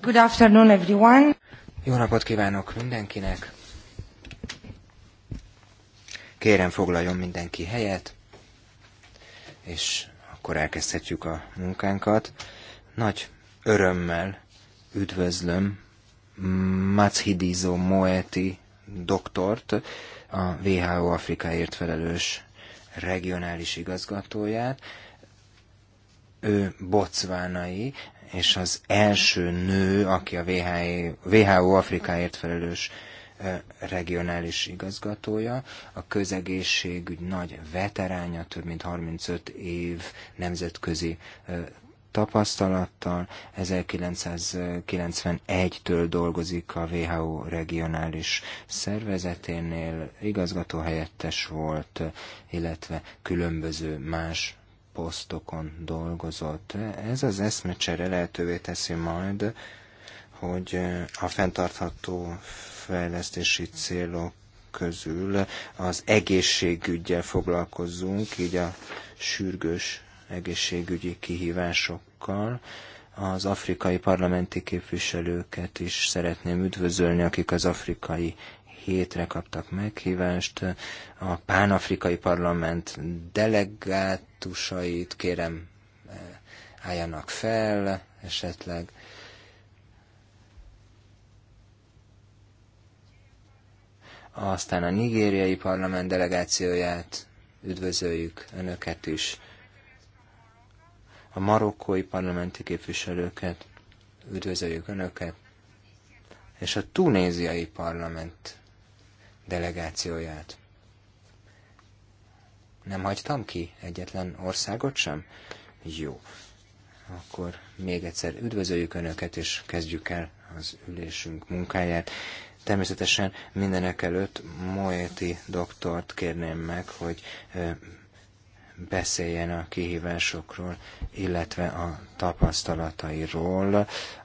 Good afternoon, everyone. Jó napot kívánok mindenkinek. Kérem foglaljon mindenki helyet, és akkor elkezdhetjük a munkánkat. Nagy örömmel üdvözlöm Matshidizo Moeti doktort, a WHO Afrikáért felelős regionális igazgatóját. Ő bocvánai, és az első nő, aki a WHO Afrikáért felelős regionális igazgatója, a közegészségügy nagy veteránja, több mint 35 év nemzetközi tapasztalattal. 1991-től dolgozik a WHO regionális szervezeténél, igazgatóhelyettes volt, illetve különböző más posztokon dolgozott. Ez az eszmecsere lehetővé teszi majd, hogy a fenntartható fejlesztési célok közül az egészségügyel foglalkozzunk, így a sürgős egészségügyi kihívásokkal. Az afrikai parlamenti képviselőket is szeretném üdvözölni, akik az afrikai hétre kaptak meghívást. A pánafrikai parlament delegátusait kérem eh, álljanak fel esetleg. Aztán a nigériai parlament delegációját üdvözöljük önöket is. A marokkói parlamenti képviselőket üdvözöljük önöket és a tunéziai parlament delegációját. Nem hagytam ki egyetlen országot sem? Jó. Akkor még egyszer üdvözöljük Önöket, és kezdjük el az ülésünk munkáját. Természetesen mindenek előtt Moeti doktort kérném meg, hogy beszéljen a kihívásokról, illetve a tapasztalatairól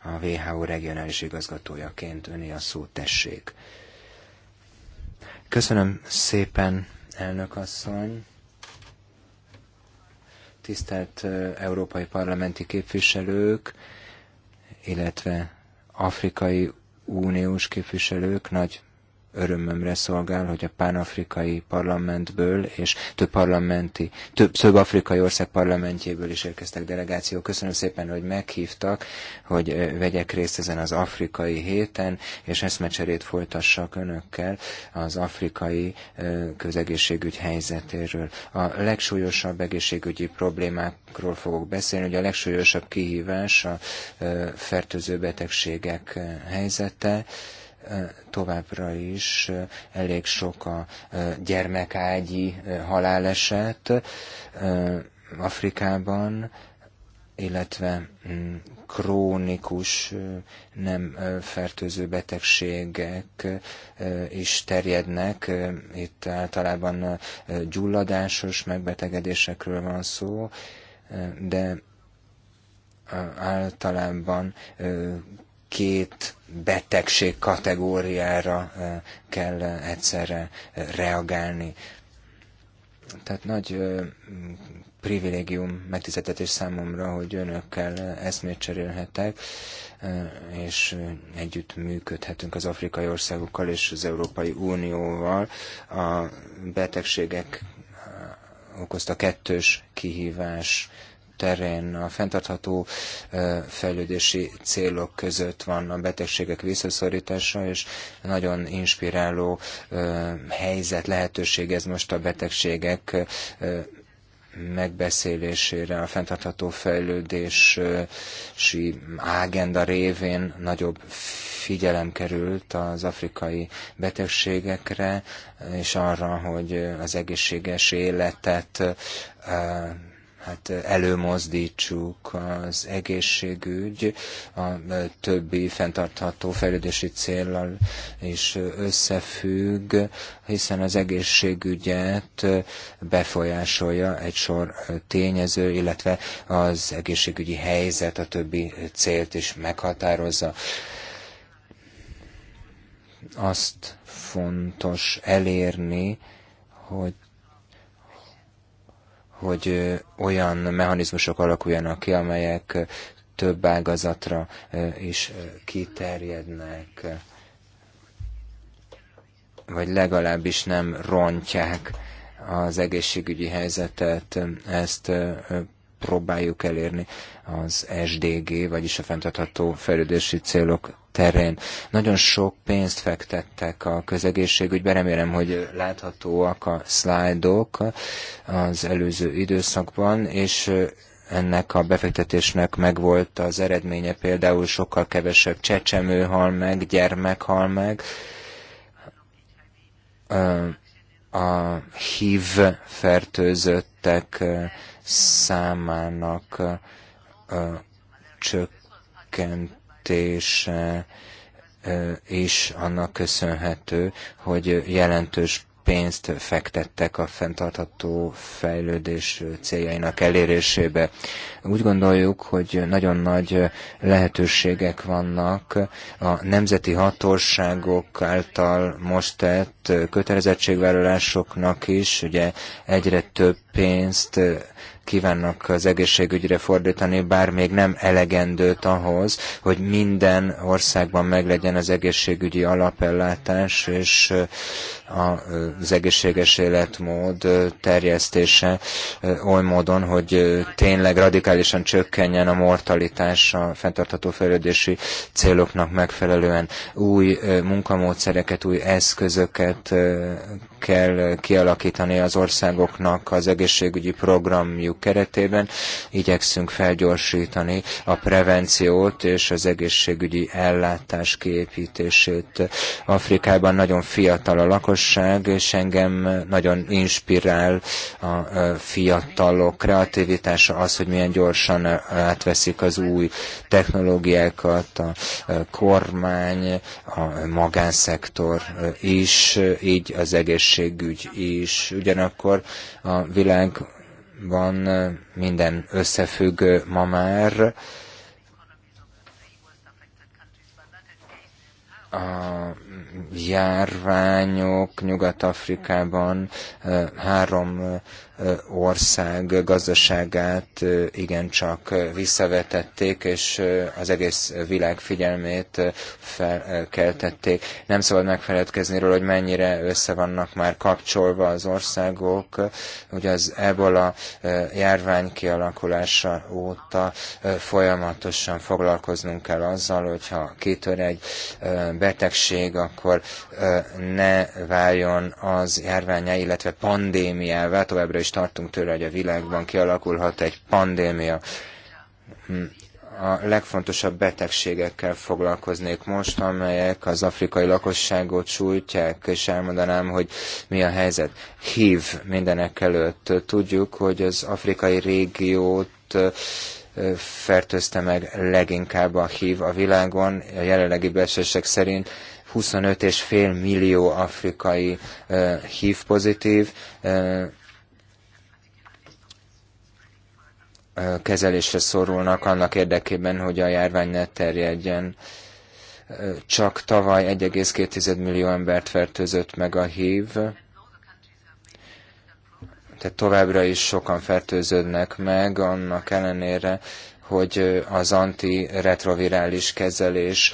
a WHO regionális igazgatójaként öné a szó tessék. Köszönöm szépen, elnök asszony. Tisztelt európai parlamenti képviselők, illetve afrikai uniós képviselők, nagy örömömre szolgál, hogy a pánafrikai parlamentből és több parlamenti, több, több afrikai ország parlamentjéből is érkeztek delegációk. Köszönöm szépen, hogy meghívtak, hogy vegyek részt ezen az afrikai héten, és eszmecserét folytassak önökkel az afrikai közegészségügy helyzetéről. A legsúlyosabb egészségügyi problémákról fogok beszélni, hogy a legsúlyosabb kihívás a fertőző betegségek helyzete, továbbra is elég sok a gyermekágyi haláleset Afrikában, illetve mm, krónikus, nem fertőző betegségek is terjednek. Itt általában gyulladásos megbetegedésekről van szó, de általában két betegség kategóriára kell egyszerre reagálni. Tehát nagy privilégium, megtiszteltetés számomra, hogy önökkel eszmét cserélhetek, és együtt működhetünk az afrikai országokkal és az Európai Unióval. A betegségek okozta kettős kihívás terén a fenntartható fejlődési célok között van a betegségek visszaszorítása, és nagyon inspiráló helyzet, lehetőség ez most a betegségek megbeszélésére, a fenntartható fejlődési ágenda révén nagyobb figyelem került az afrikai betegségekre, és arra, hogy az egészséges életet hát előmozdítsuk az egészségügy a többi fenntartható fejlődési célral is összefügg, hiszen az egészségügyet befolyásolja egy sor tényező, illetve az egészségügyi helyzet a többi célt is meghatározza. Azt fontos elérni, hogy hogy olyan mechanizmusok alakuljanak ki, amelyek több ágazatra is kiterjednek, vagy legalábbis nem rontják az egészségügyi helyzetet, ezt próbáljuk elérni az SDG, vagyis a fenntartható fejlődési célok terén. Nagyon sok pénzt fektettek a közegészségügybe, remélem, hogy láthatóak a szlájdok az előző időszakban, és ennek a befektetésnek megvolt az eredménye, például sokkal kevesebb csecsemő hal meg, gyermek hal meg, a HIV fertőzöttek számának csökkent és is annak köszönhető, hogy jelentős pénzt fektettek a fenntartható fejlődés céljainak elérésébe. Úgy gondoljuk, hogy nagyon nagy lehetőségek vannak a nemzeti hatóságok által most tett kötelezettségvállalásoknak is, ugye egyre több pénzt kívánnak az egészségügyre fordítani, bár még nem elegendőt ahhoz, hogy minden országban meglegyen az egészségügyi alapellátás és az egészséges életmód terjesztése oly módon, hogy tényleg radikálisan csökkenjen a mortalitás a fenntartható fejlődési céloknak megfelelően. Új munkamódszereket, új eszközöket kell kialakítani az országoknak az egészségügyi programjuk keretében. Igyekszünk felgyorsítani a prevenciót és az egészségügyi ellátás kiépítését. Afrikában nagyon fiatal a lakosság, és engem nagyon inspirál a fiatalok kreativitása, az, hogy milyen gyorsan átveszik az új technológiákat, a kormány, a magánszektor is, így az egészség egészségügy is. Ugyanakkor a világban minden összefügg ma már. a járványok Nyugat-Afrikában három ország gazdaságát igencsak visszavetették, és az egész világ figyelmét felkeltették. Nem szabad megfeledkezni róla, hogy mennyire össze vannak már kapcsolva az országok. Ugye az ebola járvány kialakulása óta folyamatosan foglalkoznunk kell azzal, hogyha kitör egy betegség, akkor ne váljon az járványá, illetve pandémiává, továbbra is tartunk tőle, hogy a világban kialakulhat egy pandémia. A legfontosabb betegségekkel foglalkoznék most, amelyek az afrikai lakosságot sújtják, és elmondanám, hogy mi a helyzet. HIV mindenek előtt. Tudjuk, hogy az afrikai régiót fertőzte meg leginkább a HIV a világon. A jelenlegi becslések szerint 25,5 millió afrikai HIV pozitív, kezelésre szorulnak annak érdekében, hogy a járvány ne terjedjen. Csak tavaly 1,2 millió embert fertőzött meg a hív, tehát továbbra is sokan fertőződnek meg, annak ellenére, hogy az antiretrovirális kezelés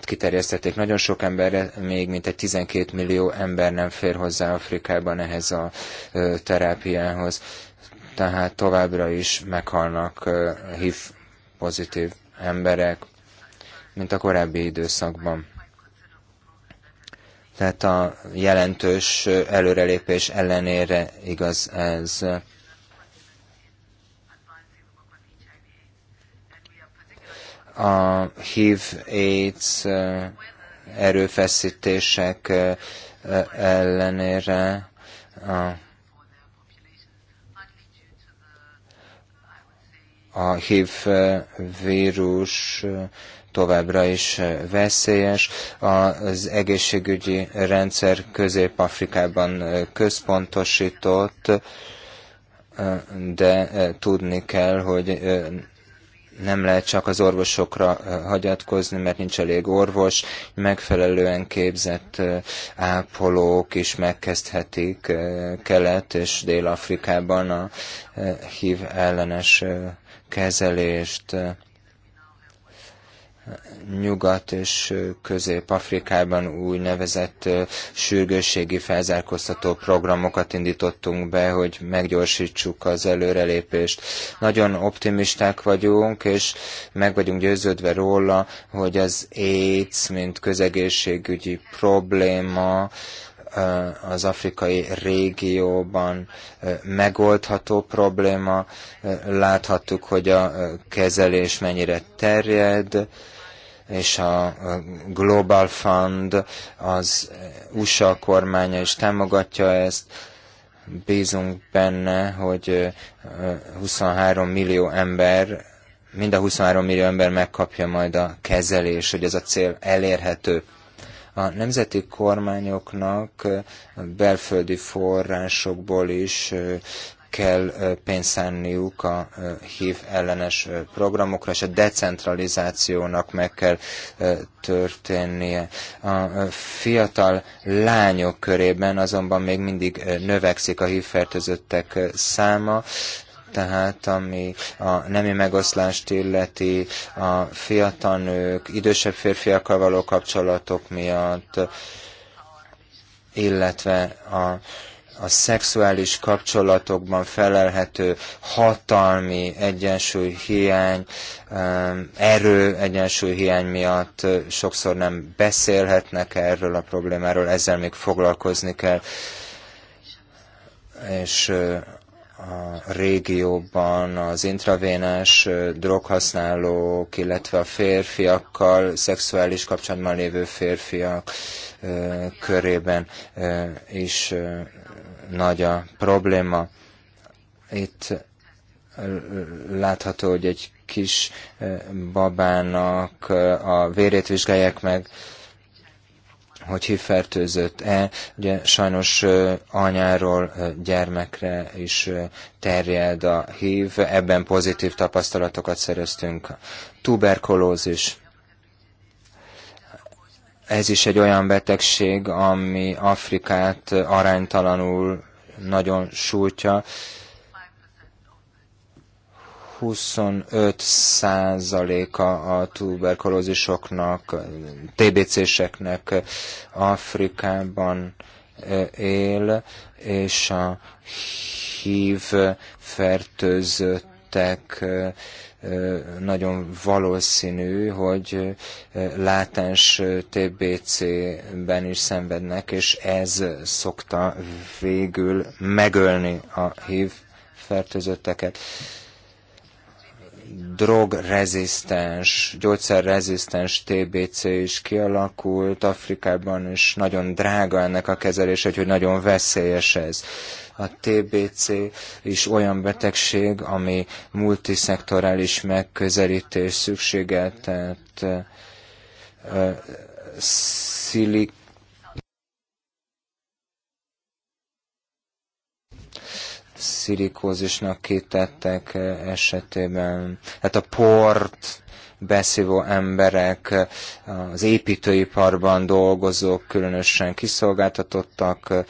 kiterjesztették nagyon sok emberre, még mintegy 12 millió ember nem fér hozzá Afrikában ehhez a terápiához tehát továbbra is meghalnak HIV pozitív emberek, mint a korábbi időszakban. Tehát a jelentős előrelépés ellenére igaz ez. A HIV-AIDS erőfeszítések ellenére a a HIV eh, vírus eh, továbbra is eh, veszélyes. Az egészségügyi rendszer Közép-Afrikában központosított, de tudni kell, hogy nem lehet csak az orvosokra hagyatkozni, mert nincs elég orvos, megfelelően képzett ápolók is megkezdhetik Kelet és Dél-Afrikában a HIV ellenes kezelést. Nyugat és Közép-Afrikában úgynevezett sürgősségi felzárkóztató programokat indítottunk be, hogy meggyorsítsuk az előrelépést. Nagyon optimisták vagyunk, és meg vagyunk győződve róla, hogy az AIDS, mint közegészségügyi probléma, Eh, az afrikai régióban eh, megoldható probléma. Eh, láthattuk, hogy a kezelés mennyire terjed, és a Global Fund az USA kormánya is támogatja ezt. Bízunk benne, hogy 23 millió ember, mind a 23 millió ember megkapja majd a kezelés, hogy ez a cél elérhető a nemzeti kormányoknak belföldi forrásokból is kell pénzt szánniuk a HIV ellenes programokra, és a decentralizációnak meg kell történnie. A fiatal lányok körében azonban még mindig növekszik a HIV fertőzöttek száma, tehát ami a nemi megoszlást illeti, a fiatal nők, idősebb férfiakkal való kapcsolatok miatt, illetve a, a szexuális kapcsolatokban felelhető hatalmi egyensúly hiány, um, erő egyensúly hiány miatt sokszor nem beszélhetnek erről a problémáról, ezzel még foglalkozni kell és uh, a régióban az intravénás droghasználók, illetve a férfiakkal, szexuális kapcsolatban lévő férfiak körében is nagy a probléma. Itt látható, hogy egy kis babának a vérét vizsgálják meg, hogy HIV fertőzött-e. Ugye sajnos anyáról gyermekre is terjed a HIV, ebben pozitív tapasztalatokat szereztünk. Tuberkulózis ez is egy olyan betegség, ami Afrikát aránytalanul nagyon sújtja. 25 százaléka a tuberkulózisoknak, TBC-seknek Afrikában e, él, és a hív fertőzöttek e, e, nagyon valószínű, hogy látens TBC-ben is szenvednek, és ez szokta végül megölni a hív fertőzötteket drogrezisztens, gyógyszerrezisztens TBC is kialakult Afrikában, és nagyon drága ennek a kezelése, hogy nagyon veszélyes ez. A TBC is olyan betegség, ami multiszektorális megközelítés szükséget, tehát szilik szilikózisnak kitettek eh, esetében, hát a port beszívó emberek, eh, az építőiparban dolgozók különösen kiszolgáltatottak, eh,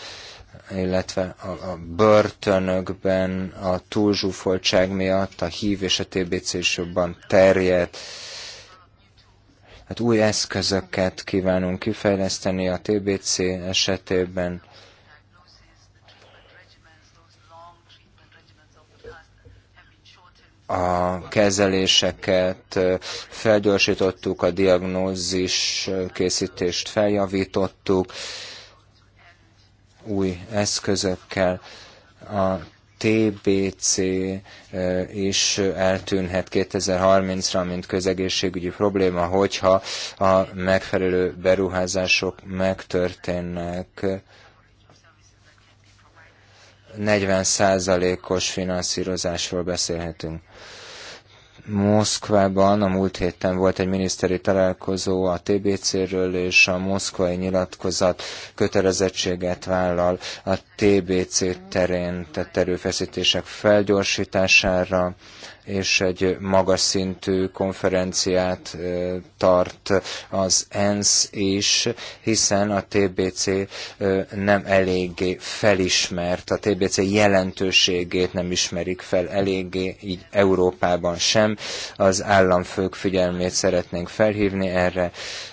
illetve a, a börtönökben a túlzsúfoltság miatt a hív és a TBC is jobban terjedt. Hát új eszközöket kívánunk kifejleszteni a TBC esetében a kezeléseket, felgyorsítottuk a diagnózis készítést, feljavítottuk új eszközökkel. A TBC is eltűnhet 2030-ra, mint közegészségügyi probléma, hogyha a megfelelő beruházások megtörténnek. 40%-os finanszírozásról beszélhetünk. Moszkvában a múlt héten volt egy miniszteri találkozó a TBC-ről, és a moszkvai nyilatkozat kötelezettséget vállal a TBC terén tett erőfeszítések felgyorsítására, és egy magas szintű konferenciát tart az ENSZ is, hiszen a TBC nem eléggé felismert, a TBC jelentőségét nem ismerik fel eléggé, így Európában sem. Az államfők figyelmét szeretnénk felhívni erre,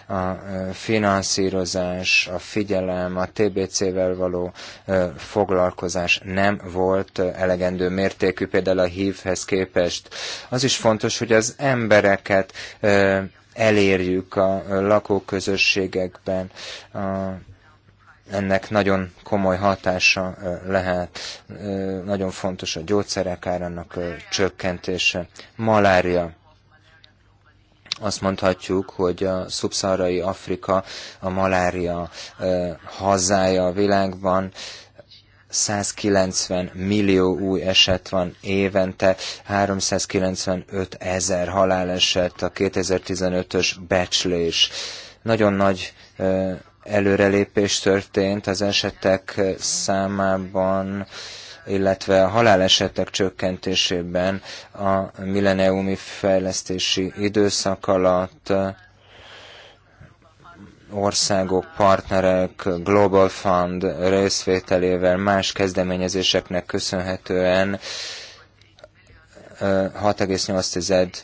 a e, finanszírozás, a figyelem, a TBC-vel való e, foglalkozás nem volt e, elegendő mértékű, például a hívhez képest. Az is fontos, hogy az embereket elérjük a lakóközösségekben, a ennek nagyon komoly hatása lehet, nagyon fontos a gyógyszerek árának csökkentése. Malária azt mondhatjuk, hogy a szubszarai Afrika a malária hazája a világban, 190 millió új eset van évente, 395 ezer haláleset a 2015-ös becslés. Nagyon nagy előrelépés történt az esetek számában, illetve a halálesetek csökkentésében a milleniumi fejlesztési időszak alatt országok, partnerek, Global Fund részvételével, más kezdeményezéseknek köszönhetően 6,8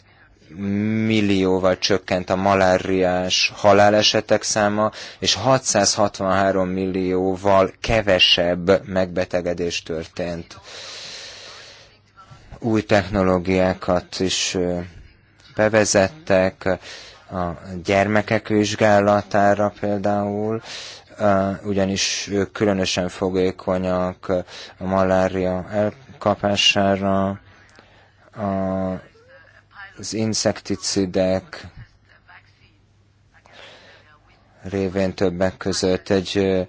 millióval csökkent a maláriás halálesetek száma, és 663 millióval kevesebb megbetegedés történt. Új technológiákat is bevezettek, a gyermekek vizsgálatára például, ugyanis ők különösen fogékonyak a malária elkapására, a az inszekticidek révén többek között egy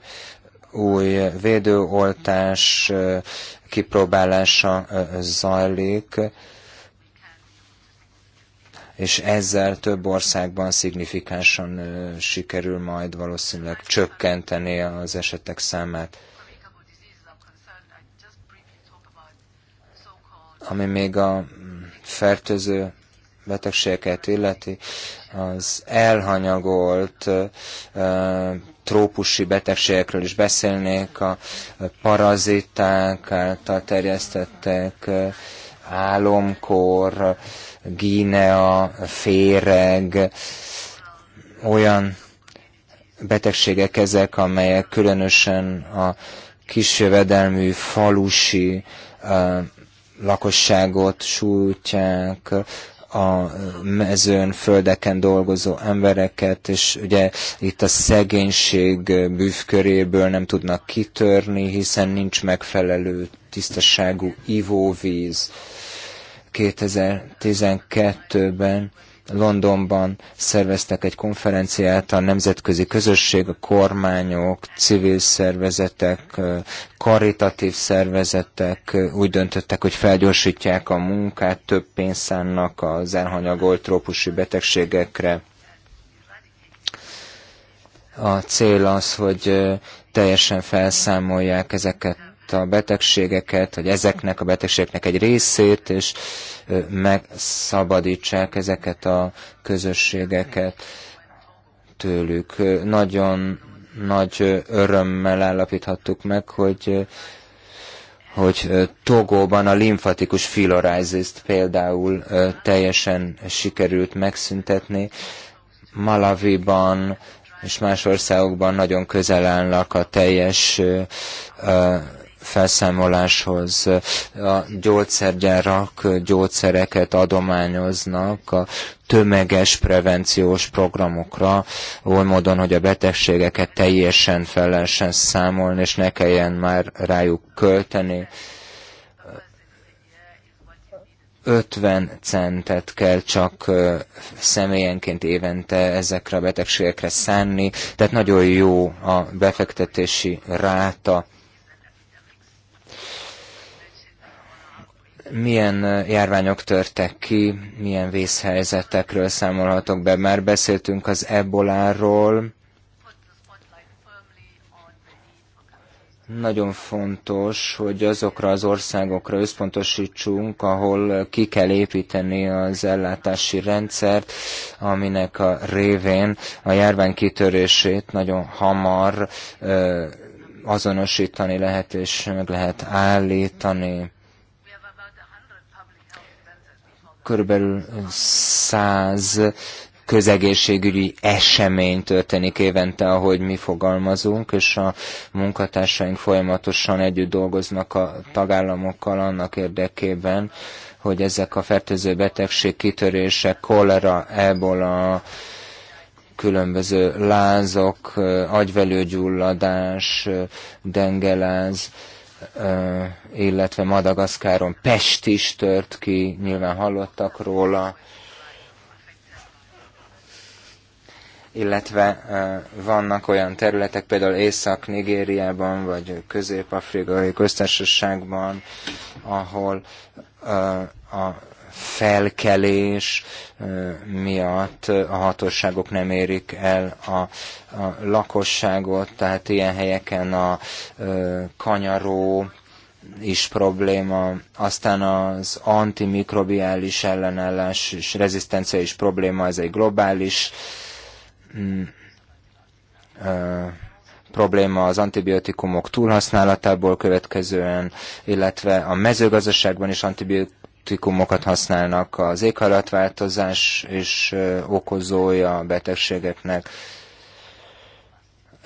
új védőoltás kipróbálása zajlik, és ezzel több országban szignifikánsan sikerül majd valószínűleg csökkenteni az esetek számát. Ami még a fertőző betegségeket illeti, az elhanyagolt trópusi betegségekről is beszélnék, a paraziták által terjesztettek álomkor, gínea, féreg, olyan betegségek ezek, amelyek különösen a kisjövedelmű falusi lakosságot sújtják, a mezőn, földeken dolgozó embereket, és ugye itt a szegénység bűvköréből nem tudnak kitörni, hiszen nincs megfelelő tisztaságú ivóvíz. 2012-ben Londonban szerveztek egy konferenciát a nemzetközi közösség, a kormányok, civil szervezetek, karitatív szervezetek úgy döntöttek, hogy felgyorsítják a munkát, több pénzt szánnak az elhanyagolt trópusi betegségekre. A cél az, hogy teljesen felszámolják ezeket a betegségeket, hogy ezeknek a betegségeknek egy részét, és megszabadítsák ezeket a közösségeket tőlük. Nagyon nagy örömmel állapíthattuk meg, hogy hogy Togóban a limfatikus filorázist például teljesen sikerült megszüntetni, Malaviban és más országokban nagyon közel állnak a teljes felszámoláshoz. A gyógyszergyárak gyógyszereket adományoznak a tömeges prevenciós programokra, oly módon, hogy a betegségeket teljesen fel lehessen számolni, és ne kelljen már rájuk költeni. 50 centet kell csak személyenként évente ezekre a betegségekre szánni, tehát nagyon jó a befektetési ráta. milyen járványok törtek ki, milyen vészhelyzetekről számolhatok be. Már beszéltünk az eboláról. Nagyon fontos, hogy azokra az országokra összpontosítsunk, ahol ki kell építeni az ellátási rendszert, aminek a révén a járvány kitörését nagyon hamar azonosítani lehet és meg lehet állítani körülbelül 100 közegészségügyi esemény történik évente, ahogy mi fogalmazunk, és a munkatársaink folyamatosan együtt dolgoznak a tagállamokkal annak érdekében, hogy ezek a fertőző betegség kitörése, kolera, ebola, különböző lázok, agyvelőgyulladás, dengeláz, illetve Madagaszkáron Pest is tört ki, nyilván hallottak róla, illetve vannak olyan területek, például Észak-Nigériában, vagy Közép-Afrikai Köztársaságban, ahol a felkelés miatt a hatóságok nem érik el a, a lakosságot, tehát ilyen helyeken a kanyaró, is probléma, aztán az antimikrobiális ellenállás és rezisztencia is probléma, ez egy globális mm, ö, probléma az antibiotikumok túlhasználatából következően, illetve a mezőgazdaságban is antibiotikumok antibiotikumokat használnak az éghajlatváltozás és okozója a betegségeknek,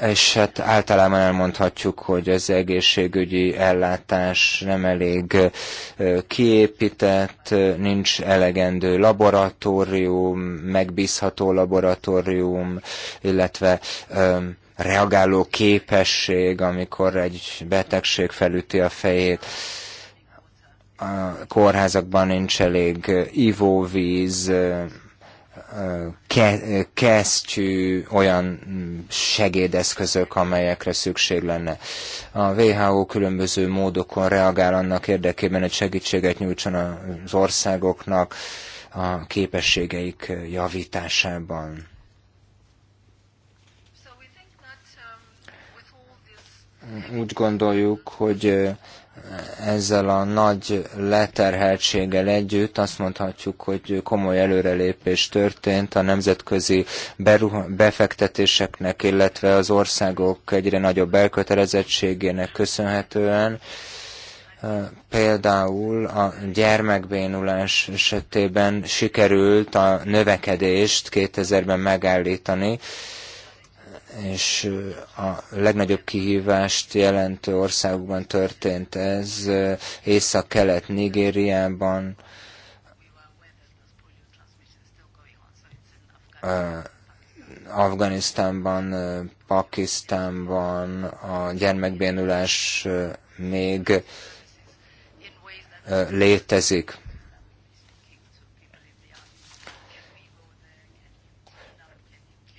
és hát általában elmondhatjuk, hogy az egészségügyi ellátás nem elég kiépített, nincs elegendő laboratórium, megbízható laboratórium, illetve reagáló képesség, amikor egy betegség felüti a fejét a kórházakban nincs elég ivóvíz, ke, kesztyű, olyan mm, segédeszközök, amelyekre szükség lenne. A WHO különböző módokon reagál annak érdekében, hogy segítséget nyújtson az országoknak a képességeik javításában. Um, Úgy gondoljuk, hogy ezzel a nagy leterheltséggel együtt azt mondhatjuk, hogy komoly előrelépés történt a nemzetközi befektetéseknek, illetve az országok egyre nagyobb elkötelezettségének köszönhetően. Például a gyermekbénulás esetében sikerült a növekedést 2000-ben megállítani, és a legnagyobb kihívást jelentő országokban történt ez, Észak-Kelet, Nigériában, Afganisztánban, Pakisztánban a gyermekbénulás még létezik.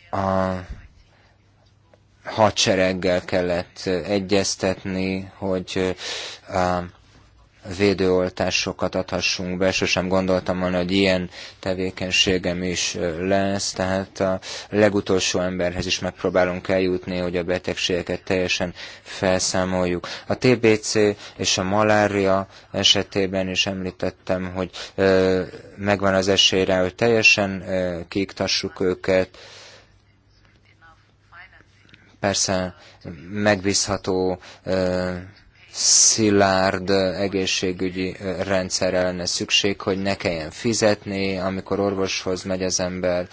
A hadsereggel kellett egyeztetni, hogy a védőoltásokat adhassunk be. Sosem gondoltam volna, hogy ilyen tevékenységem is lesz, tehát a legutolsó emberhez is megpróbálunk eljutni, hogy a betegségeket teljesen felszámoljuk. A TBC és a malária esetében is említettem, hogy megvan az esély rá, hogy teljesen kiiktassuk őket, Persze megbízható, szilárd egészségügyi rendszerre lenne szükség, hogy ne kelljen fizetni, amikor orvoshoz megy az ember,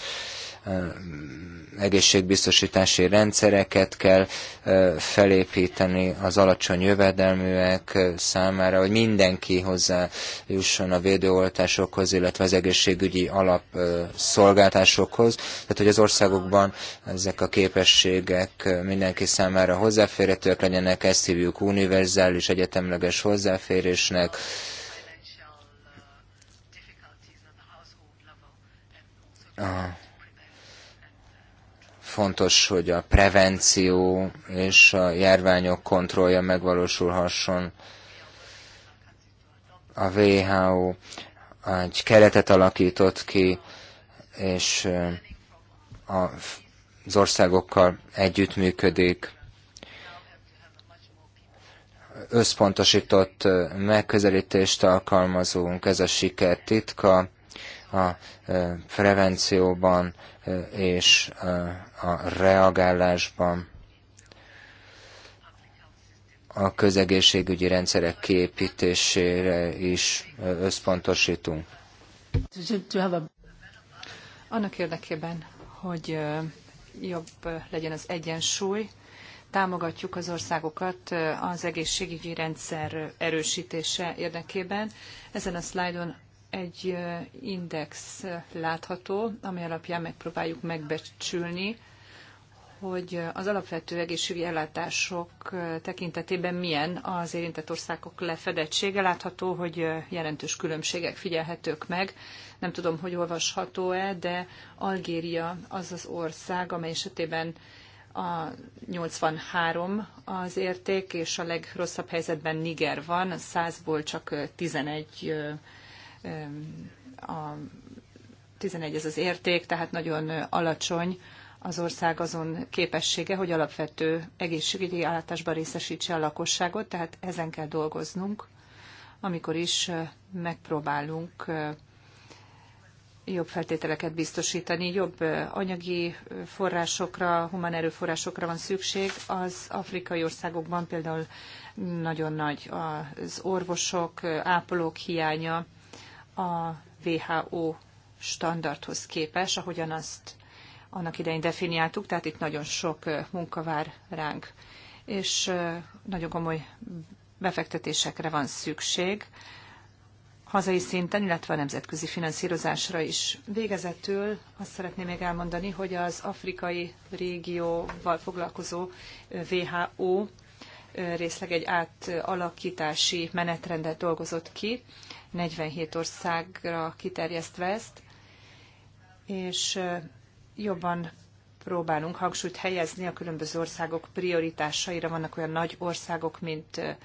egészségbiztosítási rendszereket kell felépíteni az alacsony jövedelműek számára, hogy mindenki hozzá jusson a védőoltásokhoz, illetve az egészségügyi alap szolgáltásokhoz. Tehát, hogy az országokban ezek a képességek mindenki számára hozzáférhetőek legyenek, ezt hívjuk univerzális egyetemleges hozzáférésnek. A Fontos, hogy a prevenció és a járványok kontrollja megvalósulhasson. A WHO egy keretet alakított ki, és az országokkal együttműködik. Összpontosított megközelítést alkalmazunk, ez a siker titka a prevencióban és a reagálásban, a közegészségügyi rendszerek képítésére is összpontosítunk. Annak érdekében, hogy jobb legyen az egyensúly, támogatjuk az országokat az egészségügyi rendszer erősítése érdekében. Ezen a szlájdon egy index látható, ami alapján megpróbáljuk megbecsülni hogy az alapvető egészségügyi ellátások tekintetében milyen az érintett országok lefedettsége. Látható, hogy jelentős különbségek figyelhetők meg. Nem tudom, hogy olvasható-e, de Algéria az az ország, amely esetében a 83 az érték, és a legrosszabb helyzetben Niger van, 100-ból csak 11 a 11 ez az érték, tehát nagyon alacsony az ország azon képessége, hogy alapvető egészségügyi ellátásban részesítse a lakosságot, tehát ezen kell dolgoznunk, amikor is megpróbálunk jobb feltételeket biztosítani, jobb anyagi forrásokra, humán erőforrásokra van szükség. Az afrikai országokban például nagyon nagy az orvosok, ápolók hiánya a WHO standardhoz képes, ahogyan azt annak idején definiáltuk, tehát itt nagyon sok munka vár ránk, és nagyon komoly befektetésekre van szükség, hazai szinten, illetve a nemzetközi finanszírozásra is. Végezetül azt szeretném még elmondani, hogy az afrikai régióval foglalkozó WHO részleg egy átalakítási menetrendet dolgozott ki, 47 országra kiterjesztve ezt, és jobban próbálunk hangsúlyt helyezni a különböző országok prioritásaira. Vannak olyan nagy országok, mint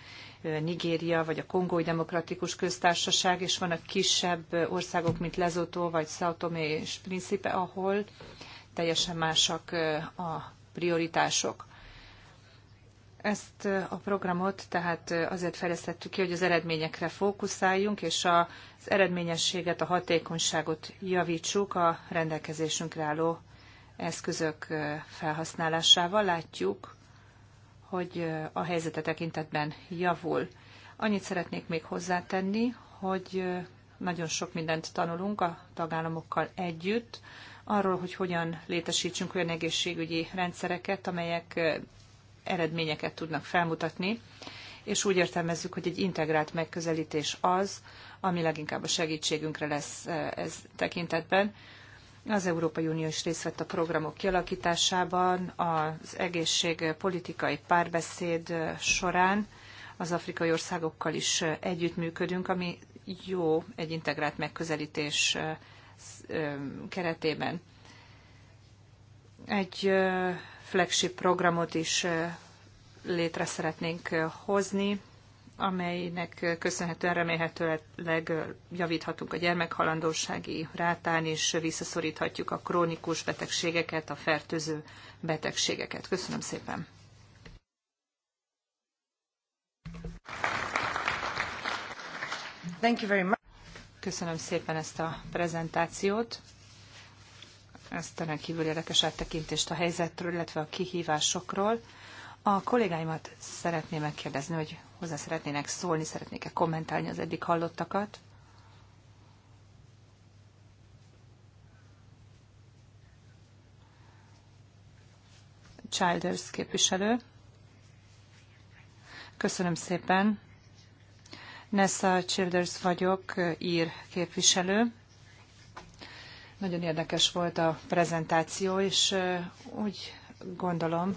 Nigéria vagy a Kongói Demokratikus Köztársaság, és vannak kisebb országok, mint Lesotho vagy Sao Tomé és Principe, ahol teljesen másak a prioritások. Ezt a programot tehát azért fejlesztettük ki, hogy az eredményekre fókuszáljunk, és az eredményességet, a hatékonyságot javítsuk a rendelkezésünkre álló eszközök felhasználásával. Látjuk, hogy a helyzete tekintetben javul. Annyit szeretnék még hozzátenni, hogy nagyon sok mindent tanulunk a tagállamokkal együtt, arról, hogy hogyan létesítsünk olyan egészségügyi rendszereket, amelyek eredményeket tudnak felmutatni, és úgy értelmezzük, hogy egy integrált megközelítés az, ami leginkább a segítségünkre lesz e, ez tekintetben. Az Európai Unió is részt vett a programok kialakításában, az egészségpolitikai párbeszéd e, során az afrikai országokkal is e, együttműködünk, ami jó egy integrált megközelítés keretében. Egy flagship programot is létre szeretnénk hozni, amelynek köszönhetően remélhetőleg javíthatunk a gyermekhalandósági rátán, és visszaszoríthatjuk a krónikus betegségeket, a fertőző betegségeket. Köszönöm szépen! Thank you very much. Köszönöm szépen ezt a prezentációt ezt talán kívül érdekes áttekintést a helyzetről, illetve a kihívásokról. A kollégáimat szeretném megkérdezni, hogy hozzá szeretnének szólni, szeretnék-e kommentálni az eddig hallottakat. Childers képviselő. Köszönöm szépen. Nessa Childers vagyok, ír képviselő. Nagyon érdekes volt a prezentáció, és úgy gondolom,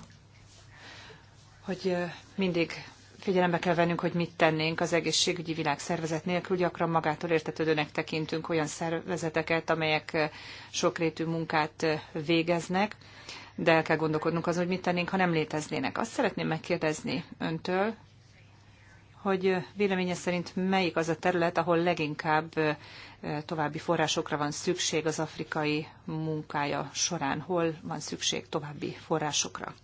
hogy mindig figyelembe kell vennünk, hogy mit tennénk az egészségügyi világszervezet nélkül. Gyakran magától értetődőnek tekintünk olyan szervezeteket, amelyek sokrétű munkát végeznek, de el kell gondolkodnunk azon, hogy mit tennénk, ha nem léteznének. Azt szeretném megkérdezni öntől, hogy véleménye szerint melyik az a terület, ahol leginkább további forrásokra van szükség az afrikai munkája során, hol van szükség további forrásokra.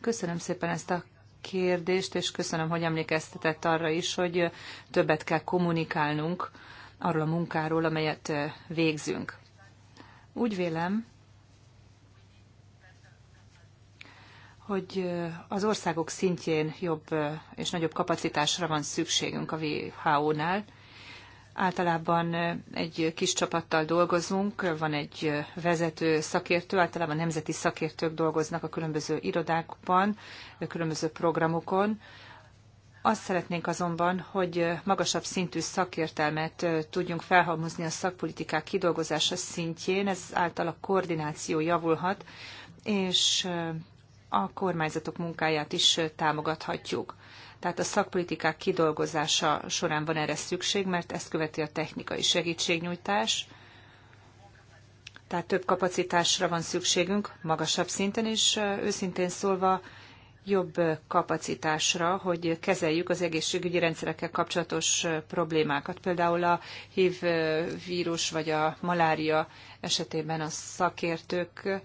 Köszönöm szépen ezt a kérdést, és köszönöm, hogy emlékeztetett arra is, hogy többet kell kommunikálnunk arról a munkáról, amelyet végzünk. Úgy vélem, hogy az országok szintjén jobb és nagyobb kapacitásra van szükségünk a WHO-nál. Általában egy kis csapattal dolgozunk, van egy vezető szakértő, általában nemzeti szakértők dolgoznak a különböző irodákban, a különböző programokon. Azt szeretnénk azonban, hogy magasabb szintű szakértelmet tudjunk felhalmozni a szakpolitikák kidolgozása szintjén, ez által a koordináció javulhat, és a kormányzatok munkáját is támogathatjuk. Tehát a szakpolitikák kidolgozása során van erre szükség, mert ezt követi a technikai segítségnyújtás. Tehát több kapacitásra van szükségünk, magasabb szinten, is, őszintén szólva jobb kapacitásra, hogy kezeljük az egészségügyi rendszerekkel kapcsolatos problémákat. Például a HIV vírus vagy a malária esetében a szakértők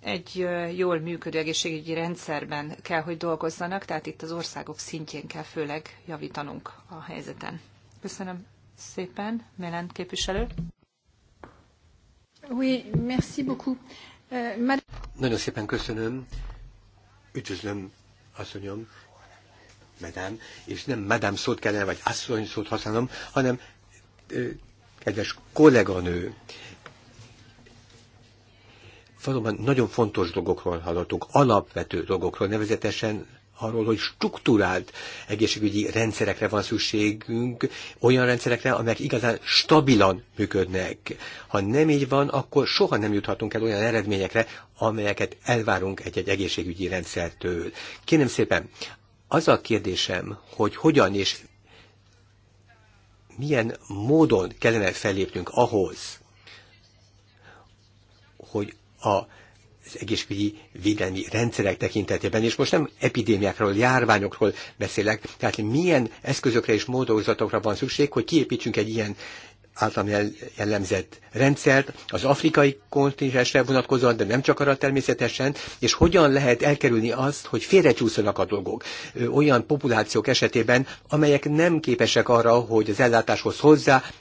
egy jól működő egészségügyi rendszerben kell, hogy dolgozzanak, tehát itt az országok szintjén kell főleg javítanunk a helyzeten. Köszönöm szépen, Mélen képviselő. Oui, merci beaucoup. Euh, Nagyon szépen köszönöm. Üdvözlöm, asszonyom, medám, és nem medám szót kellene, vagy asszony szót használnom, hanem kedves kolléganő valóban nagyon fontos dolgokról hallottunk, alapvető dolgokról, nevezetesen arról, hogy struktúrált egészségügyi rendszerekre van szükségünk, olyan rendszerekre, amelyek igazán stabilan működnek. Ha nem így van, akkor soha nem juthatunk el olyan eredményekre, amelyeket elvárunk egy-egy egészségügyi rendszertől. Kérem szépen, az a kérdésem, hogy hogyan és milyen módon kellene fellépnünk ahhoz, hogy a az egészségügyi védelmi rendszerek tekintetében, és most nem epidémiákról, járványokról beszélek, tehát milyen eszközökre és módozatokra van szükség, hogy kiépítsünk egy ilyen általam jellemzett rendszert az afrikai kontinensre vonatkozóan, de nem csak arra természetesen, és hogyan lehet elkerülni azt, hogy félrecsúszanak a dolgok olyan populációk esetében, amelyek nem képesek arra, hogy az ellátáshoz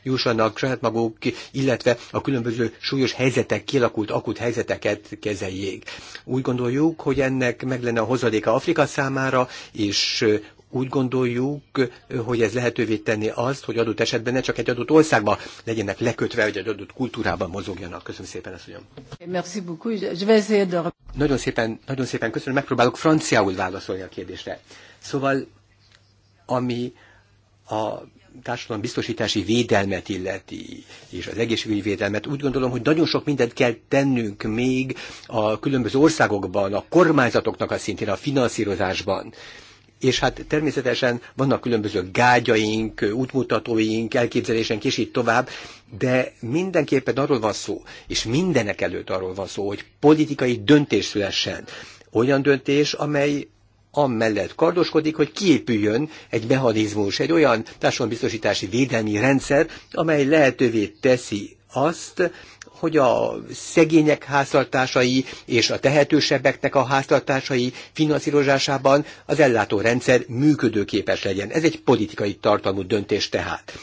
jussanak saját maguk, illetve a különböző súlyos helyzetek, kialakult akut helyzeteket kezeljék. Úgy gondoljuk, hogy ennek meg lenne a hozadéka Afrika számára, és úgy gondoljuk, hogy ez lehetővé tenni azt, hogy adott esetben ne csak egy adott országban legyenek lekötve, hogy egy adott kultúrában mozogjanak. Köszönöm szépen, asszonyom. Merci beaucoup. Je vais de... Nagyon szépen, nagyon szépen köszönöm, megpróbálok franciául válaszolni a kérdésre. Szóval, ami a társadalom biztosítási védelmet illeti, és az egészségügyi védelmet, úgy gondolom, hogy nagyon sok mindent kell tennünk még a különböző országokban, a kormányzatoknak a szintén, a finanszírozásban és hát természetesen vannak különböző gágyaink, útmutatóink, elképzelésen és így tovább, de mindenképpen arról van szó, és mindenek előtt arról van szó, hogy politikai döntés szülessen. Olyan döntés, amely amellett kardoskodik, hogy kiépüljön egy mechanizmus, egy olyan társadalombiztosítási védelmi rendszer, amely lehetővé teszi azt, hogy a szegények háztartásai és a tehetősebbeknek a háztartásai finanszírozásában az ellátórendszer működőképes legyen. Ez egy politikai tartalmú döntés tehát.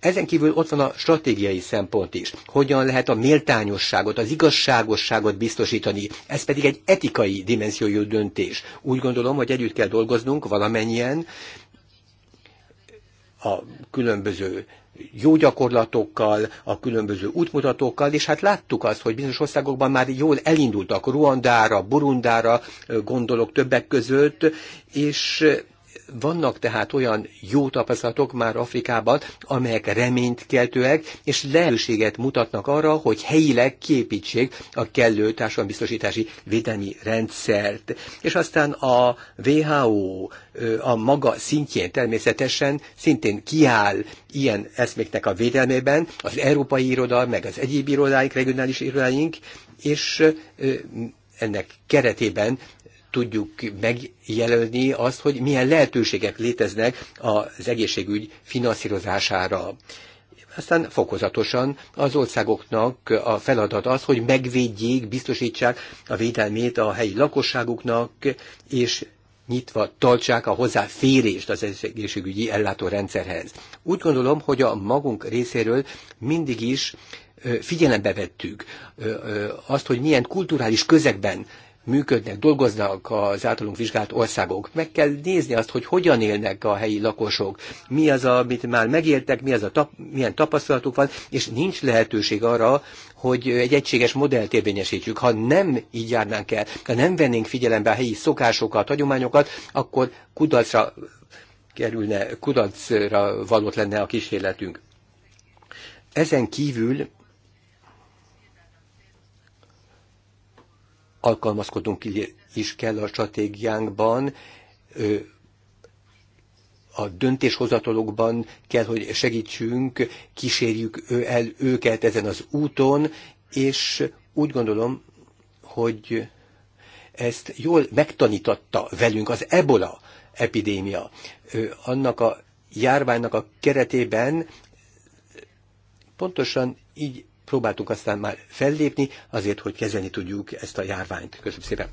Ezen kívül ott van a stratégiai szempont is. Hogyan lehet a méltányosságot, az igazságosságot biztosítani? Ez pedig egy etikai dimenziójú döntés. Úgy gondolom, hogy együtt kell dolgoznunk valamennyien a különböző jó gyakorlatokkal, a különböző útmutatókkal, és hát láttuk azt, hogy bizonyos országokban már jól elindultak, Ruandára, Burundára gondolok többek között, és vannak tehát olyan jó tapasztalatok már Afrikában, amelyek reményt keltőek, és lehetőséget mutatnak arra, hogy helyileg képítsék a kellő társadalombiztosítási védelmi rendszert. És aztán a WHO a maga szintjén természetesen szintén kiáll ilyen eszméknek a védelmében, az európai iroda, meg az egyéb irodáink, regionális irodáink, és ennek keretében tudjuk megjelölni azt, hogy milyen lehetőségek léteznek az egészségügy finanszírozására. Aztán fokozatosan az országoknak a feladat az, hogy megvédjék, biztosítsák a védelmét a helyi lakosságuknak, és nyitva tartsák a hozzáférést az egészségügyi ellátórendszerhez. Úgy gondolom, hogy a magunk részéről mindig is figyelembe vettük azt, hogy milyen kulturális közegben működnek, dolgoznak az általunk vizsgált országok. Meg kell nézni azt, hogy hogyan élnek a helyi lakosok, mi az, amit már megéltek, mi az a tap, milyen tapasztalatuk van, és nincs lehetőség arra, hogy egy egységes modellt érvényesítjük. Ha nem így járnánk el, ha nem vennénk figyelembe a helyi szokásokat, hagyományokat, akkor kudarcra kerülne, kudarcra valót lenne a kísérletünk. Ezen kívül alkalmazkodunk is kell a stratégiánkban, a döntéshozatalokban kell, hogy segítsünk, kísérjük el őket ezen az úton, és úgy gondolom, hogy ezt jól megtanította velünk az ebola epidémia. Annak a járványnak a keretében pontosan így próbáltunk aztán már fellépni azért, hogy kezelni tudjuk ezt a járványt. Köszönöm szépen.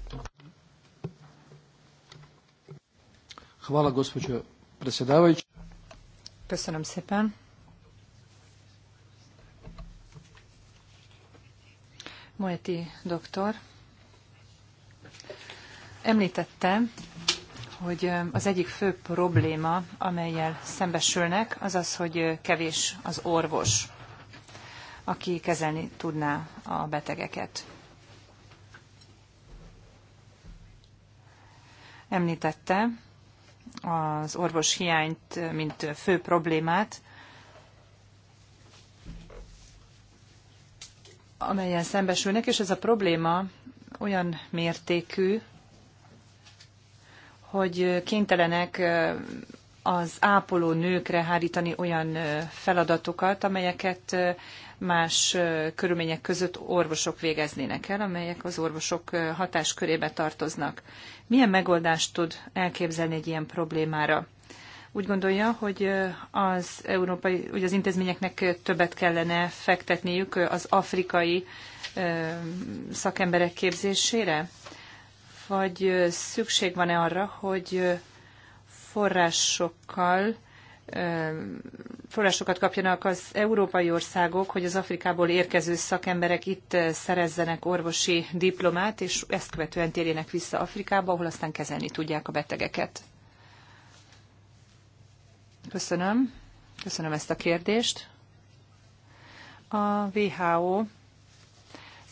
Köszönöm szépen. Moeti doktor említette, hogy az egyik fő probléma, amelyel szembesülnek, az az, hogy kevés az orvos aki kezelni tudná a betegeket. Említette az orvos hiányt, mint fő problémát, amelyen szembesülnek, és ez a probléma olyan mértékű, hogy kénytelenek az ápoló nőkre hárítani olyan feladatokat, amelyeket más körülmények között orvosok végeznének el, amelyek az orvosok hatáskörébe tartoznak. Milyen megoldást tud elképzelni egy ilyen problémára? Úgy gondolja, hogy az, európai, hogy az intézményeknek többet kellene fektetniük az afrikai szakemberek képzésére? Vagy szükség van-e arra, hogy forrásokkal forrásokat kapjanak az európai országok, hogy az Afrikából érkező szakemberek itt szerezzenek orvosi diplomát, és ezt követően térjenek vissza Afrikába, ahol aztán kezelni tudják a betegeket. Köszönöm. Köszönöm ezt a kérdést. A WHO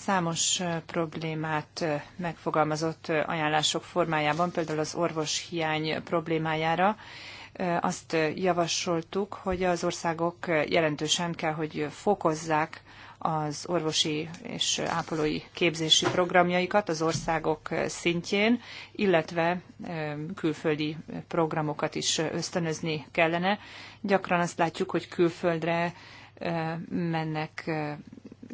számos problémát megfogalmazott ajánlások formájában, például az orvos hiány problémájára. Azt javasoltuk, hogy az országok jelentősen kell, hogy fokozzák az orvosi és ápolói képzési programjaikat az országok szintjén, illetve külföldi programokat is ösztönözni kellene. Gyakran azt látjuk, hogy külföldre mennek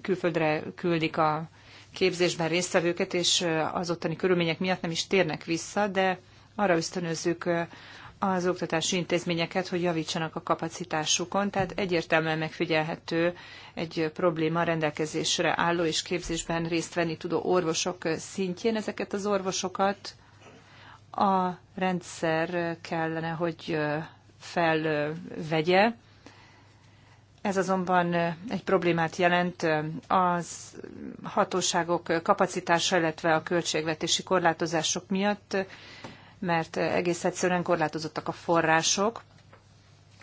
külföldre küldik a képzésben résztvevőket, és az ottani körülmények miatt nem is térnek vissza, de arra ösztönözzük az oktatási intézményeket, hogy javítsanak a kapacitásukon, tehát egyértelműen megfigyelhető egy probléma rendelkezésre álló és képzésben részt venni tudó orvosok szintjén. Ezeket az orvosokat a rendszer kellene, hogy felvegye, ez azonban egy problémát jelent az hatóságok kapacitása, illetve a költségvetési korlátozások miatt, mert egész egyszerűen korlátozottak a források.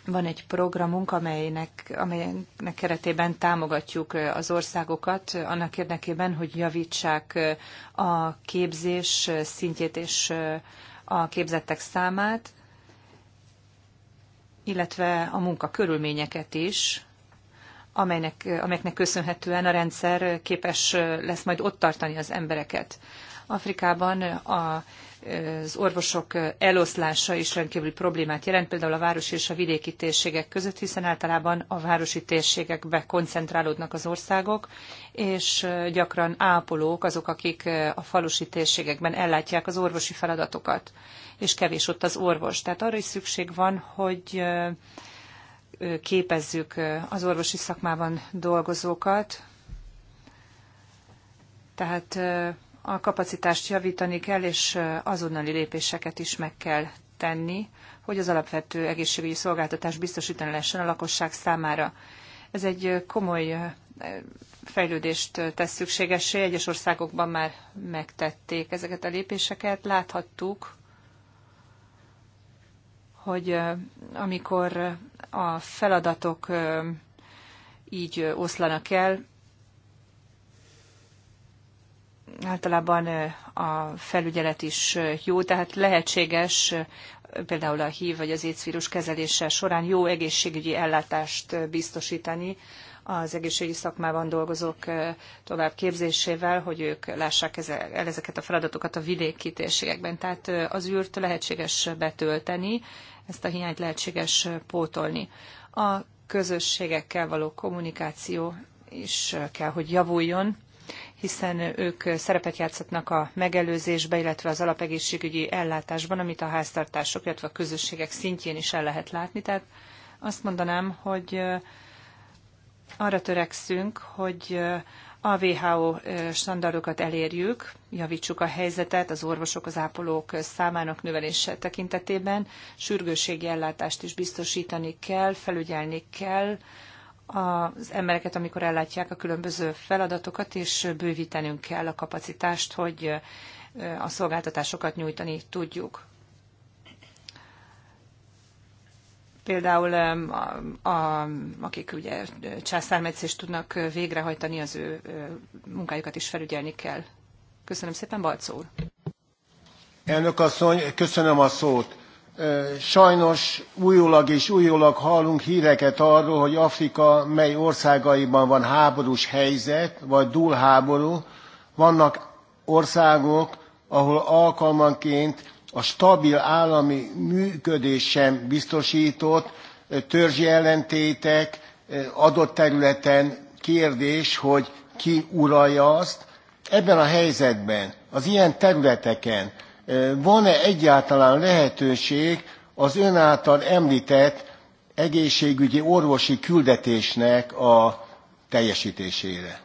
Van egy programunk, amelynek, amelynek keretében támogatjuk az országokat annak érdekében, hogy javítsák a képzés szintjét és a képzettek számát, illetve a munkakörülményeket is, amelynek, amelyeknek köszönhetően a rendszer képes lesz majd ott tartani az embereket. Afrikában a az orvosok eloszlása is rendkívüli problémát jelent, például a városi és a vidéki térségek között, hiszen általában a városi térségekbe koncentrálódnak az országok, és gyakran ápolók azok, akik a falusi térségekben ellátják az orvosi feladatokat, és kevés ott az orvos. Tehát arra is szükség van, hogy képezzük az orvosi szakmában dolgozókat, tehát a kapacitást javítani kell, és azonnali lépéseket is meg kell tenni, hogy az alapvető egészségügyi szolgáltatás biztosítani lehessen a lakosság számára. Ez egy komoly fejlődést tesz szükségessé, egyes országokban már megtették ezeket a lépéseket. Láthattuk, hogy amikor a feladatok így oszlanak el, általában a felügyelet is jó, tehát lehetséges például a HIV vagy az AIDS kezelése során jó egészségügyi ellátást biztosítani az egészségügyi szakmában dolgozók továbbképzésével, hogy ők lássák el ezeket a feladatokat a vidéki térségekben. Tehát az űrt lehetséges betölteni, ezt a hiányt lehetséges pótolni. A közösségekkel való kommunikáció is kell, hogy javuljon, hiszen ők szerepet játszhatnak a megelőzésbe, illetve az alapegészségügyi ellátásban, amit a háztartások, illetve a közösségek szintjén is el lehet látni. Tehát azt mondanám, hogy arra törekszünk, hogy eh, a WHO eh, standardokat elérjük, javítsuk a helyzetet az orvosok, az ápolók eh, számának növelése tekintetében, sürgőségi ellátást is biztosítani kell, felügyelni kell az embereket, amikor ellátják a különböző feladatokat, és bővítenünk kell a kapacitást, hogy a szolgáltatásokat nyújtani tudjuk. például a, a, akik ugye császármetszést tudnak végrehajtani, az ő munkájukat is felügyelni kell. Köszönöm szépen, Balcó úr. Elnök asszony, köszönöm a szót. Sajnos újulag és újulag hallunk híreket arról, hogy Afrika mely országaiban van háborús helyzet, vagy dúlháború. Vannak országok, ahol alkalmanként a stabil állami működés sem biztosított, törzsi ellentétek, adott területen kérdés, hogy ki uralja azt. Ebben a helyzetben, az ilyen területeken van-e egyáltalán lehetőség az ön által említett egészségügyi orvosi küldetésnek a teljesítésére?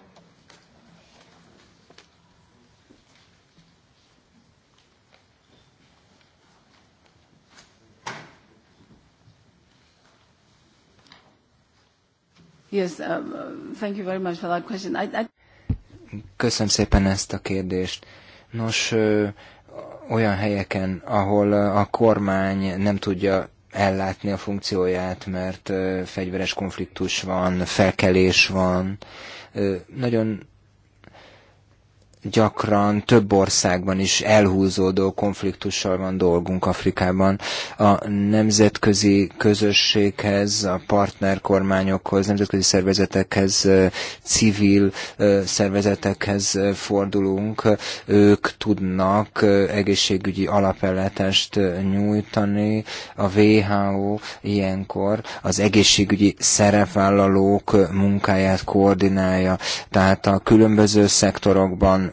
Yes, um, uh, thank you very much for that question. I, I... Köszönöm szépen ezt a kérdést. Nos, olyan helyeken, ahol a kormány nem tudja ellátni a funkcióját, mert fegyveres konfliktus van, felkelés van, nagyon gyakran több országban is elhúzódó konfliktussal van dolgunk Afrikában. A nemzetközi közösséghez, a partnerkormányokhoz, nemzetközi szervezetekhez, civil szervezetekhez fordulunk. Ők tudnak egészségügyi alapellátást nyújtani. A WHO ilyenkor az egészségügyi szerepvállalók munkáját koordinálja. Tehát a különböző szektorokban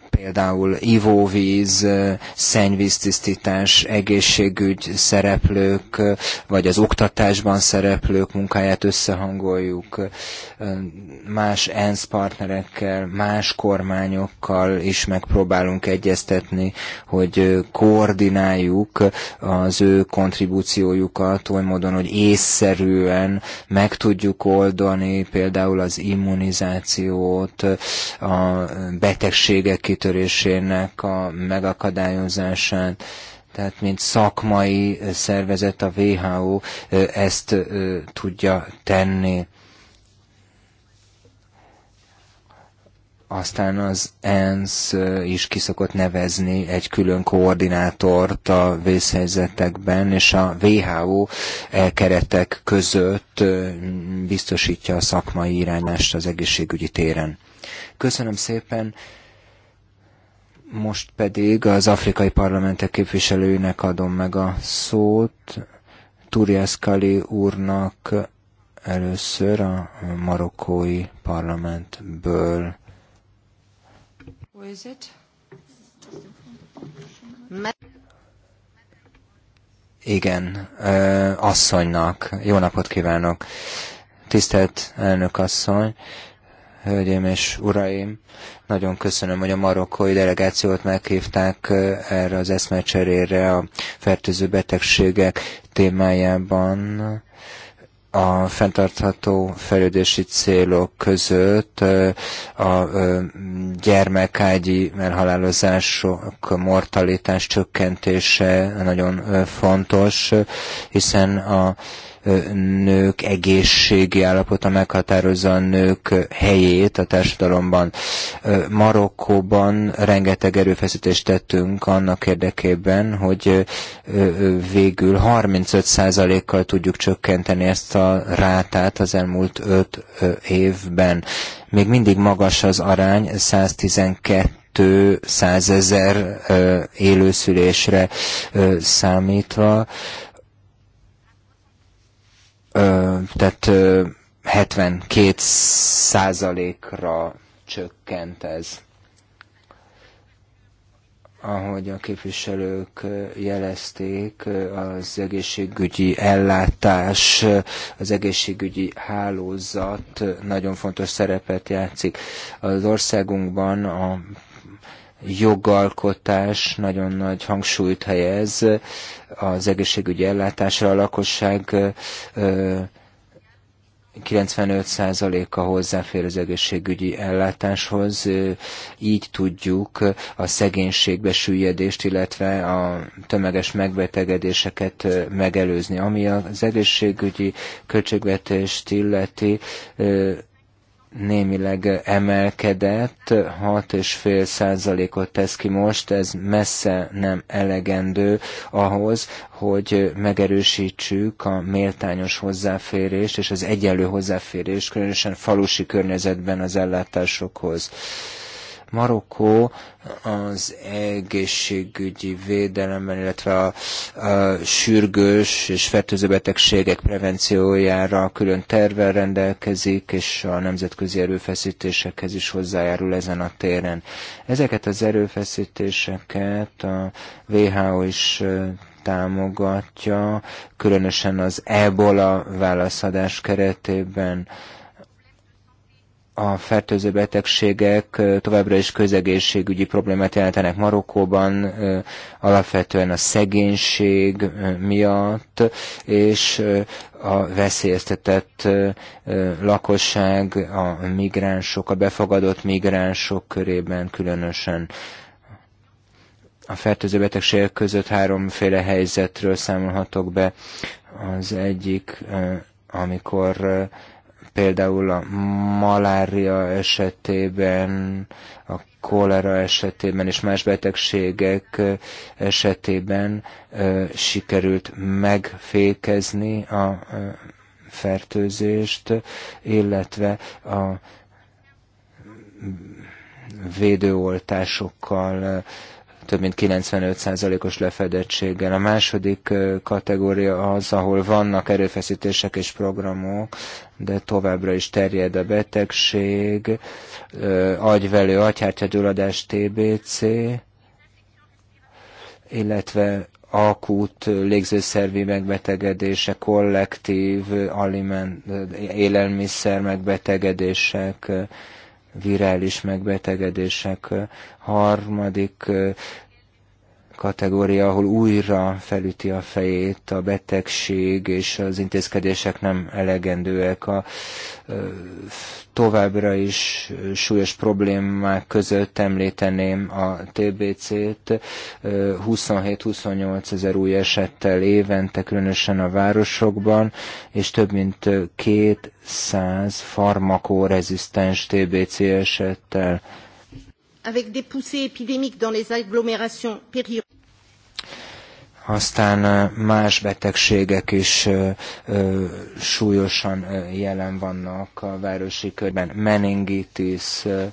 például ivóvíz, szennyvíztisztítás, egészségügy szereplők, vagy az oktatásban szereplők munkáját összehangoljuk más ENSZ partnerekkel, más kormányokkal is megpróbálunk egyeztetni, hogy koordináljuk az ő kontribúciójukat oly módon, hogy észszerűen meg tudjuk oldani például az immunizációt, a betegségek kitörését, áttörésének a megakadályozását, tehát mint szakmai szervezet a WHO ezt tudja tenni. Aztán az ENSZ is kiszokott nevezni egy külön koordinátort a vészhelyzetekben, és a WHO keretek között biztosítja a szakmai irányást az egészségügyi téren. Köszönöm szépen! Most pedig az afrikai parlamentek képviselőinek adom meg a szót. Turias Kali úrnak először a marokkói parlamentből. Igen, asszonynak. Jó napot kívánok! Tisztelt elnök asszony! Hölgyeim és uraim, nagyon köszönöm, hogy a marokkói delegációt meghívták erre az eszmecserére a fertőző betegségek témájában a fenntartható fejlődési célok között a gyermekágyi elhalálozások, mortalitás csökkentése nagyon fontos, hiszen a nők egészségi állapota meghatározza a nők helyét a társadalomban. Marokkóban rengeteg erőfeszítést tettünk annak érdekében, hogy végül 35%-kal tudjuk csökkenteni ezt a rátát az elmúlt 5 évben. Még mindig magas az arány, 112 kettő százezer élőszülésre számítva tehát 72 százalékra csökkent ez. Ahogy a képviselők jelezték, az egészségügyi ellátás, az egészségügyi hálózat nagyon fontos szerepet játszik. Az országunkban a jogalkotás nagyon nagy hangsúlyt helyez az egészségügyi ellátásra, a lakosság 95%-a hozzáfér az egészségügyi ellátáshoz, így tudjuk a szegénységbe süllyedést, illetve a tömeges megbetegedéseket megelőzni. Ami az egészségügyi költségvetést illeti, némileg emelkedett, 6,5 százalékot tesz ki most, ez messze nem elegendő ahhoz, hogy megerősítsük a méltányos hozzáférést és az egyenlő hozzáférést, különösen falusi környezetben az ellátásokhoz Marokkó az egészségügyi védelemben, illetve a, a sürgős és fertőző betegségek prevenciójára külön tervel rendelkezik, és a nemzetközi erőfeszítésekhez is hozzájárul ezen a téren. Ezeket az erőfeszítéseket a WHO is támogatja, különösen az ebola válaszadás keretében a fertőző betegségek továbbra is közegészségügyi problémát jelentenek Marokkóban, alapvetően a szegénység miatt, és a veszélyeztetett lakosság, a migránsok, a befogadott migránsok körében különösen a fertőző betegségek között háromféle helyzetről számolhatok be. Az egyik, amikor Például a malária esetében, a kolera esetében és más betegségek esetében sikerült megfékezni a fertőzést, illetve a védőoltásokkal több mint 95%-os lefedettséggel. A második kategória az, ahol vannak erőfeszítések és programok, de továbbra is terjed a betegség, agyvelő, agyhártyagyulladás, TBC, illetve akut légzőszervi megbetegedése, kollektív aliment, élelmiszer megbetegedések, virális megbetegedések harmadik kategória, ahol újra felüti a fejét a betegség, és az intézkedések nem elegendőek. A továbbra is súlyos problémák között említeném a TBC-t. 27-28 ezer új esettel évente, különösen a városokban, és több mint 200 farmakórezisztens TBC esettel avec des poussées épidémiques dans les agglomérations périurbaines. Aztán más betegségek is ö, ö, súlyosan jelen vannak a városi körben. Meningitis ö,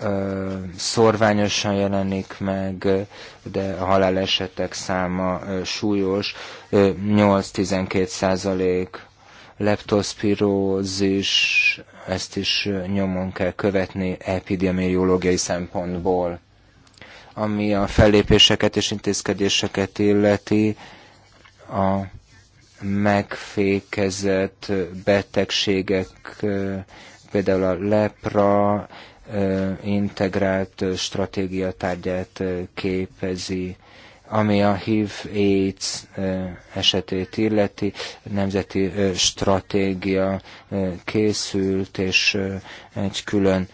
ö, szorványosan jelenik meg, de a halálesetek száma ö, súlyos, 8-12 százalék leptospirózis ezt is nyomon kell követni epidemiológiai szempontból. Ami a fellépéseket és intézkedéseket illeti, a megfékezett betegségek, például a lepra integrált stratégia tárgyát képezi ami a HIV-AIDS esetét illeti, nemzeti stratégia készült, és egy külön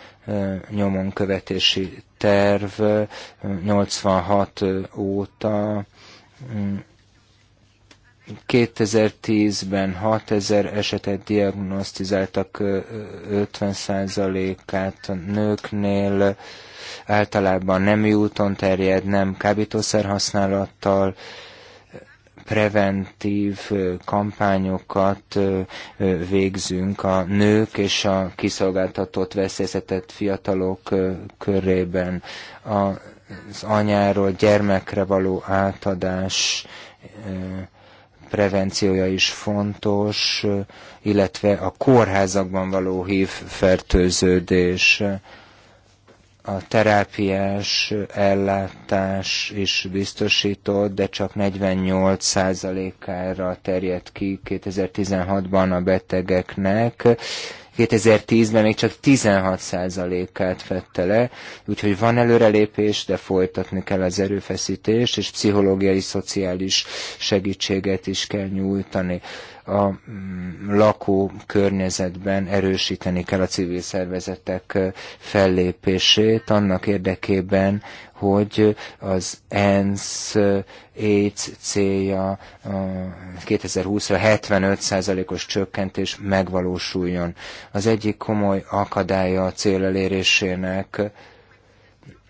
nyomon követési terv 86 óta 2010-ben 6000 esetet diagnosztizáltak 50%-át a nőknél, általában nem úton terjed, nem kábítószer használattal, preventív kampányokat végzünk a nők és a kiszolgáltatott veszélyeztetett fiatalok körében. Az anyáról gyermekre való átadás prevenciója is fontos, illetve a kórházakban való hív fertőződés, a terápiás ellátás is biztosított, de csak 48%-ára terjedt ki 2016-ban a betegeknek, 2010-ben még csak 16%-át fette le, úgyhogy van előrelépés, de folytatni kell az erőfeszítést, és pszichológiai, szociális segítséget is kell nyújtani a mm, lakó környezetben erősíteni kell a civil szervezetek fellépését annak érdekében, hogy az ENSZ AIDS célja 2020-ra 75%-os csökkentés megvalósuljon. Az egyik komoly akadálya a cél elérésének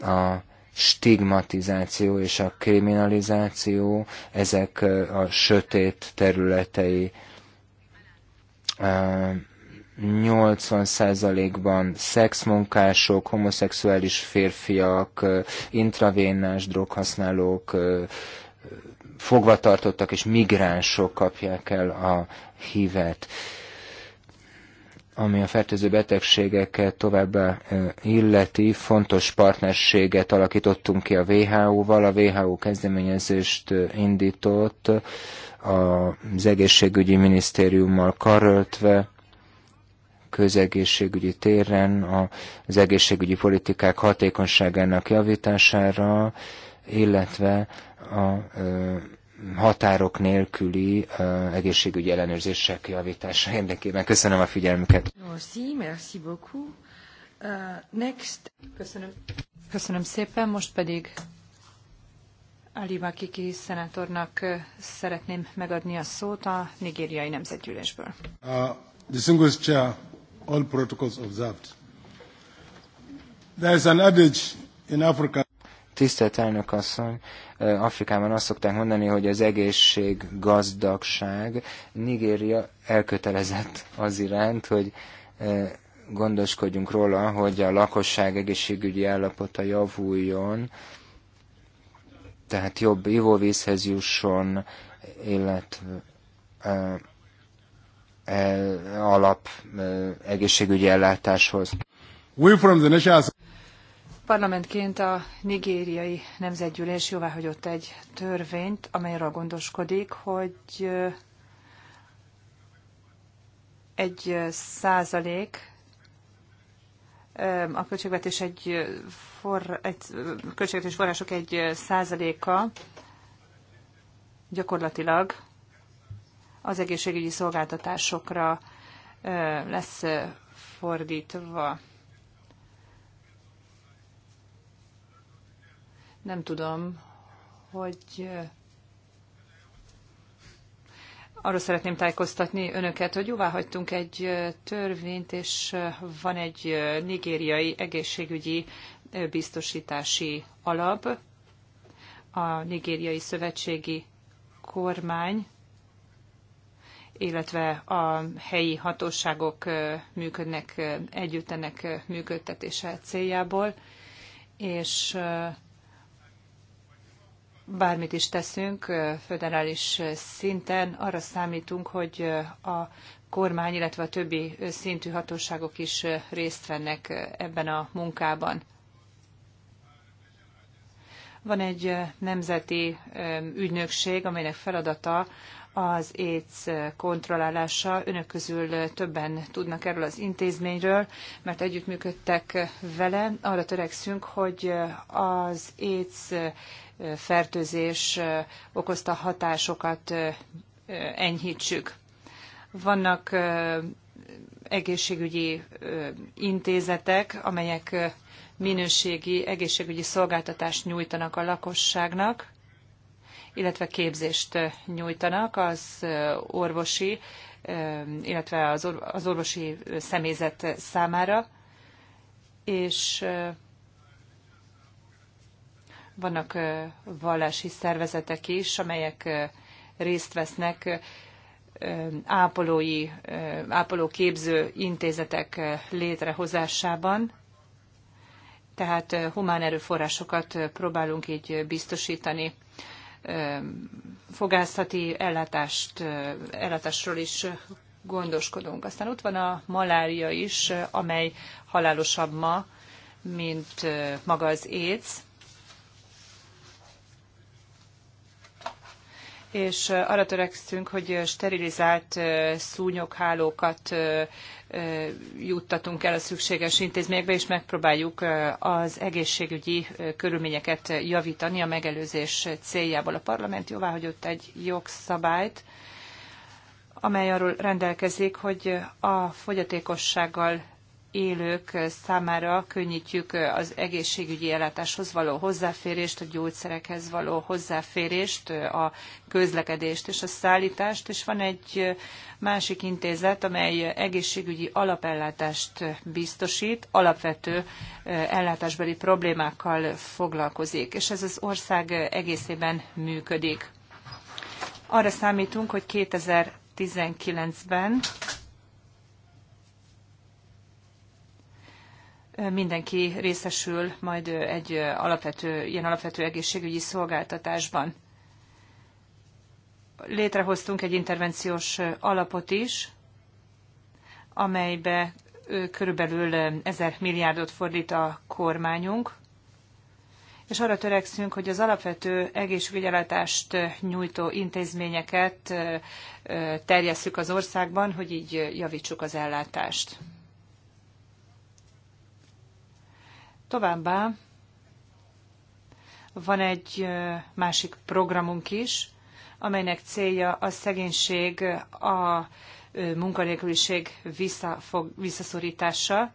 a stigmatizáció és a kriminalizáció, ezek a sötét területei 80%-ban szexmunkások, homoszexuális férfiak, intravénás droghasználók, fogvatartottak és migránsok kapják el a hívet ami a fertőző betegségeket továbbá illeti, fontos partnerséget alakítottunk ki a WHO-val. A WHO kezdeményezést indított az egészségügyi minisztériummal karöltve, közegészségügyi téren az egészségügyi politikák hatékonyságának javítására, illetve a határok nélküli egészségügyi ellenőrzések javítása érdekében. Köszönöm a figyelmüket. Merci, merci beaucoup. Euh, next. Köszönöm. Köszönöm szépen, most pedig Ali Bakiki szenátornak szeretném megadni a szót a nigériai nemzetgyűlésből. Uh, distinguished chair, all protocols observed. There is an adage in Africa. Tisztelt elnök asszony, Afrikában azt szokták mondani, hogy az egészség gazdagság. Nigéria elkötelezett az iránt, hogy gondoskodjunk róla, hogy a lakosság egészségügyi állapota javuljon, tehát jobb ivóvízhez jusson, illetve alap egészségügyi ellátáshoz. We from the national... Parlamentként a nigériai nemzetgyűlés jóváhagyott egy törvényt, amely gondoskodik, hogy egy százalék a költségvetés egy, for, egy költségvetés források egy százaléka gyakorlatilag az egészségügyi szolgáltatásokra lesz fordítva. Nem tudom, hogy Arról szeretném tájékoztatni önöket, hogy jóvá hagytunk egy törvényt, és van egy nigériai egészségügyi biztosítási alap. A nigériai szövetségi kormány, illetve a helyi hatóságok működnek együtt ennek működtetése céljából, és bármit is teszünk föderális szinten, arra számítunk, hogy a kormány, illetve a többi szintű hatóságok is részt vennek ebben a munkában. Van egy nemzeti ügynökség, amelynek feladata az AIDS kontrollálása. Önök közül többen tudnak erről az intézményről, mert együttműködtek vele. Arra törekszünk, hogy az AIDS fertőzés okozta hatásokat enyhítsük. Vannak egészségügyi intézetek, amelyek minőségi egészségügyi szolgáltatást nyújtanak a lakosságnak, illetve képzést nyújtanak az orvosi, illetve az orvosi személyzet számára, és vannak vallási szervezetek is, amelyek részt vesznek ápolói, ápolóképző intézetek létrehozásában. Tehát humán erőforrásokat próbálunk így biztosítani fogászati ellátást, ellátásról is gondoskodunk. Aztán ott van a malária is, amely halálosabb ma, mint maga az AIDS. és arra törekszünk, hogy sterilizált szúnyoghálókat juttatunk el a szükséges intézményekbe, és megpróbáljuk az egészségügyi körülményeket javítani a megelőzés céljából. A parlament jóváhagyott egy jogszabályt, amely arról rendelkezik, hogy a fogyatékossággal élők számára könnyítjük az egészségügyi ellátáshoz való hozzáférést, a gyógyszerekhez való hozzáférést, a közlekedést és a szállítást, és van egy másik intézet, amely egészségügyi alapellátást biztosít, alapvető eh, ellátásbeli problémákkal foglalkozik, és ez az ország egészében működik. Arra számítunk, hogy 2019-ben mindenki részesül majd egy alapvető, ilyen alapvető egészségügyi szolgáltatásban. Létrehoztunk egy intervenciós alapot is, amelybe körülbelül 1000 milliárdot fordít a kormányunk, és arra törekszünk, hogy az alapvető egészségügyelátást nyújtó intézményeket terjesszük az országban, hogy így javítsuk az ellátást. Továbbá van egy másik programunk is, amelynek célja a szegénység, a munkanélküliség visszafog, visszaszorítása,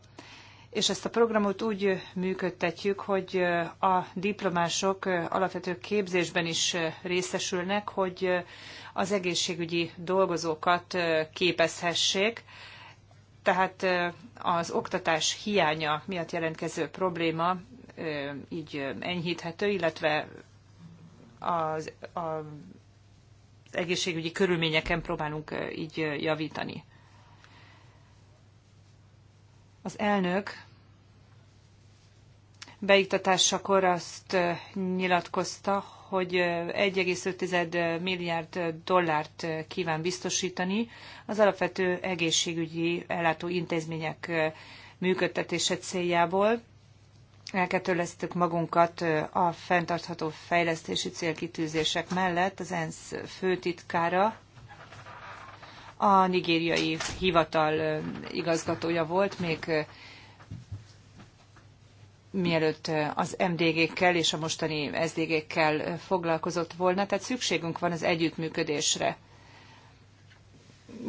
és ezt a programot úgy működtetjük, hogy a diplomások alapvető képzésben is részesülnek, hogy az egészségügyi dolgozókat képezhessék, tehát az oktatás hiánya miatt jelentkező probléma így enyhíthető, illetve az, az egészségügyi körülményeken próbálunk így javítani. Az elnök beiktatásakor azt nyilatkozta, hogy 1,5 milliárd dollárt kíván biztosítani az alapvető egészségügyi ellátó intézmények működtetése céljából. Elketőleztük magunkat a fenntartható fejlesztési célkitűzések mellett az ENSZ főtitkára, a nigériai hivatal igazgatója volt még mielőtt az MDG-kkel és a mostani SDG-kkel foglalkozott volna, tehát szükségünk van az együttműködésre.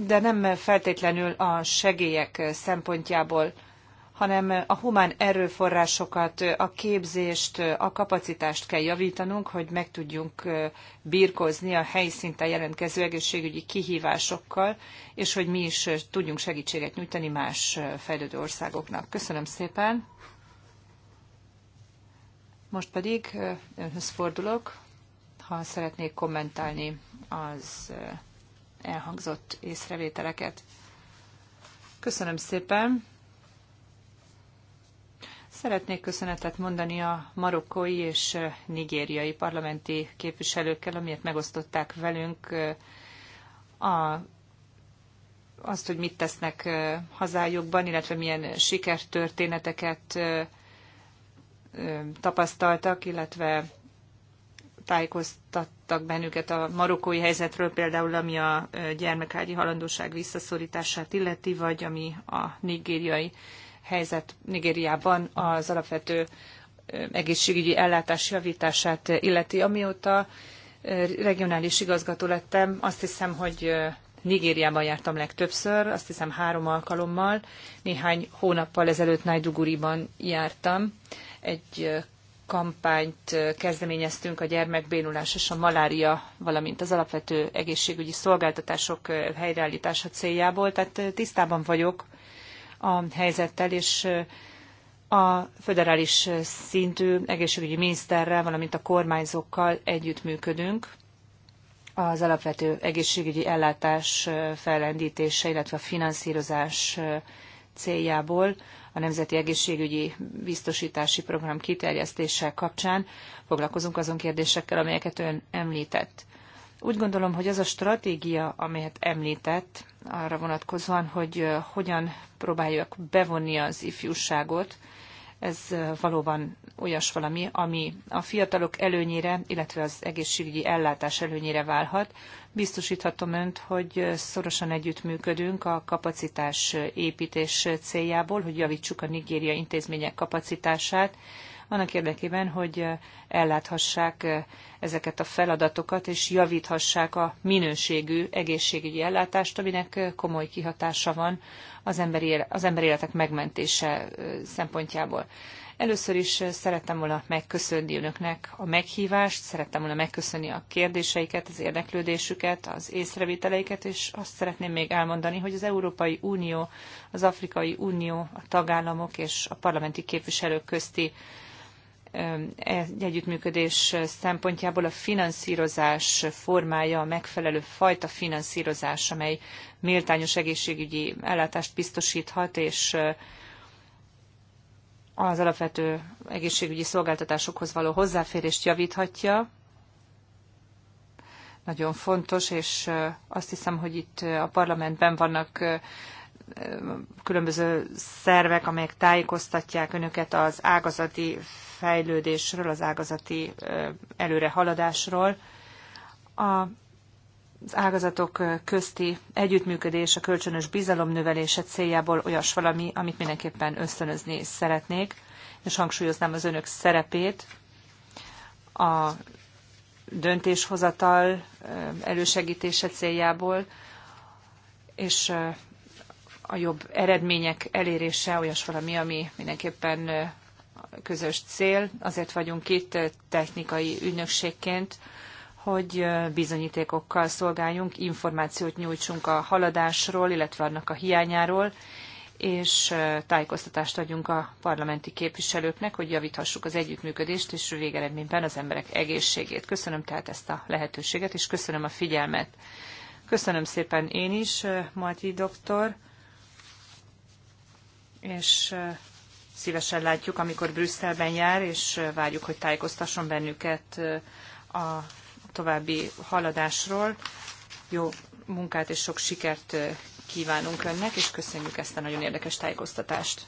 De nem feltétlenül a segélyek szempontjából, hanem a humán erőforrásokat, a képzést, a kapacitást kell javítanunk, hogy meg tudjunk birkozni a helyszinten jelentkező egészségügyi kihívásokkal, és hogy mi is tudjunk segítséget nyújtani más fejlődő országoknak. Köszönöm szépen! Most pedig önhöz fordulok, ha szeretnék kommentálni az elhangzott észrevételeket. Köszönöm szépen! Szeretnék köszönetet mondani a marokkói és nigériai parlamenti képviselőkkel, amiért megosztották velünk a, azt, hogy mit tesznek hazájukban, illetve milyen sikertörténeteket történeteket tapasztaltak, illetve tájékoztattak bennünket a marokkói helyzetről, például ami a gyermekágyi halandóság visszaszorítását illeti, vagy ami a nigériai helyzet Nigériában az alapvető egészségügyi ellátás javítását illeti. Amióta regionális igazgató lettem, azt hiszem, hogy Nigériában jártam legtöbbször, azt hiszem három alkalommal, néhány hónappal ezelőtt Najduguriban jártam. Egy kampányt kezdeményeztünk a gyermekbénulás és a malária, valamint az alapvető egészségügyi szolgáltatások helyreállítása céljából. Tehát tisztában vagyok a helyzettel, és a föderális szintű egészségügyi miniszterrel, valamint a kormányzókkal együttműködünk az alapvető egészségügyi ellátás fellendítése, illetve a finanszírozás céljából a Nemzeti Egészségügyi Biztosítási Program kiterjesztése kapcsán foglalkozunk azon kérdésekkel, amelyeket ön említett. Úgy gondolom, hogy az a stratégia, amelyet említett, arra vonatkozóan, hogy hogyan próbáljuk bevonni az ifjúságot ez valóban olyas valami, ami a fiatalok előnyére, illetve az egészségügyi ellátás előnyére válhat. Biztosíthatom önt, hogy szorosan együttműködünk a kapacitás építés céljából, hogy javítsuk a Nigéria intézmények kapacitását, annak érdekében, hogy eh, elláthassák eh, ezeket a feladatokat, és javíthassák a minőségű egészségügyi ellátást, aminek eh, komoly kihatása van az emberi, az emberi életek megmentése szempontjából. Először is szerettem volna megköszönni önöknek a meghívást, szerettem volna megköszönni a kérdéseiket, az érdeklődésüket, az észrevételeiket, és azt szeretném még elmondani, hogy az Európai Unió, az Afrikai Unió, a tagállamok és a parlamenti képviselők közti együttműködés szempontjából a finanszírozás formája a megfelelő fajta finanszírozás, amely méltányos egészségügyi ellátást biztosíthat, és az alapvető egészségügyi szolgáltatásokhoz való hozzáférést javíthatja. Nagyon fontos, és azt hiszem, hogy itt a parlamentben vannak különböző szervek, amelyek tájékoztatják önöket az ágazati fejlődésről, az ágazati előrehaladásról. A az ágazatok közti együttműködés, a kölcsönös bizalom növelése céljából olyas valami, amit mindenképpen ösztönözni szeretnék, és hangsúlyoznám az önök szerepét a döntéshozatal elősegítése céljából, és a jobb eredmények elérése olyas valami, ami mindenképpen közös cél. Azért vagyunk itt technikai ügynökségként, hogy bizonyítékokkal szolgáljunk, információt nyújtsunk a haladásról, illetve annak a hiányáról, és tájékoztatást adjunk a parlamenti képviselőknek, hogy javíthassuk az együttműködést, és végeredményben az emberek egészségét. Köszönöm tehát ezt a lehetőséget, és köszönöm a figyelmet. Köszönöm szépen én is, Mati doktor és szívesen látjuk, amikor Brüsszelben jár, és várjuk, hogy tájékoztasson bennünket a további haladásról. Jó munkát és sok sikert kívánunk önnek, és köszönjük ezt a nagyon érdekes tájékoztatást.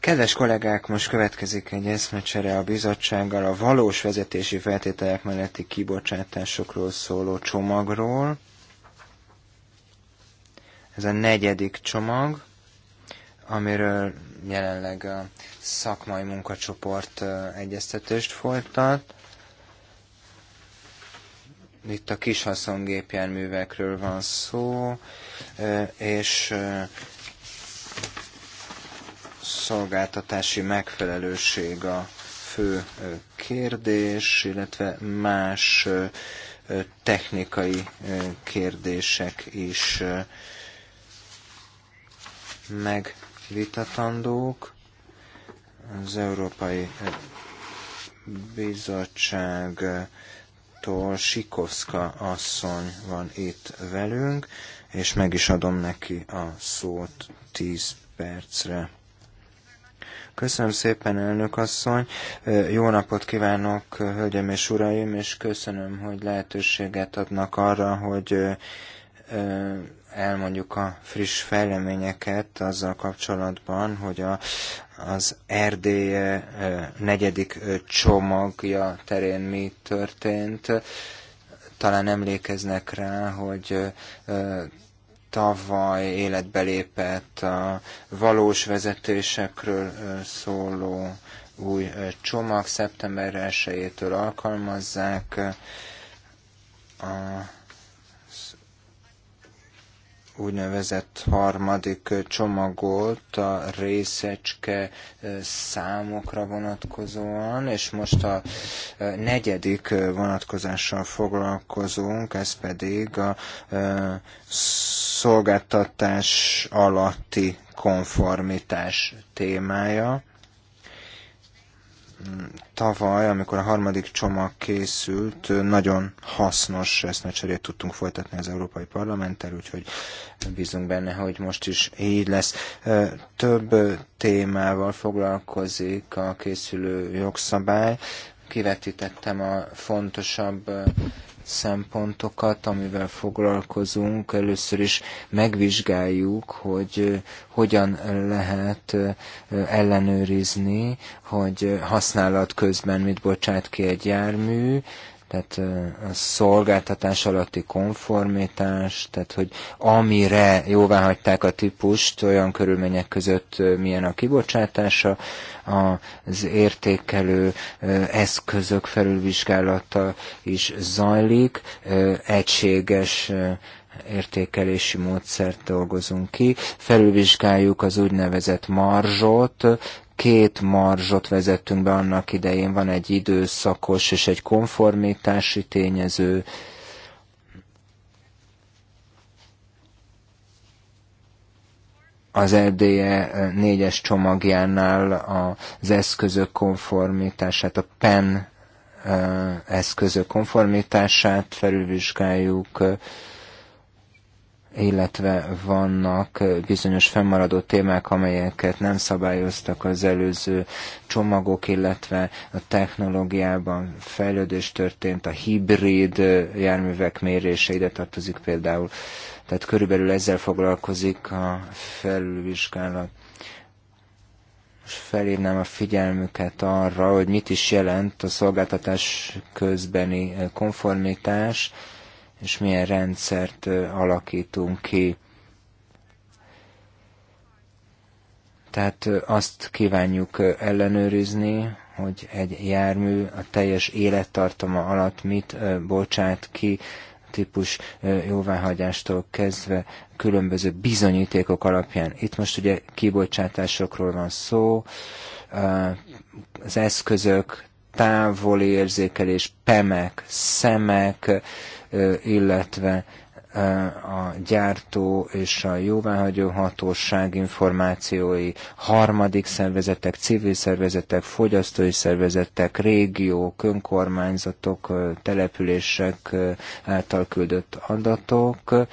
Kedves kollégák, most következik egy eszmecsere a bizottsággal a valós vezetési feltételek melletti kibocsátásokról szóló csomagról. Ez a negyedik csomag, amiről jelenleg a szakmai munkacsoport egyeztetést folytat. Itt a kis haszongépjárművekről van szó, és szolgáltatási megfelelőség a fő kérdés, illetve más technikai kérdések is megvitatandók. Az Európai Bizottság Sikovska asszony van itt velünk, és meg is adom neki a szót 10 percre. Köszönöm szépen, elnök asszony. Jó napot kívánok, hölgyem és uraim, és köszönöm, hogy lehetőséget adnak arra, hogy elmondjuk a friss fejleményeket azzal kapcsolatban, hogy a, az Erdély negyedik csomagja terén mi történt. Talán emlékeznek rá, hogy tavaly életbe lépett a valós vezetésekről szóló új csomag szeptember 1 alkalmazzák. A úgynevezett harmadik csomagot a részecske számokra vonatkozóan, és most a negyedik vonatkozással foglalkozunk, ez pedig a szolgáltatás alatti konformitás témája tavaly, amikor a harmadik csomag készült, nagyon hasznos eszmecserét tudtunk folytatni az Európai Parlamenttel, úgyhogy bízunk benne, hogy most is így lesz. Több témával foglalkozik a készülő jogszabály. Kivetítettem a fontosabb szempontokat, amivel foglalkozunk. Először is megvizsgáljuk, hogy eh, hogyan lehet eh, ellenőrizni, hogy használat közben mit bocsát ki egy jármű, tehát a szolgáltatás alatti konformitás, tehát hogy amire jóvá hagyták a típust, olyan körülmények között milyen a kibocsátása, az értékelő eszközök felülvizsgálata is zajlik, egységes értékelési módszert dolgozunk ki, felülvizsgáljuk az úgynevezett marzsot, Két marzsot vezettünk be annak idején, van egy időszakos és egy konformitási tényező, az LDE négyes csomagjánál az eszközök konformitását, a PEN eszközök konformitását felülvizsgáljuk, illetve vannak bizonyos fennmaradó témák, amelyeket nem szabályoztak az előző csomagok, illetve a technológiában fejlődés történt, a hibrid járművek mérése ide tartozik például. Tehát körülbelül ezzel foglalkozik a felülvizsgálat. Most felírnám a figyelmüket arra, hogy mit is jelent a szolgáltatás közbeni konformitás, és milyen rendszert alakítunk ki. Tehát azt kívánjuk ellenőrizni, hogy egy jármű a teljes élettartama alatt mit bocsát ki, típus jóváhagyástól kezdve különböző bizonyítékok alapján. Itt most ugye kibocsátásokról van szó, az eszközök távoli érzékelés, pemek, szemek, illetve a gyártó és a jóváhagyó hatóság információi, harmadik szervezetek, civil szervezetek, fogyasztói szervezetek, régiók, önkormányzatok, települések által küldött adatok,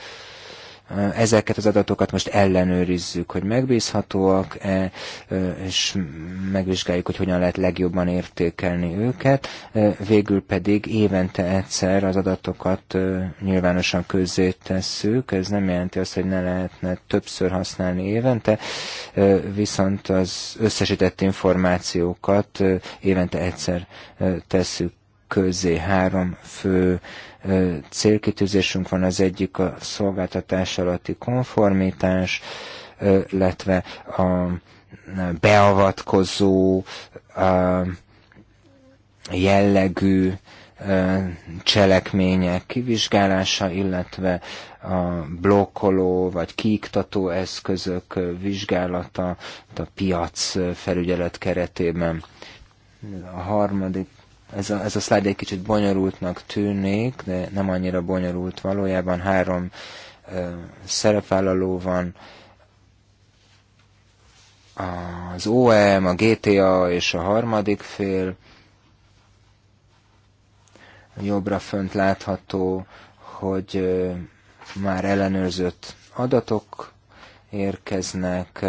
Ezeket az adatokat most ellenőrizzük, hogy megbízhatóak-e, és megvizsgáljuk, hogy hogyan lehet legjobban értékelni őket. Végül pedig évente egyszer az adatokat nyilvánosan közzé tesszük. Ez nem jelenti azt, hogy ne lehetne többször használni évente, viszont az összesített információkat évente egyszer tesszük közé három fő célkitűzésünk van, az egyik a szolgáltatás alatti konformitás, illetve a beavatkozó a jellegű cselekmények kivizsgálása, illetve a blokkoló vagy kiiktató eszközök vizsgálata a piac felügyelet keretében. A harmadik ez a, ez a szlájd egy kicsit bonyolultnak tűnik, de nem annyira bonyolult valójában. Három ö, szerepvállaló van, az OEM, a GTA és a harmadik fél. Jobbra fönt látható, hogy ö, már ellenőrzött adatok érkeznek,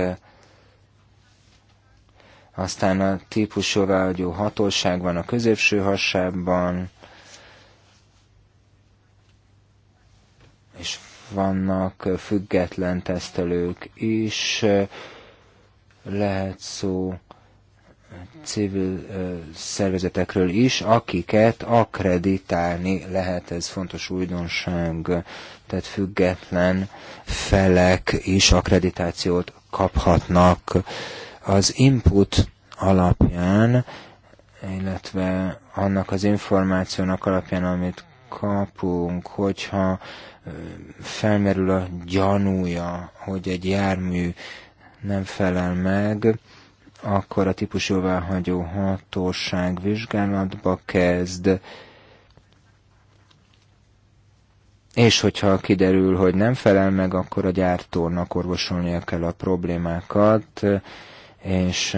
aztán a típusjóvá adó hatóság van a középső hasában, és vannak független tesztelők is, lehet szó civil szervezetekről is, akiket akkreditálni lehet, ez fontos újdonság, tehát független felek is akkreditációt kaphatnak az input alapján, illetve annak az információnak alapján, amit kapunk, hogyha felmerül a gyanúja, hogy egy jármű nem felel meg, akkor a típus jóváhagyó hatóság vizsgálatba kezd, és hogyha kiderül, hogy nem felel meg, akkor a gyártónak orvosolnia kell a problémákat, és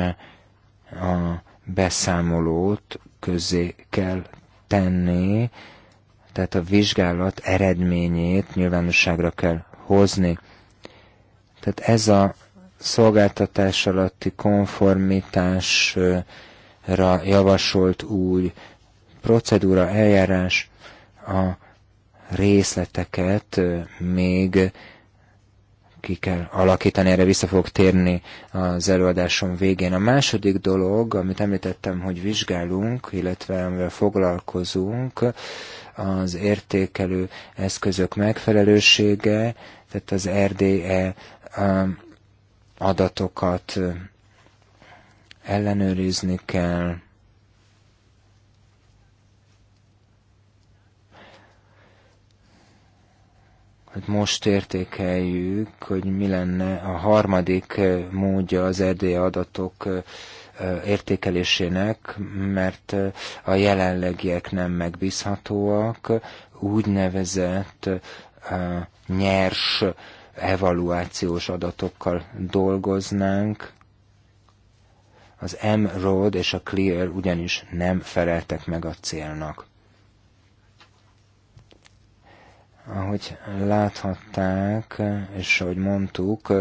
a beszámolót közé kell tenni, tehát a vizsgálat eredményét nyilvánosságra kell hozni. Tehát ez a szolgáltatás alatti konformitásra javasolt új procedúra, eljárás a részleteket még ki kell alakítani, erre vissza fogok térni az előadásom végén. A második dolog, amit említettem, hogy vizsgálunk, illetve amivel foglalkozunk, az értékelő eszközök megfelelősége, tehát az RDE um, adatokat ellenőrizni kell, hogy most értékeljük, hogy mi lenne a harmadik eh, módja az erdély adatok eh, eh, értékelésének, mert a jelenlegiek nem megbízhatóak, úgynevezett nyers evaluációs adatokkal dolgoznánk. Az M-ROAD és a CLEAR ugyanis nem feleltek meg a célnak. ahogy láthatták, és ahogy mondtuk,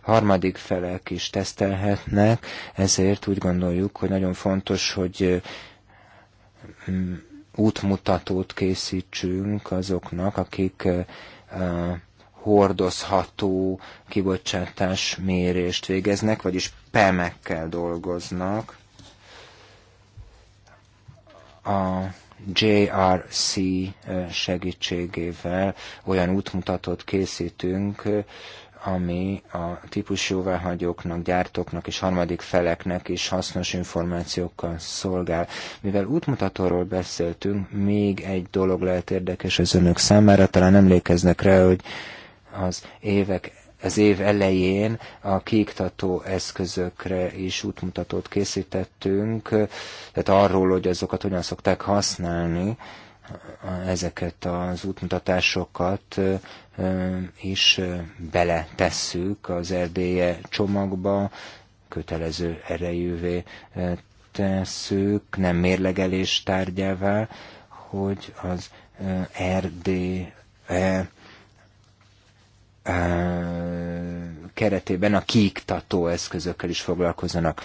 harmadik felek is tesztelhetnek, ezért úgy gondoljuk, hogy nagyon fontos, hogy mm, útmutatót készítsünk azoknak, akik hordozható kibocsátás mérést végeznek, vagyis pem dolgoznak. A JRC segítségével olyan útmutatót készítünk, ami a típusjóváhagyóknak, gyártóknak és harmadik feleknek is hasznos információkkal szolgál. Mivel útmutatóról beszéltünk, még egy dolog lehet érdekes az önök számára, talán emlékeznek rá, hogy az évek az év elején a kiiktató eszközökre is útmutatót készítettünk, tehát arról, hogy azokat hogyan szokták használni, ezeket az útmutatásokat is beletesszük az erdélye csomagba, kötelező erejűvé tesszük, nem mérlegelés tárgyává, hogy az erdélye keretében a kiiktató eszközökkel is foglalkozzanak.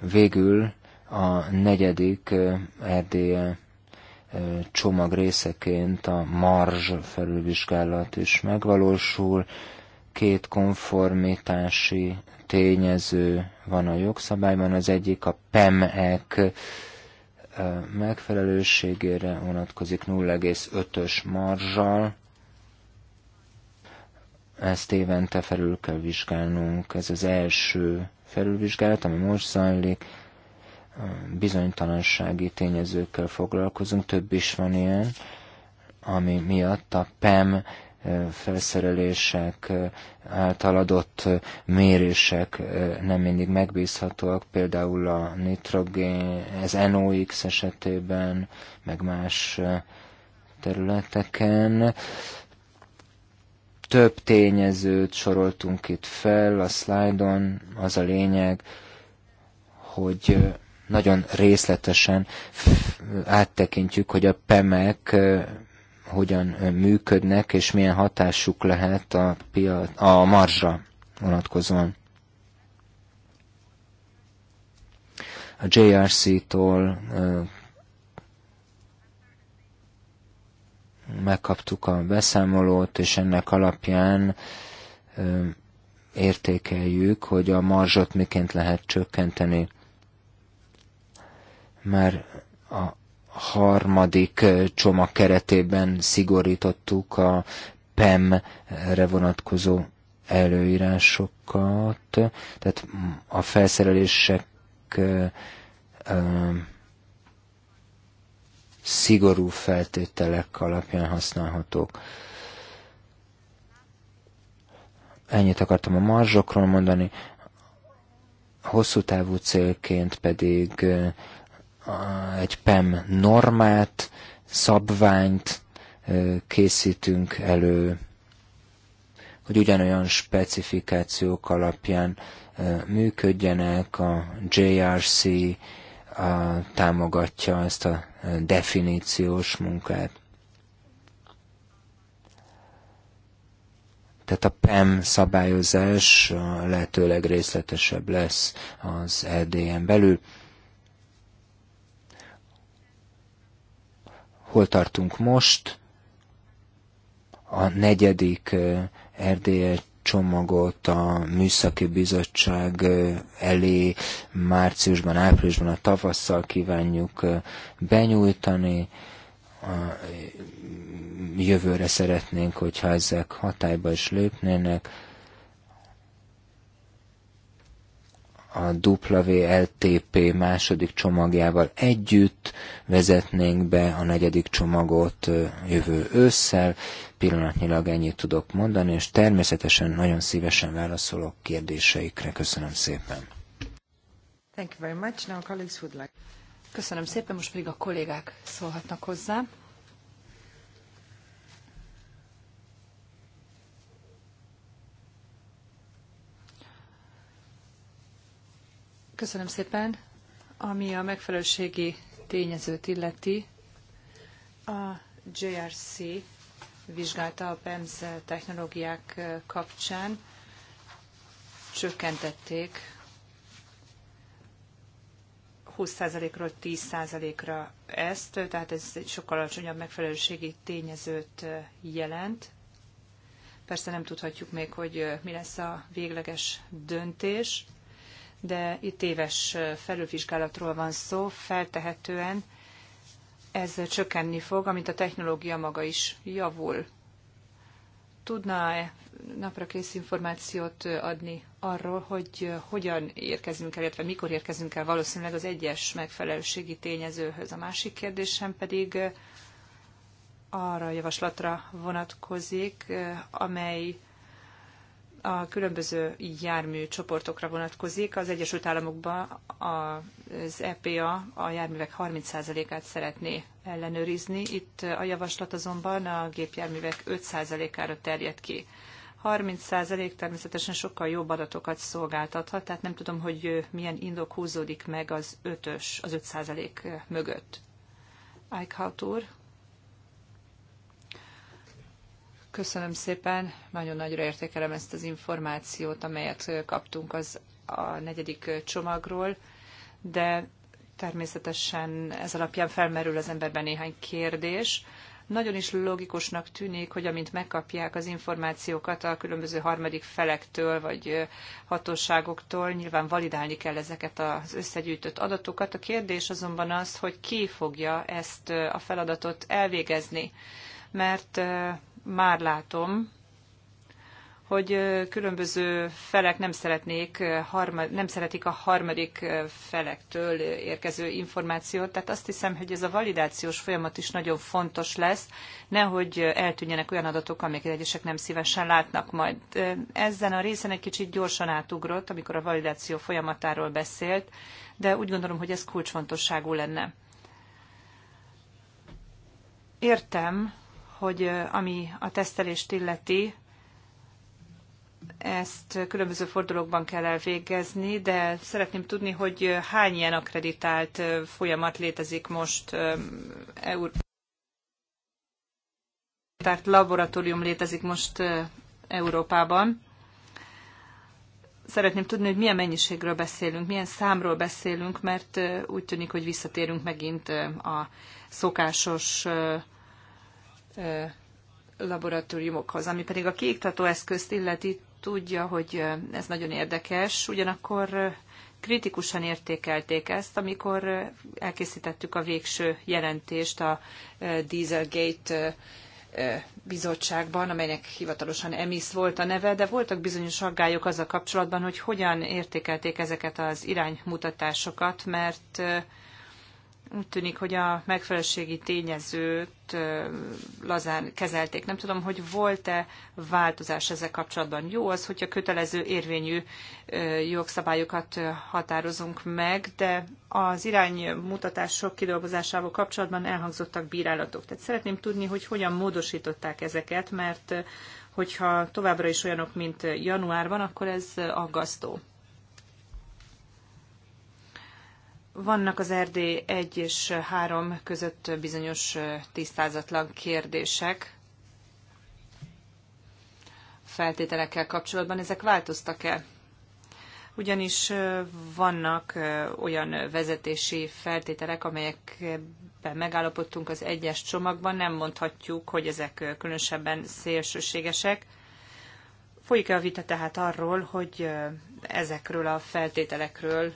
Végül a negyedik Erdélye csomag részeként a marzs felülvizsgálat is megvalósul. Két konformitási tényező van a jogszabályban, az egyik a PEMEK megfelelőségére vonatkozik 0,5-ös marzsal. Ezt évente felül kell vizsgálnunk. Ez az első felülvizsgálat, ami most zajlik. Bizonytalansági tényezőkkel foglalkozunk, több is van ilyen, ami miatt a PEM felszerelések által adott mérések nem mindig megbízhatóak, például a nitrogén, ez NOx esetében, meg más területeken. Több tényezőt soroltunk itt fel a szlájdon, az a lényeg, hogy nagyon részletesen áttekintjük, hogy a PEMek hogyan működnek, és milyen hatásuk lehet a, piac, a marzsra vonatkozóan. A JRC-tól megkaptuk a beszámolót, és ennek alapján értékeljük, hogy a marzsot miként lehet csökkenteni. Már a harmadik eh, csomag keretében szigorítottuk a PEM-re vonatkozó előírásokat, tehát a felszerelések eh, eh, szigorú feltételek alapján használhatók. Ennyit akartam a marzsokról mondani, hosszú távú célként pedig egy PEM normát, szabványt készítünk elő, hogy ugyanolyan specifikációk alapján működjenek, a JRC támogatja ezt a definíciós munkát. Tehát a PEM szabályozás lehetőleg részletesebb lesz az LDN e belül. Hol tartunk most? A negyedik RDL csomagot a Műszaki Bizottság elé márciusban, áprilisban, a tavasszal kívánjuk benyújtani. A jövőre szeretnénk, hogyha ezek hatályba is lépnének a WLTP második csomagjával együtt vezetnénk be a negyedik csomagot jövő ősszel. Pillanatnyilag ennyit tudok mondani, és természetesen nagyon szívesen válaszolok kérdéseikre. Köszönöm szépen. Thank you very much. Now colleagues would like... Köszönöm szépen, most pedig a kollégák szólhatnak hozzá. Köszönöm szépen. Ami a megfelelőségi tényezőt illeti, a JRC vizsgálta a PEMS technológiák kapcsán, csökkentették 20%-ról 10%-ra ezt, tehát ez egy sokkal alacsonyabb megfelelőségi tényezőt jelent. Persze nem tudhatjuk még, hogy mi lesz a végleges döntés, de itt éves felülvizsgálatról van szó, feltehetően ez csökkenni fog, amint a technológia maga is javul. tudná e napra kész információt adni arról, hogy hogyan érkezünk el, illetve mikor érkezünk el valószínűleg az egyes megfelelőségi tényezőhöz. A másik kérdésem pedig arra a javaslatra vonatkozik, amely a különböző jármű csoportokra vonatkozik. Az Egyesült Államokban az EPA a járművek 30%-át szeretné ellenőrizni, itt a javaslat azonban a gépjárművek 5%-ára terjed ki. 30% természetesen sokkal jobb adatokat szolgáltathat, tehát nem tudom, hogy milyen indok húzódik meg az 5-ös, az 5% mögött. Eichhaut úr. Köszönöm szépen, nagyon nagyra értékelem ezt az információt, amelyet kaptunk az a negyedik csomagról, de természetesen ez alapján felmerül az emberben néhány kérdés. Nagyon is logikusnak tűnik, hogy amint megkapják az információkat a különböző harmadik felektől vagy hatóságoktól, nyilván validálni kell ezeket az összegyűjtött adatokat. A kérdés azonban az, hogy ki fogja ezt a feladatot elvégezni, mert már látom, hogy különböző felek nem, szeretnék, nem szeretik a harmadik felektől érkező információt, tehát azt hiszem, hogy ez a validációs folyamat is nagyon fontos lesz, nehogy eltűnjenek olyan adatok, amiket egyesek nem szívesen látnak majd. Ezen a részen egy kicsit gyorsan átugrott, amikor a validáció folyamatáról beszélt, de úgy gondolom, hogy ez kulcsfontosságú lenne. Értem, hogy ami a tesztelést illeti, ezt különböző fordulókban kell elvégezni, de szeretném tudni, hogy hány ilyen akreditált folyamat létezik most Európában. laboratórium létezik most Európában. Szeretném tudni, hogy milyen mennyiségről beszélünk, milyen számról beszélünk, mert úgy tűnik, hogy visszatérünk megint a szokásos laboratóriumokhoz. Ami pedig a kiiktató eszközt illeti, tudja, hogy ez nagyon érdekes, ugyanakkor kritikusan értékelték ezt, amikor elkészítettük a végső jelentést a Dieselgate bizottságban, amelynek hivatalosan EMIS volt a neve, de voltak bizonyos aggályok azzal kapcsolatban, hogy hogyan értékelték ezeket az iránymutatásokat, mert úgy tűnik, hogy a megfelelőségi tényezőt lazán kezelték. Nem tudom, hogy volt-e változás ezzel kapcsolatban. Jó az, hogyha kötelező érvényű jogszabályokat határozunk meg, de az iránymutatások kidolgozásával kapcsolatban elhangzottak bírálatok. Tehát szeretném tudni, hogy hogyan módosították ezeket, mert hogyha továbbra is olyanok, mint januárban, akkor ez aggasztó. vannak az Erdély 1 és 3 között bizonyos tisztázatlan kérdések feltételekkel kapcsolatban. Ezek változtak-e? Ugyanis vannak olyan vezetési feltételek, amelyekben megállapodtunk az egyes csomagban, nem mondhatjuk, hogy ezek különösebben szélsőségesek. Folyik -e a vita tehát arról, hogy ezekről a feltételekről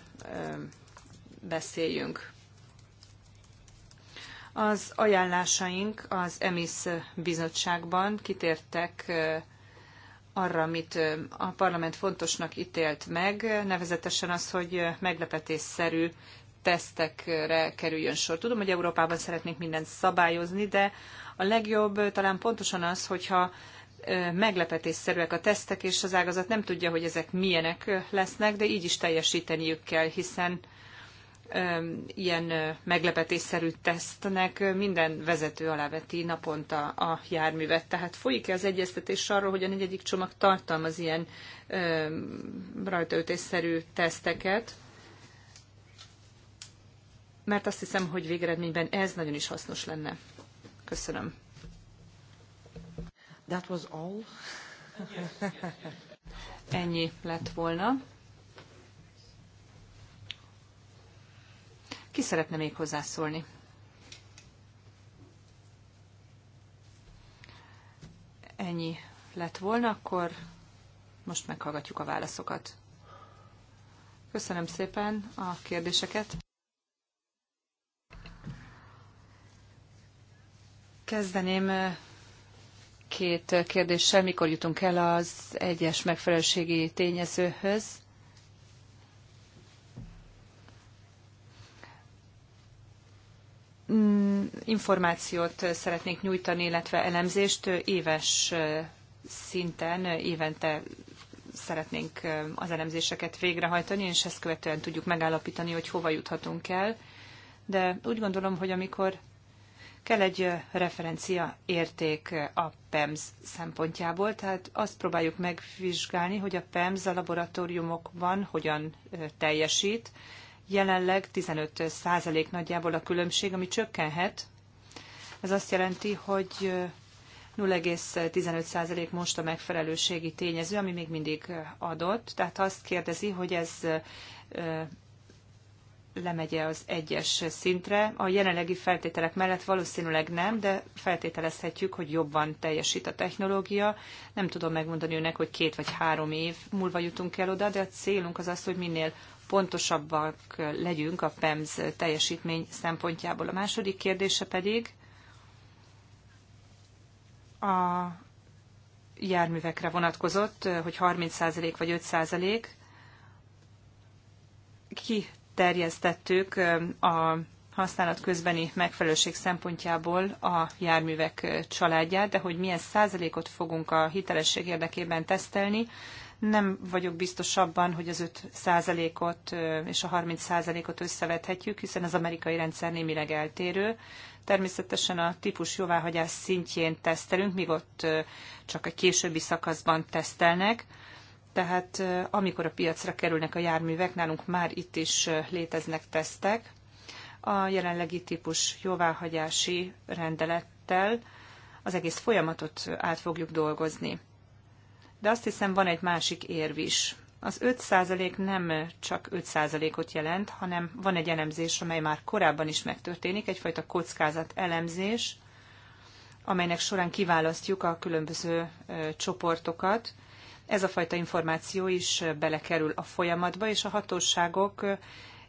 beszéljünk. Az ajánlásaink az EMISZ bizottságban kitértek arra, amit a parlament fontosnak ítélt meg, nevezetesen az, hogy meglepetésszerű tesztekre kerüljön sor. Tudom, hogy Európában szeretnénk mindent szabályozni, de a legjobb talán pontosan az, hogyha meglepetésszerűek a tesztek, és az ágazat nem tudja, hogy ezek milyenek lesznek, de így is teljesíteniük kell, hiszen ilyen meglepetésszerű tesztnek minden vezető aláveti naponta a járművet. Tehát folyik-e az egyeztetés arról, hogy a negyedik csomag tartalmaz ilyen rajtaütésszerű teszteket? Mert azt hiszem, hogy végeredményben ez nagyon is hasznos lenne. Köszönöm. That was all. Ennyi lett volna. Ki szeretne még hozzászólni? Ennyi lett volna, akkor most meghallgatjuk a válaszokat. Köszönöm szépen a kérdéseket. Kezdeném eh, két kérdéssel, mikor jutunk el az egyes megfelelőségi tényezőhöz. Mm, információt szeretnék nyújtani, illetve elemzést éves szinten, évente szeretnénk az elemzéseket végrehajtani, és ezt követően tudjuk megállapítani, hogy hova juthatunk el. De úgy gondolom, hogy amikor kell egy referencia érték a PEMS szempontjából, tehát azt próbáljuk megvizsgálni, hogy a PEMS a laboratóriumokban hogyan teljesít, Jelenleg 15 százalék nagyjából a különbség, ami csökkenhet. Ez azt jelenti, hogy 0,15% most a megfelelőségi tényező, ami még mindig adott. Tehát azt kérdezi, hogy ez lemegye az egyes szintre. A jelenlegi feltételek mellett valószínűleg nem, de feltételezhetjük, hogy jobban teljesít a technológia. Nem tudom megmondani önnek, hogy két vagy három év múlva jutunk el oda, de a célunk az az, hogy minél pontosabbak legyünk a PEMZ teljesítmény szempontjából. A második kérdése pedig a járművekre vonatkozott, hogy 30% vagy 5% kiterjesztettük a használat közbeni megfelelőség szempontjából a járművek családját, de hogy milyen százalékot fogunk a hitelesség érdekében tesztelni, nem vagyok biztos abban, hogy az 5%-ot és a 30%-ot összevethetjük, hiszen az amerikai rendszer némileg eltérő. Természetesen a típus jóváhagyás szintjén tesztelünk, míg ott csak a későbbi szakaszban tesztelnek. Tehát amikor a piacra kerülnek a járművek, nálunk már itt is léteznek tesztek. A jelenlegi típus jóváhagyási rendelettel az egész folyamatot át fogjuk dolgozni de azt hiszem van egy másik érv is. Az 5% nem csak 5%-ot jelent, hanem van egy elemzés, amely már korábban is megtörténik, egyfajta kockázat elemzés, amelynek során kiválasztjuk a különböző csoportokat. Ez a fajta információ is belekerül a folyamatba, és a hatóságok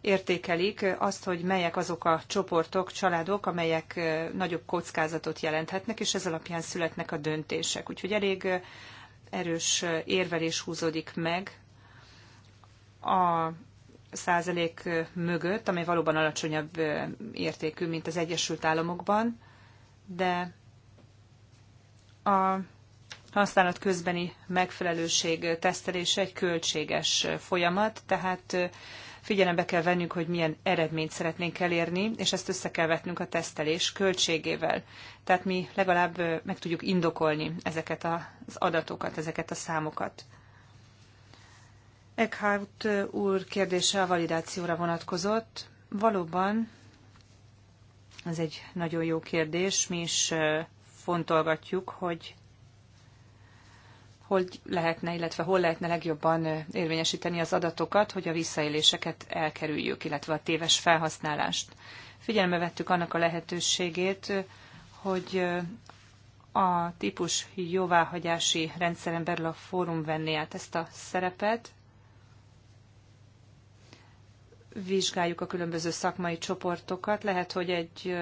értékelik azt, hogy melyek azok a csoportok, családok, amelyek nagyobb kockázatot jelenthetnek, és ez alapján születnek a döntések. Úgyhogy elég erős érvelés húzódik meg a százalék mögött, ami valóban alacsonyabb értékű, mint az Egyesült Államokban, de a használat közbeni megfelelőség tesztelése egy költséges folyamat, tehát figyelembe kell vennünk, hogy milyen eredményt szeretnénk elérni, és ezt össze kell vetnünk a tesztelés költségével. Tehát mi legalább meg tudjuk indokolni ezeket az adatokat, ezeket a számokat. Eckhout úr kérdése a validációra vonatkozott. Valóban ez egy nagyon jó kérdés. Mi is fontolgatjuk, hogy hogy lehetne, illetve hol lehetne legjobban érvényesíteni az adatokat, hogy a visszaéléseket elkerüljük, illetve a téves felhasználást. Figyelme vettük annak a lehetőségét, hogy a típus jóváhagyási rendszeren belül a fórum venné át ezt a szerepet. Vizsgáljuk a különböző szakmai csoportokat. Lehet, hogy egy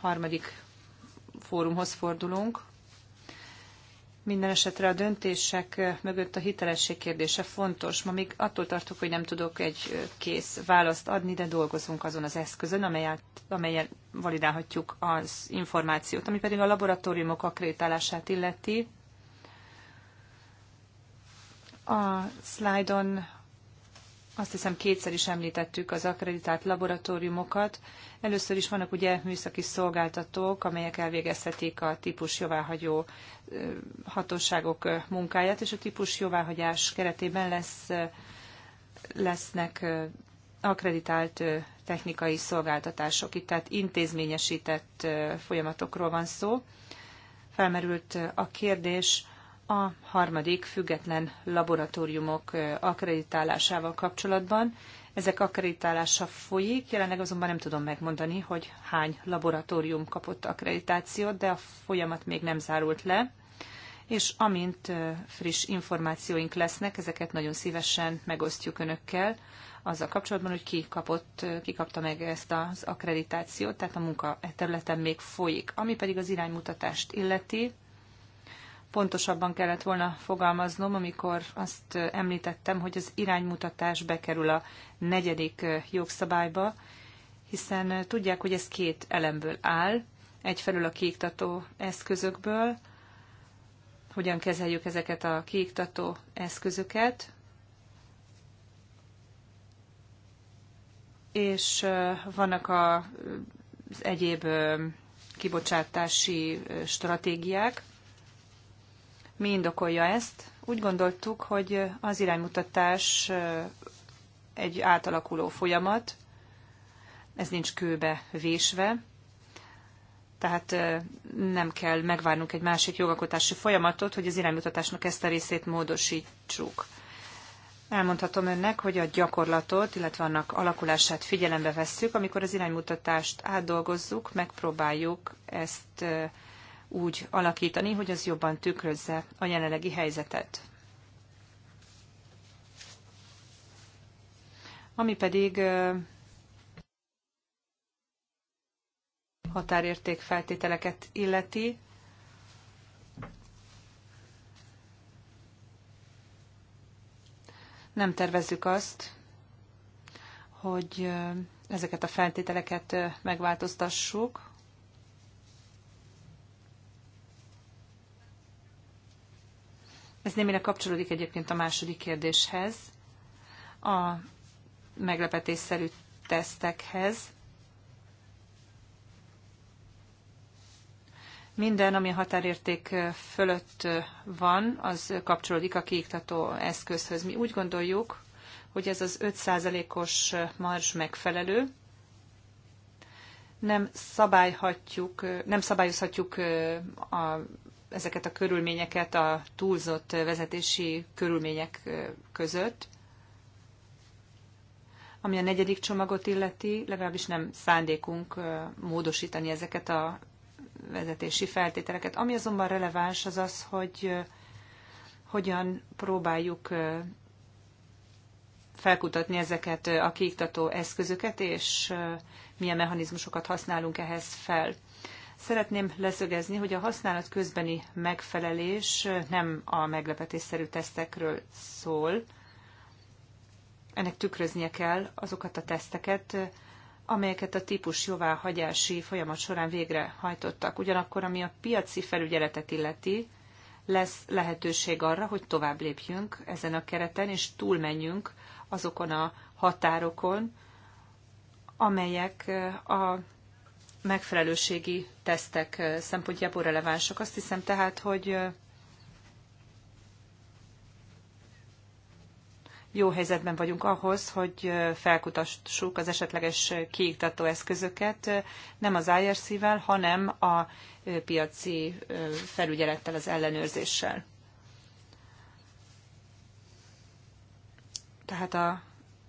harmadik fórumhoz fordulunk, minden esetre a döntések mögött a hitelesség kérdése fontos. Ma még attól tartok, hogy nem tudok egy kész választ adni, de dolgozunk azon az eszközön, amelyen validálhatjuk az információt. Ami pedig a laboratóriumok akrétálását illeti, a szlájdon azt hiszem kétszer is említettük az akreditált laboratóriumokat. Először is vannak ugye műszaki szolgáltatók, amelyek elvégezhetik a típus jóváhagyó hatóságok munkáját, és a típus jóváhagyás keretében lesz, lesznek akreditált technikai szolgáltatások. Itt tehát intézményesített folyamatokról van szó. Felmerült a kérdés, a harmadik független laboratóriumok akreditálásával kapcsolatban. Ezek akreditálása folyik, jelenleg azonban nem tudom megmondani, hogy hány laboratórium kapott akkreditációt, de a folyamat még nem zárult le, és amint friss információink lesznek, ezeket nagyon szívesen megosztjuk önökkel, azzal kapcsolatban, hogy ki, kapott, ki kapta meg ezt az akkreditációt, tehát a munka területen még folyik. Ami pedig az iránymutatást illeti, pontosabban kellett volna fogalmaznom, amikor azt említettem, hogy az iránymutatás bekerül a negyedik jogszabályba, hiszen tudják, hogy ez két elemből áll, egyfelől a kiiktató eszközökből, hogyan kezeljük ezeket a kiiktató eszközöket, és vannak az egyéb kibocsátási stratégiák, mi indokolja ezt? Úgy gondoltuk, hogy az iránymutatás egy átalakuló folyamat, ez nincs kőbe vésve, tehát nem kell megvárnunk egy másik jogalkotási folyamatot, hogy az iránymutatásnak ezt a részét módosítsuk. Elmondhatom önnek, hogy a gyakorlatot, illetve annak alakulását figyelembe vesszük, amikor az iránymutatást átdolgozzuk, megpróbáljuk ezt úgy alakítani, hogy az jobban tükrözze a jelenlegi helyzetet. Ami pedig határérték feltételeket illeti, nem tervezzük azt, hogy ezeket a feltételeket megváltoztassuk, Ez némire kapcsolódik egyébként a második kérdéshez, a meglepetésszerű tesztekhez. Minden, ami a határérték fölött van, az kapcsolódik a kiiktató eszközhöz. Mi úgy gondoljuk, hogy ez az 5%-os marzs megfelelő, nem szabályhatjuk, nem szabályozhatjuk a ezeket a körülményeket a túlzott vezetési körülmények között. Ami a negyedik csomagot illeti, legalábbis nem szándékunk módosítani ezeket a vezetési feltételeket. Ami azonban releváns az az, hogy hogyan próbáljuk felkutatni ezeket a kiiktató eszközöket, és milyen mechanizmusokat használunk ehhez fel. Szeretném leszögezni, hogy a használat közbeni megfelelés nem a meglepetésszerű tesztekről szól. Ennek tükröznie kell azokat a teszteket, amelyeket a típus jóváhagyási folyamat során végre hajtottak. Ugyanakkor, ami a piaci felügyeletet illeti, lesz lehetőség arra, hogy tovább lépjünk ezen a kereten, és túlmenjünk azokon a határokon, amelyek a megfelelőségi tesztek szempontjából relevánsak. Azt hiszem tehát, hogy jó helyzetben vagyunk ahhoz, hogy felkutassuk az esetleges kiiktató eszközöket nem az IRC-vel, hanem a piaci felügyelettel, az ellenőrzéssel. Tehát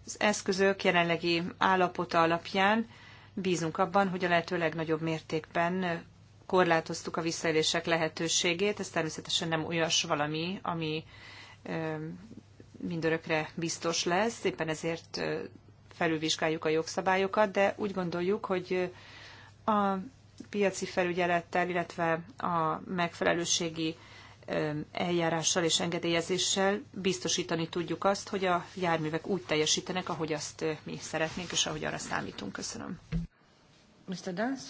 az eszközök jelenlegi állapota alapján Bízunk abban, hogy a lehető legnagyobb mértékben korlátoztuk a visszaélések lehetőségét. Ez természetesen nem olyas valami, ami mindörökre biztos lesz, éppen ezért felülvizsgáljuk a jogszabályokat, de úgy gondoljuk, hogy a piaci felügyelettel, illetve a megfelelőségi eljárással és engedélyezéssel biztosítani tudjuk azt, hogy a járművek úgy teljesítenek, ahogy azt mi szeretnénk, és ahogy arra számítunk. Köszönöm. Mr. Dance?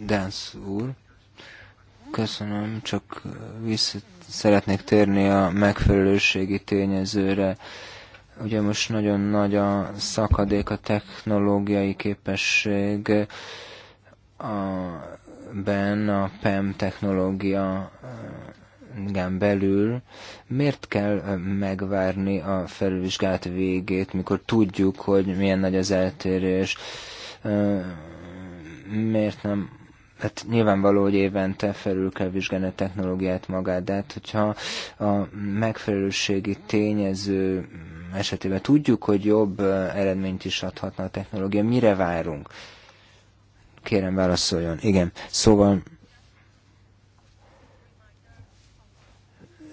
Dance úr. Köszönöm, csak vissza szeretnék térni a megfelelőségi tényezőre. Ugye most nagyon nagy a szakadék, a technológiai képesség, a ben a PEM technológia igen belül miért kell megvárni a felvizsgálat végét, mikor tudjuk, hogy milyen nagy az eltérés, miért nem hát nyilvánvaló, hogy évente felül kell vizsgálni a technológiát magát, de hát hogyha a megfelelőségi tényező esetében tudjuk, hogy jobb eredményt is adhatna a technológia, mire várunk? Kérem válaszoljon. Igen. Szóval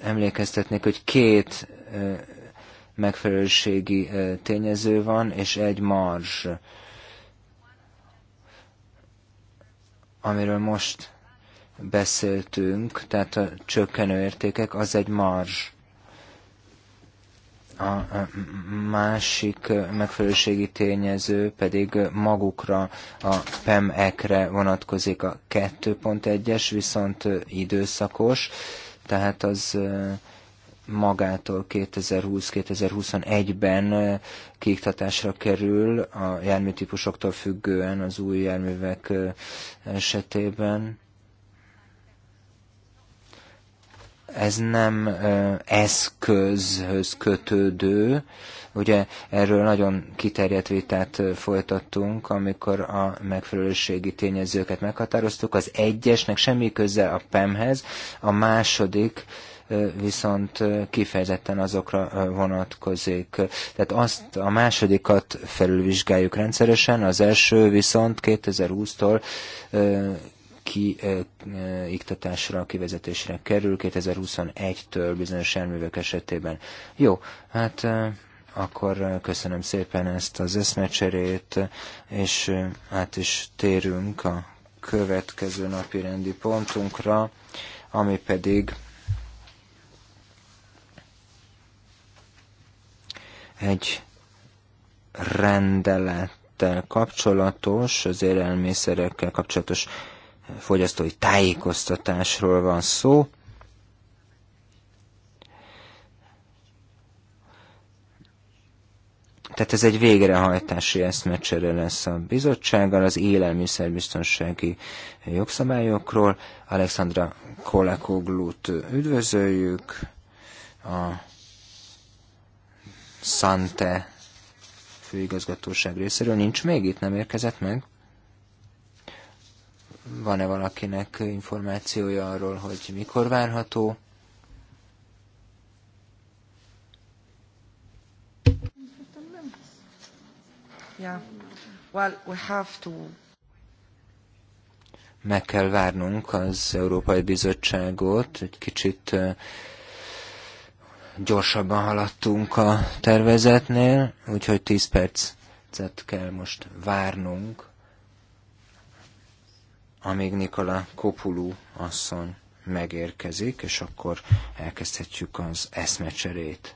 emlékeztetnék, hogy két megfelelőségi tényező van, és egy marzs, amiről most beszéltünk, tehát a csökkenő értékek, az egy marzs. A másik megfelelőségi tényező pedig magukra, a PEM-ekre vonatkozik a 2.1-es, viszont időszakos, tehát az magától 2020-2021-ben kiiktatásra kerül a járműtípusoktól függően az új járművek esetében. ez nem eszközhöz kötődő. Ugye erről nagyon kiterjedt vitát folytattunk, amikor a megfelelőségi tényezőket meghatároztuk. Az egyesnek semmi köze a PEM-hez, a második viszont kifejezetten azokra vonatkozik. Tehát azt a másodikat felülvizsgáljuk rendszeresen, az első viszont 2020-tól kiiktatásra, kivezetésre kerül 2021-től bizonyos elművek esetében. Jó, hát akkor köszönöm szépen ezt az eszmecserét, és át is térünk a következő napi rendi pontunkra, ami pedig egy rendelettel kapcsolatos, az élelmiszerekkel kapcsolatos fogyasztói tájékoztatásról van szó. Tehát ez egy végrehajtási eszmecsere lesz a bizottsággal, az élelmiszerbiztonsági jogszabályokról. Alexandra Kolakoglut üdvözöljük, a Sante főigazgatóság részéről. Nincs még itt, nem érkezett meg? Van-e valakinek információja arról, hogy mikor várható? Yeah. Well, we have to meg kell várnunk az Európai Bizottságot, egy kicsit gyorsabban haladtunk a tervezetnél, úgyhogy 10 percet kell most várnunk amíg Nikola Kopulu asszony megérkezik, és akkor elkezdhetjük az eszmecserét.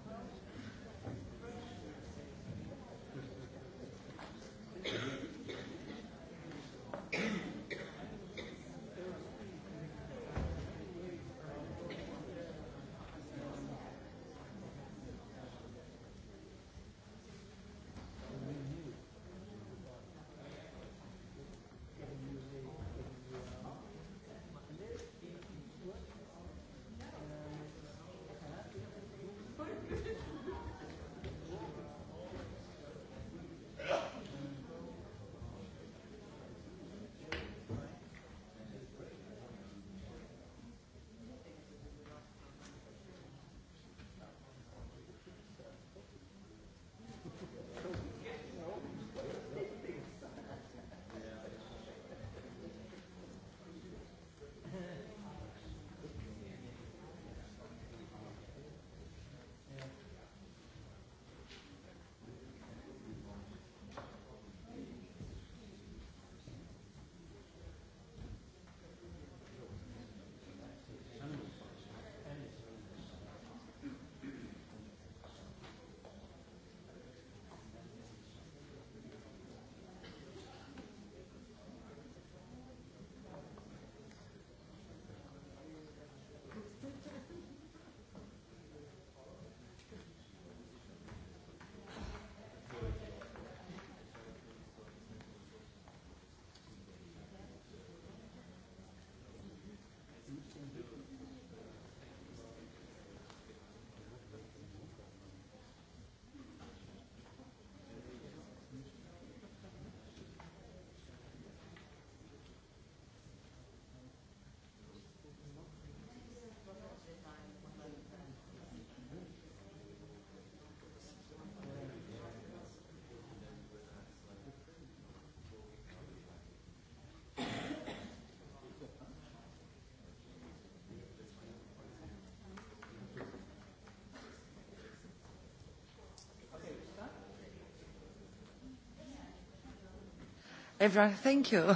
Everyone, thank you.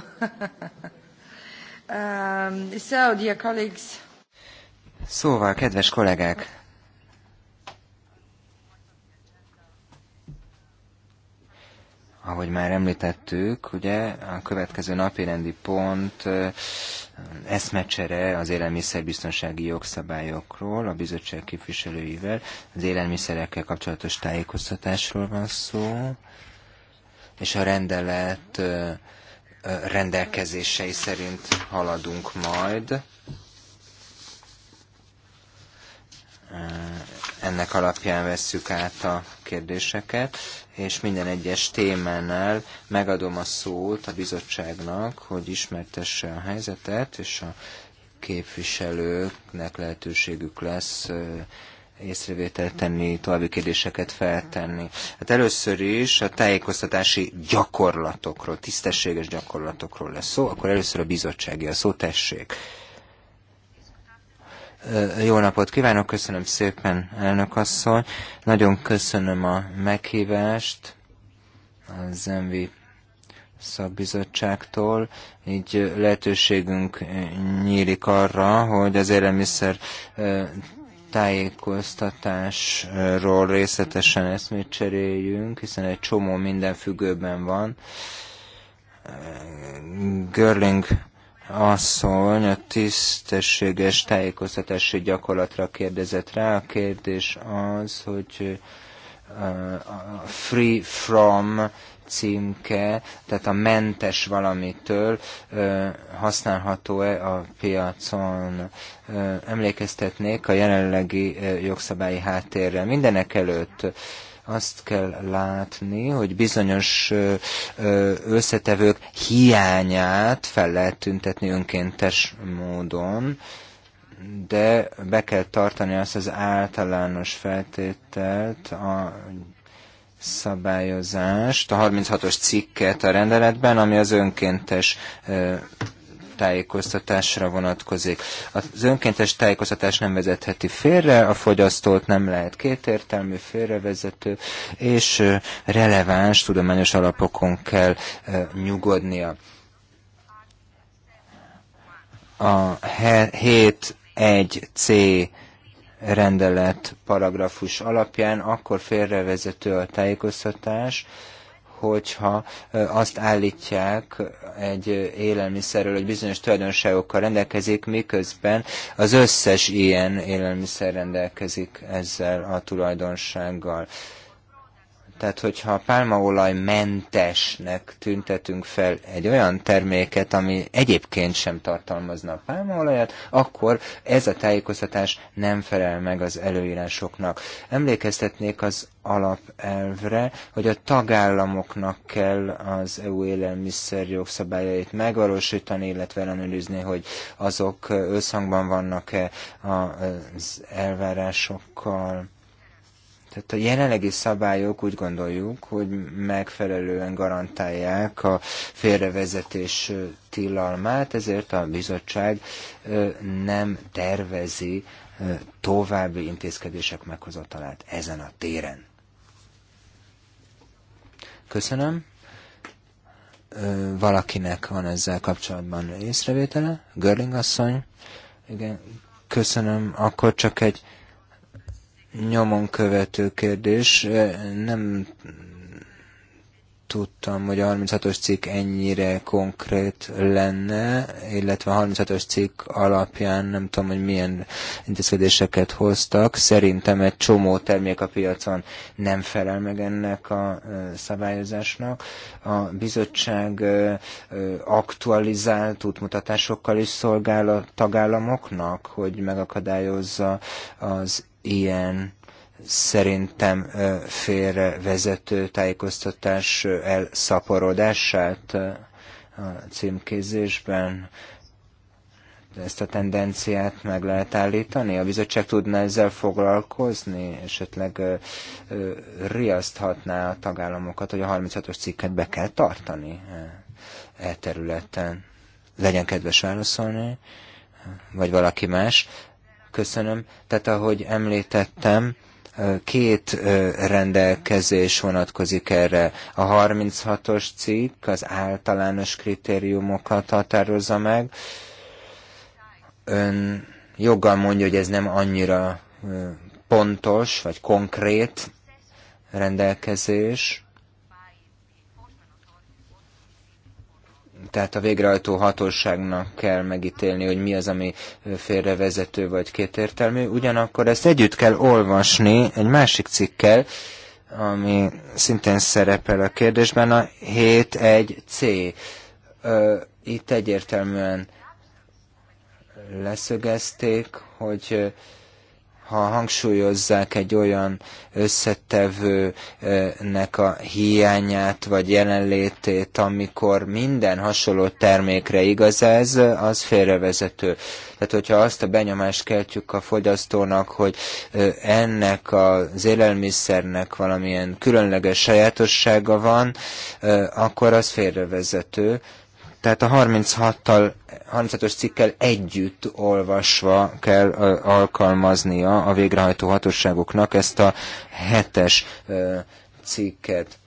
um, so, dear colleagues. Szóval, kedves kollégák, ahogy már említettük, ugye a következő napi rendi pont eszmecsere az élelmiszerbiztonsági jogszabályokról, a bizottság képviselőivel, az élelmiszerekkel kapcsolatos tájékoztatásról van szó és a rendelet rendelkezései szerint haladunk majd. Ennek alapján vesszük át a kérdéseket, és minden egyes témánál megadom a szót a bizottságnak, hogy ismertesse a helyzetet, és a képviselőknek lehetőségük lesz észrevételt tenni, további kérdéseket feltenni. Hát először is a tájékoztatási gyakorlatokról, tisztességes gyakorlatokról lesz szó, akkor először a bizottsági, a szó tessék. Jó napot kívánok, köszönöm szépen, elnök asszony. Nagyon köszönöm a meghívást az MV szakbizottságtól, így lehetőségünk nyílik arra, hogy az élelmiszer tájékoztatásról részletesen eszmét cseréljünk, hiszen egy csomó minden függőben van. Görling asszony a tisztességes tájékoztatási gyakorlatra kérdezett rá. A kérdés az, hogy free from címke, tehát a mentes valamitől használható-e a piacon. Emlékeztetnék a jelenlegi jogszabályi háttérre. Mindenek előtt azt kell látni, hogy bizonyos összetevők hiányát fel lehet tüntetni önkéntes módon, de be kell tartani azt az általános feltételt, a, szabályozást, a 36-os cikket a rendeletben, ami az önkéntes tájékoztatásra vonatkozik. Az önkéntes tájékoztatás nem vezetheti félre, a fogyasztót nem lehet kétértelmű, félrevezető, és releváns tudományos alapokon kell nyugodnia. A 7.1c rendelet paragrafus alapján akkor félrevezető a tájékoztatás, hogyha azt állítják egy élelmiszerről, hogy bizonyos tulajdonságokkal rendelkezik, miközben az összes ilyen élelmiszer rendelkezik ezzel a tulajdonsággal. Tehát, hogyha pálmaolaj mentesnek tüntetünk fel egy olyan terméket, ami egyébként sem tartalmazna a pálmaolajat, akkor ez a tájékoztatás nem felel meg az előírásoknak. Emlékeztetnék az alapelvre, hogy a tagállamoknak kell az EU élelmiszer jogszabályait megvalósítani, illetve ellenőrizni, hogy azok összhangban vannak-e az elvárásokkal tehát a jelenlegi szabályok úgy gondoljuk, hogy megfelelően garantálják a félrevezetés tilalmát, ezért a bizottság nem tervezi további intézkedések meghozatalát ezen a téren. Köszönöm. Valakinek van ezzel kapcsolatban észrevétele? Görling asszony? Igen, köszönöm. Akkor csak egy nyomon követő kérdés. Nem tudtam, hogy a 36-os cikk ennyire konkrét lenne, illetve a 36-os cikk alapján nem tudom, hogy milyen intézkedéseket hoztak. Szerintem egy csomó termék a piacon nem felel meg ennek a szabályozásnak. A bizottság aktualizált útmutatásokkal is szolgál a tagállamoknak, hogy megakadályozza az ilyen szerintem félrevezető tájékoztatás elszaporodását a címkézésben? Ezt a tendenciát meg lehet állítani? A bizottság tudna ezzel foglalkozni? Esetleg riaszthatná a tagállamokat, hogy a 36-os cikket be kell tartani e területen? Legyen kedves válaszolni, vagy valaki más. Köszönöm. Tehát ahogy említettem, két rendelkezés vonatkozik erre. A 36-os cikk az általános kritériumokat határozza meg. Ön joggal mondja, hogy ez nem annyira pontos vagy konkrét rendelkezés. tehát a végrehajtó hatóságnak kell megítélni, hogy mi az, ami félrevezető vagy kétértelmű. Ugyanakkor ezt együtt kell olvasni egy másik cikkel, ami szintén szerepel a kérdésben, a 7.1c. Itt egyértelműen leszögezték, hogy ha hangsúlyozzák egy olyan összetevőnek a hiányát vagy jelenlétét, amikor minden hasonló termékre igaz ez, az félrevezető. Tehát, hogyha azt a benyomást keltjük a fogyasztónak, hogy ennek az élelmiszernek valamilyen különleges sajátossága van, akkor az félrevezető tehát a 36-tal, 35-ös cikkel együtt olvasva kell alkalmaznia a végrehajtó hatóságoknak ezt a 7-es cikket.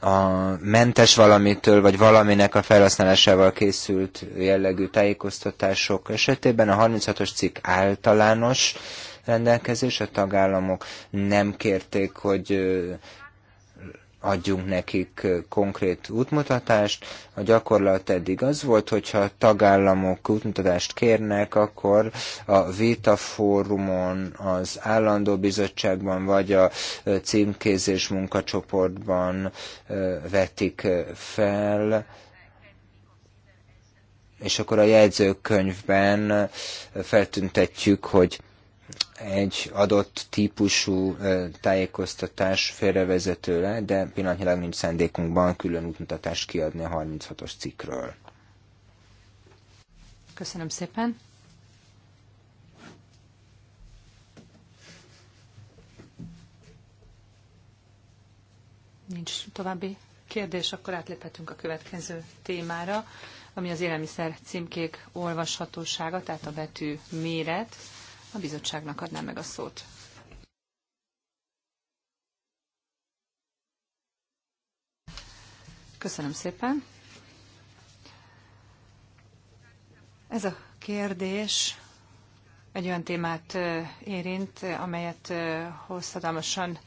a mentes valamitől, vagy valaminek a felhasználásával készült jellegű tájékoztatások esetében a 36-os cikk általános rendelkezés, a tagállamok nem kérték, hogy adjunk nekik konkrét útmutatást. A gyakorlat eddig az volt, hogyha a tagállamok útmutatást kérnek, akkor a vita Fórumon, az állandó bizottságban vagy a címkézés munkacsoportban vetik fel, és akkor a jegyzőkönyvben feltüntetjük, hogy egy adott típusú tájékoztatás félrevezető le, de pillanatnyilag nincs szándékunkban külön útmutatást kiadni a 36-os cikkről. Köszönöm szépen. Nincs további kérdés, akkor átléphetünk a következő témára, ami az élelmiszer címkék olvashatósága, tehát a betű méret a bizottságnak adnám meg a szót. Köszönöm szépen. Ez a kérdés egy olyan témát érint, amelyet hosszadalmasan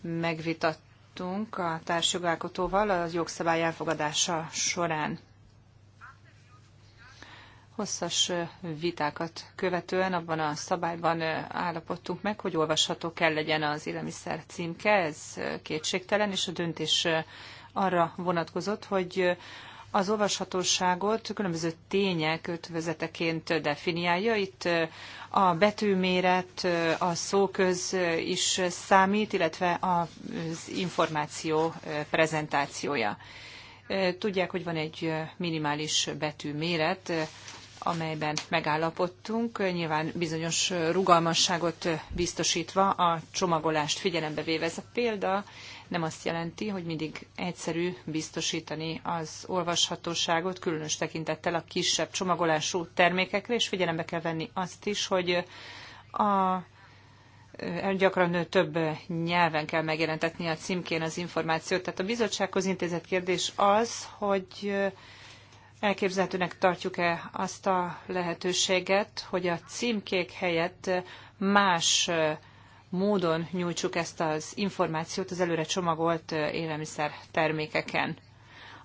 megvitattunk a társjogalkotóval a jogszabály elfogadása során hosszas vitákat követően abban a szabályban állapodtunk meg, hogy olvasható kell legyen az élelmiszer címke, ez kétségtelen, és a döntés arra vonatkozott, hogy az olvashatóságot különböző tények ötvözeteként definiálja. Itt a betűméret, a szóköz is számít, illetve az információ prezentációja. Tudják, hogy van egy minimális betűméret, amelyben megállapodtunk, nyilván bizonyos rugalmasságot biztosítva a csomagolást figyelembe véve. Ez a példa nem azt jelenti, hogy mindig egyszerű biztosítani az olvashatóságot, különös tekintettel a kisebb csomagolású termékekre, és figyelembe kell venni azt is, hogy a gyakran több nyelven kell megjelentetni a címkén az információt. Tehát a bizottsághoz intézett kérdés az, hogy Elképzelhetőnek tartjuk-e azt a lehetőséget, hogy a címkék helyett más módon nyújtsuk ezt az információt az előre csomagolt élelmiszer termékeken.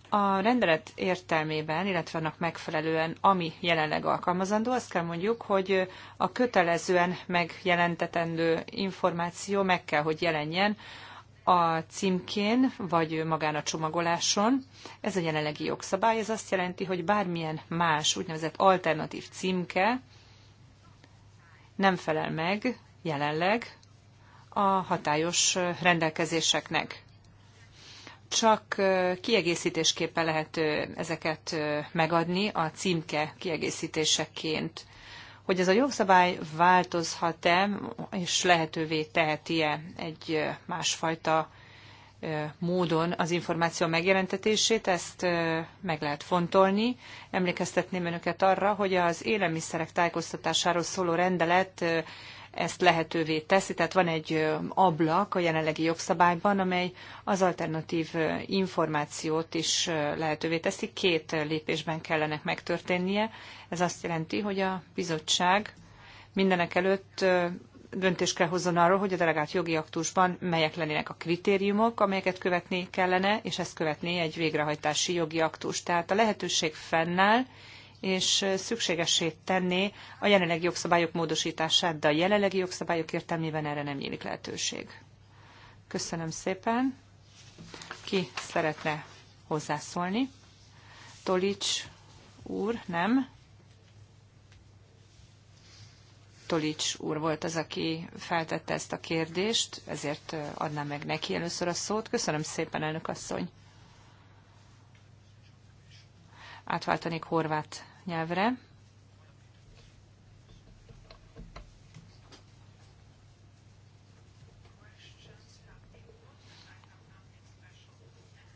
A rendelet értelmében, illetve annak megfelelően, ami jelenleg alkalmazandó, azt kell mondjuk, hogy a kötelezően megjelentetendő információ meg kell, hogy jelenjen a címkén, vagy magán a csomagoláson. Ez a jelenlegi jogszabály, ez azt jelenti, hogy bármilyen más úgynevezett alternatív címke nem felel meg jelenleg a hatályos rendelkezéseknek. Csak kiegészítésképpen lehet ezeket megadni a címke kiegészítéseként hogy ez a jogszabály változhat-e, és lehetővé teheti-e egy másfajta módon az információ megjelentetését, ezt meg lehet fontolni. Emlékeztetném önöket arra, hogy az élelmiszerek tájékoztatásáról szóló rendelet ezt lehetővé teszi, tehát van egy ablak a jelenlegi jogszabályban, amely az alternatív információt is lehetővé teszi. Két lépésben kellenek megtörténnie. Ez azt jelenti, hogy a bizottság mindenek előtt döntést kell hozzon arról, hogy a delegált jogi aktusban melyek lennének a kritériumok, amelyeket követni kellene, és ezt követné egy végrehajtási jogi aktus. Tehát a lehetőség fennáll, és szükségessé tenné a jelenlegi jogszabályok módosítását, de a jelenlegi jogszabályok értelmében erre nem nyílik lehetőség. Köszönöm szépen. Ki szeretne hozzászólni? Tolics úr, nem? Tolics úr volt az, aki feltette ezt a kérdést, ezért adnám meg neki először a szót. Köszönöm szépen, elnök asszony. Átváltanék Horváth nyelvre.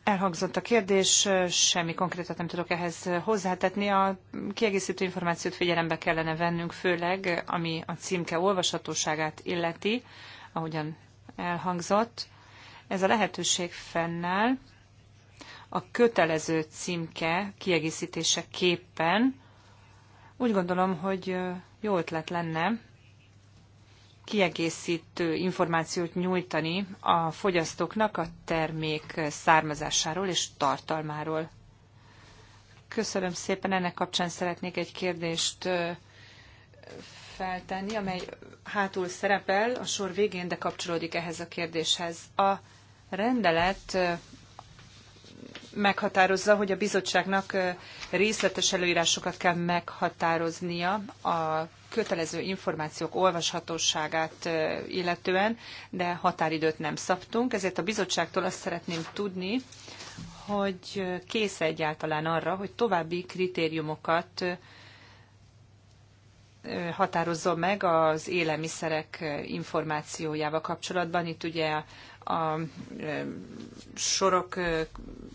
Elhangzott a kérdés, semmi konkrétat nem tudok ehhez hozzátetni. A kiegészítő információt figyelembe kellene vennünk, főleg ami a címke olvashatóságát illeti, ahogyan elhangzott. Ez a lehetőség fennáll a kötelező címke kiegészítéseképpen úgy gondolom, hogy jó ötlet lenne kiegészítő információt nyújtani a fogyasztóknak a termék származásáról és tartalmáról. Köszönöm szépen, ennek kapcsán szeretnék egy kérdést feltenni, amely hátul szerepel a sor végén, de kapcsolódik ehhez a kérdéshez. A rendelet meghatározza, hogy a bizottságnak részletes előírásokat kell meghatároznia a kötelező információk olvashatóságát illetően, de határidőt nem szabtunk, ezért a bizottságtól azt szeretném tudni, hogy kész egyáltalán arra, hogy további kritériumokat határozzon meg az élelmiszerek információjával kapcsolatban. Itt ugye a a sorok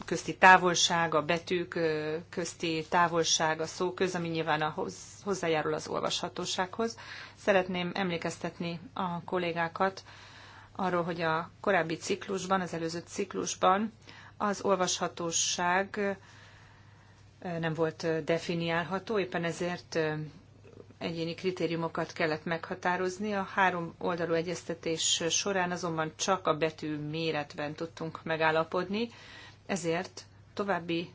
közti távolság, a betűk közti távolság, a szóköz, ami nyilván a hozzájárul az olvashatósághoz. Szeretném emlékeztetni a kollégákat arról, hogy a korábbi ciklusban, az előző ciklusban az olvashatóság nem volt definiálható, éppen ezért egyéni kritériumokat kellett meghatározni. A három oldalú egyeztetés során azonban csak a betű méretben tudtunk megállapodni, ezért további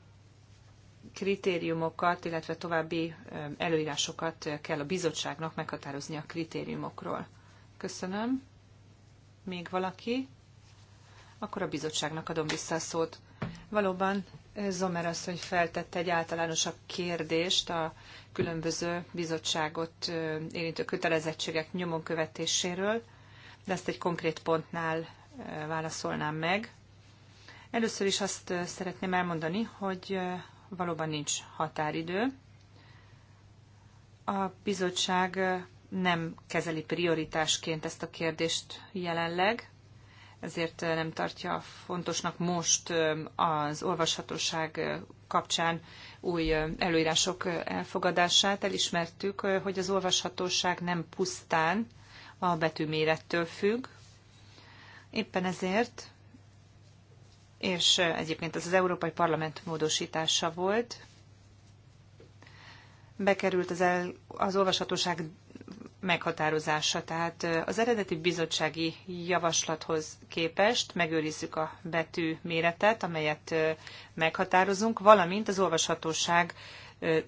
kritériumokat, illetve további előírásokat kell a bizottságnak meghatározni a kritériumokról. Köszönöm. Még valaki? Akkor a bizottságnak adom vissza a szót. Valóban Zomer asszony feltette egy általánosabb kérdést a különböző bizottságot érintő kötelezettségek nyomon követéséről, de ezt egy konkrét pontnál válaszolnám meg. Először is azt szeretném elmondani, hogy valóban nincs határidő. A bizottság nem kezeli prioritásként ezt a kérdést jelenleg, ezért nem tartja fontosnak most az olvashatóság kapcsán új előírások elfogadását. Elismertük, hogy az olvashatóság nem pusztán a betűmérettől függ. Éppen ezért, és egyébként ez az Európai Parlament módosítása volt, bekerült az, el, az olvashatóság meghatározása. Tehát az eredeti bizottsági javaslathoz képest megőrizzük a betű méretet, amelyet meghatározunk, valamint az olvashatóság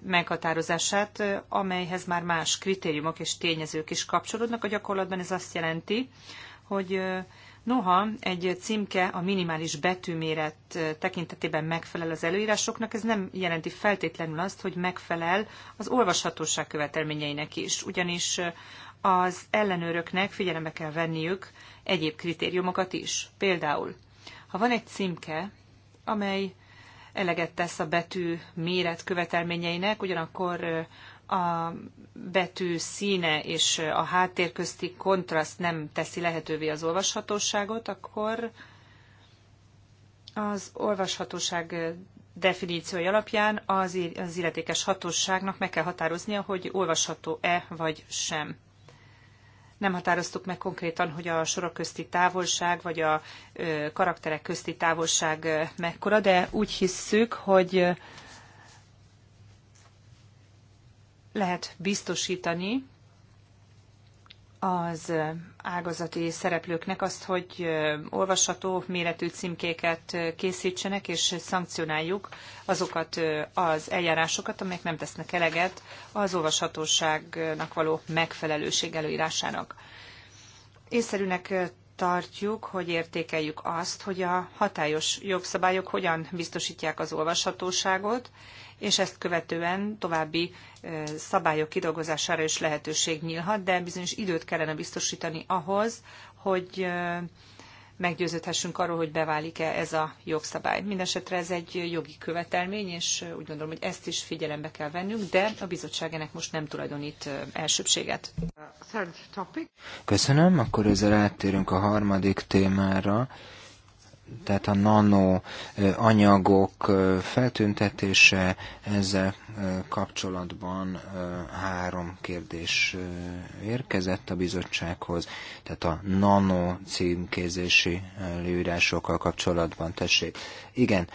meghatározását, amelyhez már más kritériumok és tényezők is kapcsolódnak. A gyakorlatban ez azt jelenti, hogy Noha egy címke a minimális betűméret eh, tekintetében megfelel az előírásoknak, ez nem jelenti feltétlenül azt, hogy megfelel az olvashatóság követelményeinek is, ugyanis eh, az ellenőröknek figyelembe kell venniük egyéb kritériumokat is. Például, ha van egy címke, amely eleget tesz a betű méret követelményeinek, ugyanakkor eh, a betű színe és a háttér közti kontraszt nem teszi lehetővé az olvashatóságot, akkor az olvashatóság definíciója alapján az, az illetékes hatóságnak meg kell határoznia, hogy olvasható-e vagy sem. Nem határoztuk meg konkrétan, hogy a sorok közti távolság vagy a ö, karakterek közti távolság mekkora, de úgy hisszük, hogy lehet biztosítani az ágazati szereplőknek azt, hogy olvasható méretű címkéket készítsenek, és szankcionáljuk azokat az eljárásokat, amelyek nem tesznek eleget az olvashatóságnak való megfelelőség előírásának. Észszerűnek tartjuk, hogy értékeljük azt, hogy a hatályos jogszabályok hogyan biztosítják az olvashatóságot, és ezt követően további szabályok kidolgozására is lehetőség nyílhat, de bizonyos időt kellene biztosítani ahhoz, hogy meggyőződhessünk arról, hogy beválik-e ez a jogszabály. Mindenesetre ez egy jogi követelmény, és úgy gondolom, hogy ezt is figyelembe kell vennünk, de a bizottság ennek most nem tulajdonít elsőbséget. Köszönöm, akkor ezzel áttérünk a harmadik témára tehát a nano anyagok feltüntetése, ezzel kapcsolatban három kérdés érkezett a bizottsághoz, tehát a nano címkézési előírásokkal kapcsolatban, tessék. Igen,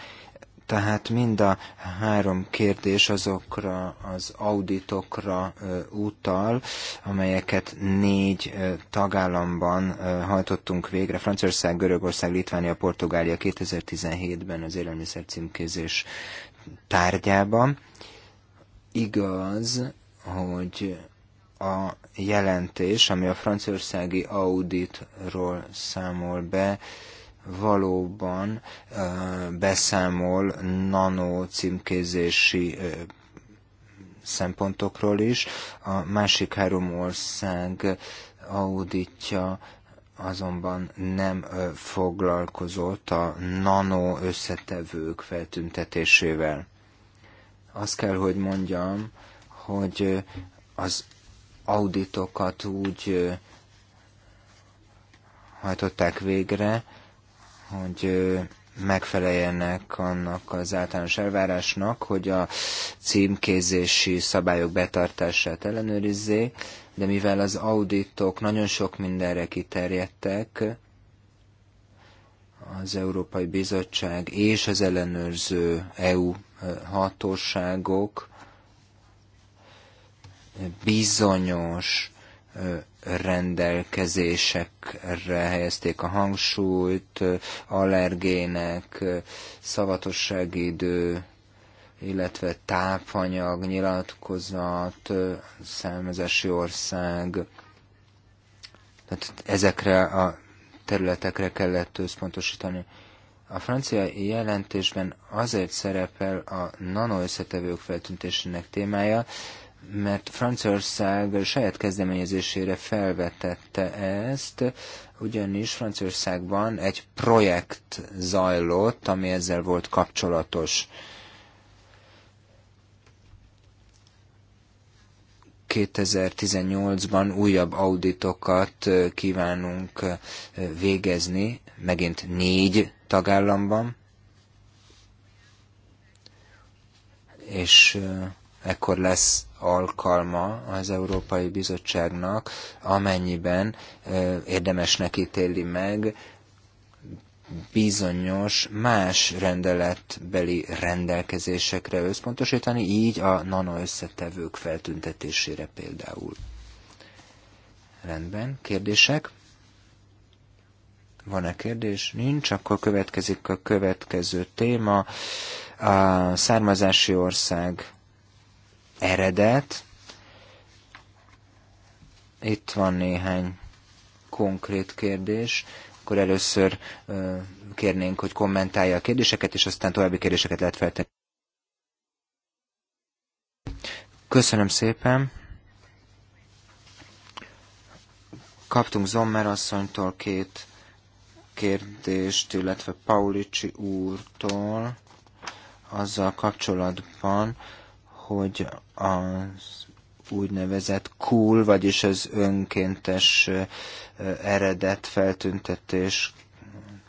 tehát mind a három kérdés azokra az auditokra utal, amelyeket négy tagállamban hajtottunk végre. Franciaország, Görögország, Litvánia, Portugália 2017-ben az élelmiszer címkézés tárgyában. Igaz, hogy a jelentés, ami a franciaországi auditról számol be, valóban beszámol nano címkézési szempontokról is. A másik három ország auditja azonban nem foglalkozott a nano összetevők feltüntetésével. Azt kell, hogy mondjam, hogy az auditokat úgy hajtották végre, hogy megfeleljenek annak az általános elvárásnak, hogy a címkézési szabályok betartását ellenőrizzék, de mivel az auditok nagyon sok mindenre kiterjedtek, az Európai Bizottság és az ellenőrző EU hatóságok bizonyos rendelkezésekre helyezték a hangsúlyt, allergének, szavatossági idő, illetve tápanyag, nyilatkozat, származási ország. Tehát ezekre a területekre kellett összpontosítani. A francia jelentésben azért szerepel a nanoösszetevők feltüntésének témája, mert Franciaország saját kezdeményezésére felvetette ezt, ugyanis Franciaországban egy projekt zajlott, ami ezzel volt kapcsolatos. 2018-ban újabb auditokat kívánunk végezni, megint négy tagállamban, és ekkor lesz alkalma az Európai Bizottságnak, amennyiben érdemesnek ítéli meg bizonyos más rendeletbeli rendelkezésekre összpontosítani, így a nanoösszetevők feltüntetésére például. Rendben, kérdések? Van-e kérdés? Nincs, akkor következik a következő téma. A származási ország eredet. Itt van néhány konkrét kérdés. Akkor először kérnénk, hogy kommentálja a kérdéseket, és aztán további kérdéseket lehet feltenni. Köszönöm szépen. Kaptunk Zommer asszonytól két kérdést, illetve Paulicsi úrtól azzal kapcsolatban, hogy az úgynevezett cool, vagyis az önkéntes eredet feltüntetés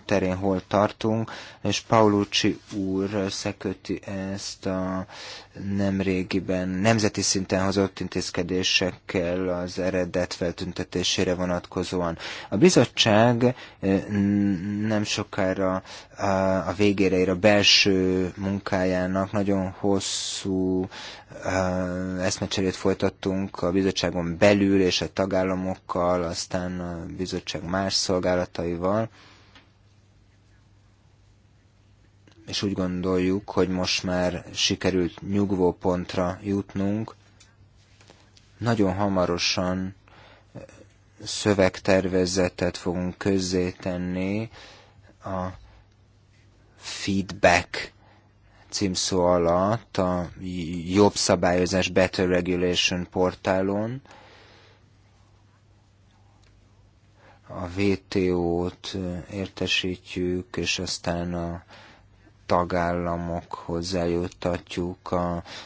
terén hol tartunk, és Paulucci úr összeköti ezt a nemrégiben nemzeti szinten hozott intézkedésekkel az eredet feltüntetésére vonatkozóan. A bizottság eh, nem sokára a végére ér a belső munkájának nagyon hosszú eh, eszmecserét folytattunk a bizottságon belül és a tagállamokkal, aztán a bizottság más szolgálataival, és úgy gondoljuk, hogy most már sikerült nyugvó pontra jutnunk. Nagyon hamarosan eh, szövegtervezetet fogunk közzétenni a feedback címszó alatt a jobb szabályozás Better Regulation portálon. A VTO-t eh, értesítjük, és aztán a tagállamokhoz eljuttatjuk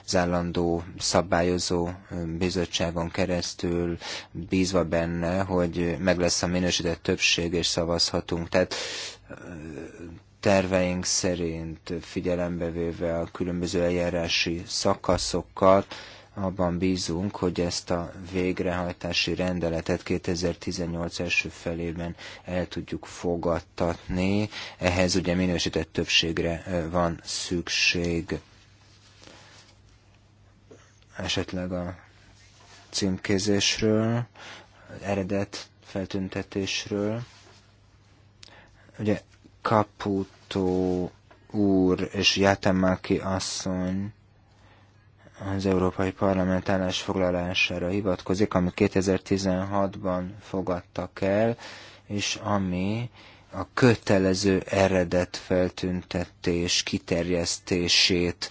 az állandó szabályozó bizottságon keresztül, bízva benne, hogy meg lesz a minősített többség, és szavazhatunk. Tehát terveink szerint figyelembe véve a különböző eljárási szakaszokat, abban bízunk, hogy ezt a végrehajtási rendeletet 2018 első felében el tudjuk fogadtatni. Ehhez ugye minősített többségre van szükség. Esetleg a címkézésről, eredet feltüntetésről. Ugye kaputó úr és Játemáki asszony az Európai Parlament állásfoglalására hivatkozik, amit 2016-ban fogadtak el, és ami a kötelező eredet feltüntetés kiterjesztését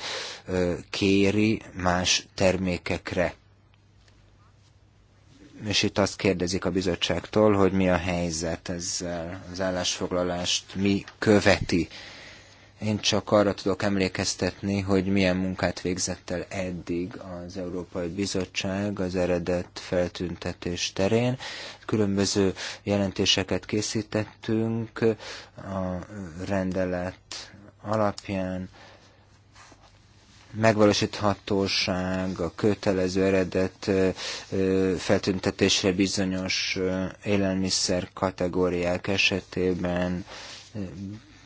kéri más termékekre. És itt azt kérdezik a bizottságtól, hogy mi a helyzet ezzel, az állásfoglalást mi követi én csak arra tudok emlékeztetni, hogy milyen munkát végzett el eddig az Európai Bizottság az eredet feltüntetés terén. Különböző jelentéseket készítettünk a rendelet alapján, megvalósíthatóság, a kötelező eredet feltüntetésre bizonyos élelmiszer kategóriák esetében,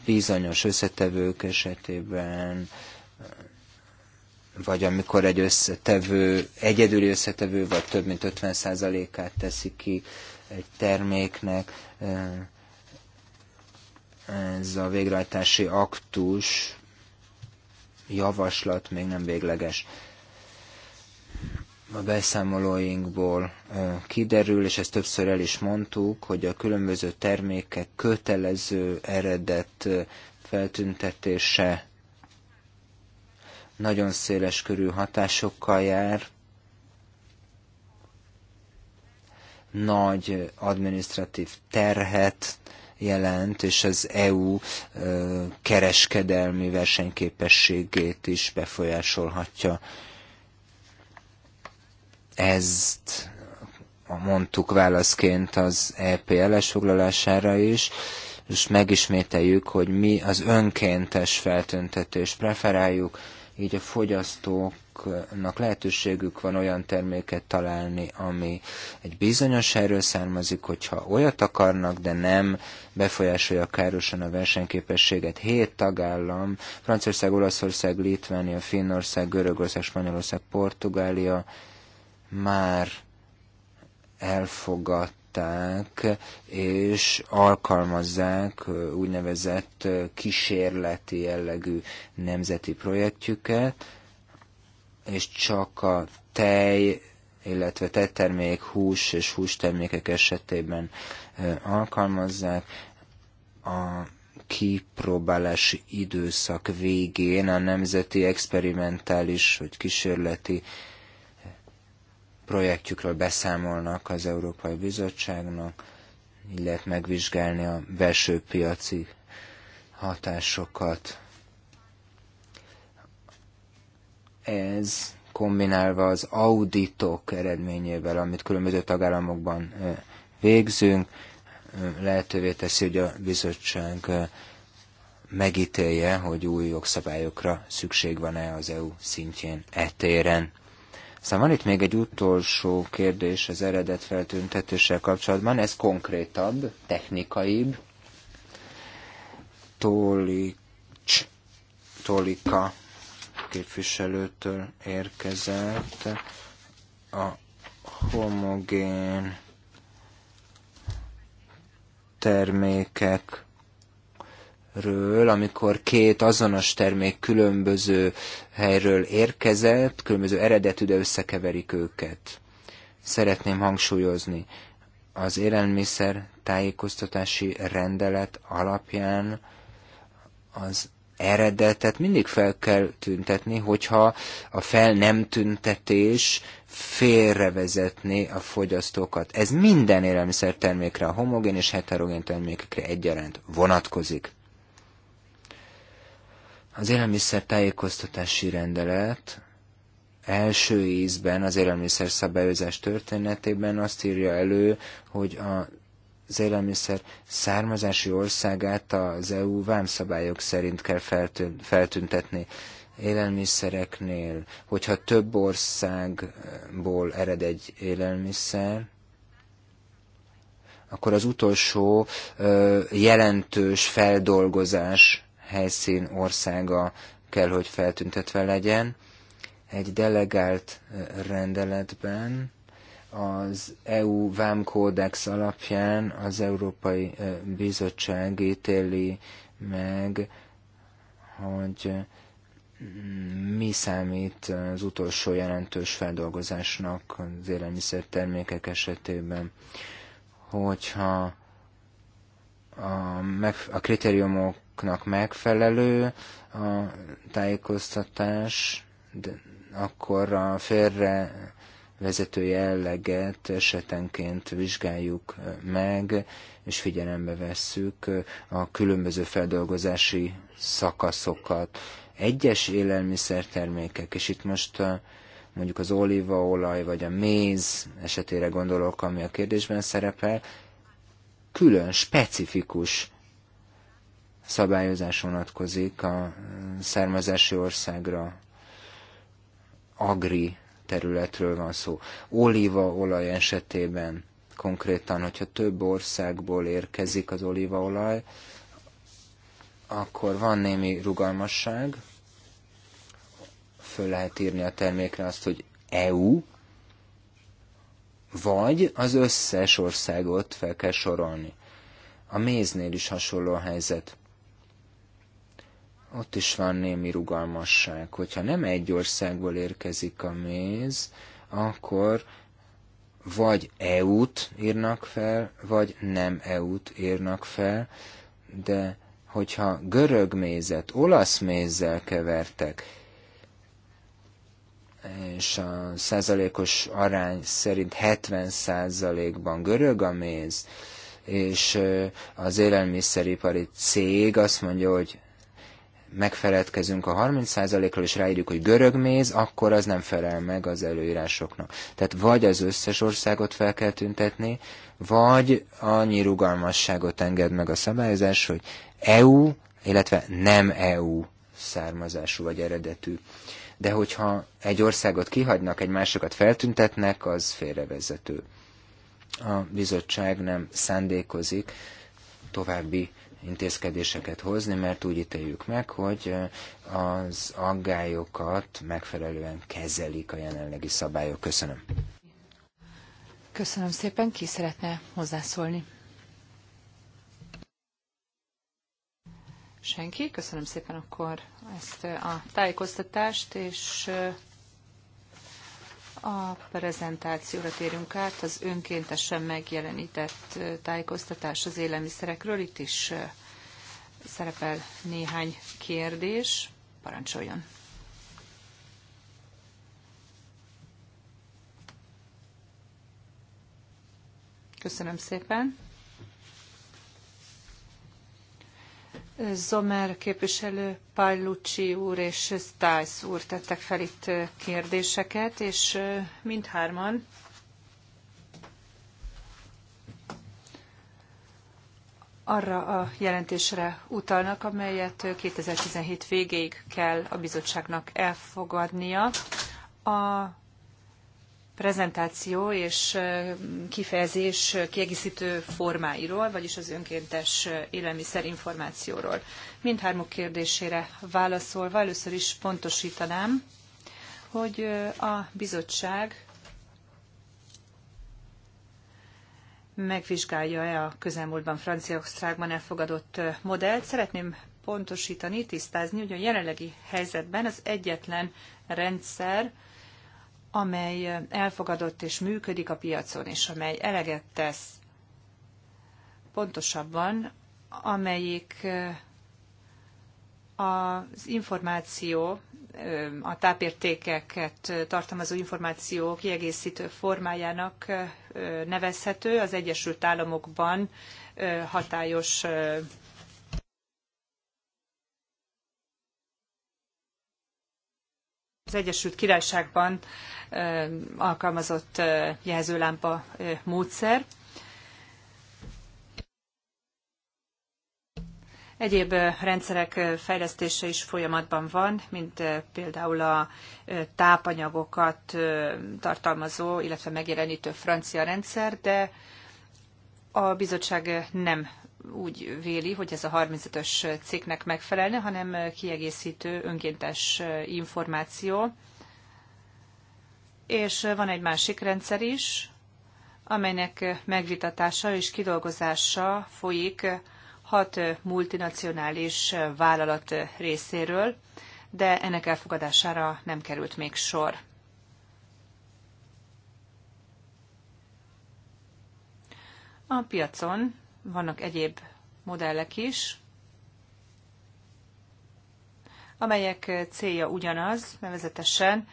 bizonyos összetevők esetében, vagy amikor egy összetevő, egyedüli összetevő, vagy több mint 50%-át teszi ki egy terméknek, ez a végrehajtási aktus javaslat még nem végleges a beszámolóinkból kiderül, és ezt többször el is mondtuk, hogy a különböző termékek kötelező eredet feltüntetése nagyon széles körű hatásokkal jár, nagy administratív terhet jelent, és az EU kereskedelmi versenyképességét is befolyásolhatja. Ezt mondtuk válaszként az EP foglalására is, és megismételjük, hogy mi az önkéntes feltüntetést preferáljuk, így a fogyasztóknak lehetőségük van olyan terméket találni, ami egy bizonyos erről származik, hogyha olyat akarnak, de nem befolyásolja károsan a versenyképességet. Hét tagállam, Franciaország, Olaszország, Litvánia, Finnország, Görögország, Spanyolország, Portugália, már elfogadták és alkalmazzák úgynevezett kísérleti jellegű nemzeti projektjüket, és csak a tej, illetve tejtermék, hús és hústermékek esetében alkalmazzák. A kipróbálási időszak végén a nemzeti experimentális vagy kísérleti projektjükről beszámolnak az Európai Bizottságnak, így lehet megvizsgálni a belső piaci hatásokat. Ez kombinálva az auditok eredményével, amit különböző tagállamokban végzünk, lehetővé teszi, hogy a bizottság megítélje, hogy új jogszabályokra szükség van-e az EU szintjén etéren. Szóval van itt még egy utolsó kérdés az eredet feltüntetéssel kapcsolatban, ez konkrétabb, technikaibb. Tolics, Tolika képviselőtől érkezett a homogén termékek ről, amikor két azonos termék különböző helyről érkezett, különböző eredetű, de összekeverik őket. Szeretném hangsúlyozni, az élelmiszer tájékoztatási rendelet alapján az eredetet mindig fel kell tüntetni, hogyha a fel nem tüntetés félrevezetné a fogyasztókat. Ez minden élelmiszer termékre, a homogén és heterogén termékekre egyaránt vonatkozik. Az élelmiszer tájékoztatási rendelet első ízben az élelmiszer szabályozás történetében azt írja elő, hogy a az élelmiszer származási országát az EU vámszabályok szerint kell feltüntetni élelmiszereknél, hogyha több országból ered egy élelmiszer, akkor az utolsó jelentős feldolgozás helyszín országa kell, hogy feltüntetve legyen. Egy delegált rendeletben az EU vámkódex alapján az Európai Bizottság ítéli meg, hogy mi számít az utolsó jelentős feldolgozásnak az élelmiszertermékek esetében, hogyha a, meg, a kritériumok szabályoknak megfelelő a tájékoztatás, de akkor a félre vezető jelleget esetenként vizsgáljuk meg, és figyelembe vesszük a különböző feldolgozási szakaszokat. Egyes élelmiszertermékek, és itt most mondjuk az olívaolaj vagy a méz esetére gondolok, ami a kérdésben szerepel, külön specifikus szabályozás vonatkozik a származási országra, agri területről van szó. Olívaolaj esetében konkrétan, hogyha több országból érkezik az olívaolaj, akkor van némi rugalmasság, föl lehet írni a termékre azt, hogy EU, vagy az összes országot fel kell sorolni. A méznél is hasonló a helyzet ott is van némi rugalmasság. Hogyha nem egy országból érkezik a méz, akkor vagy EU-t írnak fel, vagy nem EU-t írnak fel, de hogyha görög mézet olasz mézzel kevertek, és a százalékos arány szerint 70 százalékban görög a méz, és az élelmiszeripari cég azt mondja, hogy megfeledkezünk a 30%-ról, és ráírjuk, hogy görög méz, akkor az nem felel meg az előírásoknak. Tehát vagy az összes országot fel kell tüntetni, vagy annyi rugalmasságot enged meg a szabályozás, hogy EU, illetve nem EU származású vagy eredetű. De hogyha egy országot kihagynak, egy másokat feltüntetnek, az félrevezető. A bizottság nem szándékozik további intézkedéseket hozni, mert úgy ítéljük meg, hogy az aggályokat megfelelően kezelik a jelenlegi szabályok. Köszönöm. Köszönöm szépen. Ki szeretne hozzászólni? Senki? Köszönöm szépen akkor ezt a tájékoztatást, és a prezentációra térünk át, az önkéntesen megjelenített tájékoztatás az élelmiszerekről. Itt is szerepel néhány kérdés. Parancsoljon! Köszönöm szépen! Zomer képviselő, Pallucci úr és Stiles úr tettek fel itt kérdéseket, és mindhárman arra a jelentésre utalnak, amelyet 2017 végéig kell a bizottságnak elfogadnia. A prezentáció és kifejezés kiegészítő formáiról, vagyis az önkéntes élelmiszerinformációról. Mindhármuk kérdésére válaszolva először is pontosítanám, hogy a bizottság megvizsgálja-e a közelmúltban Franciaországban elfogadott modellt. Szeretném pontosítani, tisztázni, hogy a jelenlegi helyzetben az egyetlen rendszer, amely elfogadott és működik a piacon, és amely eleget tesz, pontosabban, amelyik az információ, a tápértékeket tartalmazó információ kiegészítő formájának nevezhető. Az Egyesült Államokban hatályos az Egyesült Királyságban alkalmazott jelzőlámpa módszer. Egyéb rendszerek fejlesztése is folyamatban van, mint például a tápanyagokat tartalmazó, illetve megjelenítő francia rendszer, de a bizottság nem úgy véli, hogy ez a 35-ös cikknek megfelelne, hanem kiegészítő önkéntes információ. És van egy másik rendszer is, amelynek megvitatása és kidolgozása folyik hat multinacionális vállalat részéről, de ennek elfogadására nem került még sor. A piacon vannak egyéb modellek is, amelyek célja ugyanaz, nevezetesen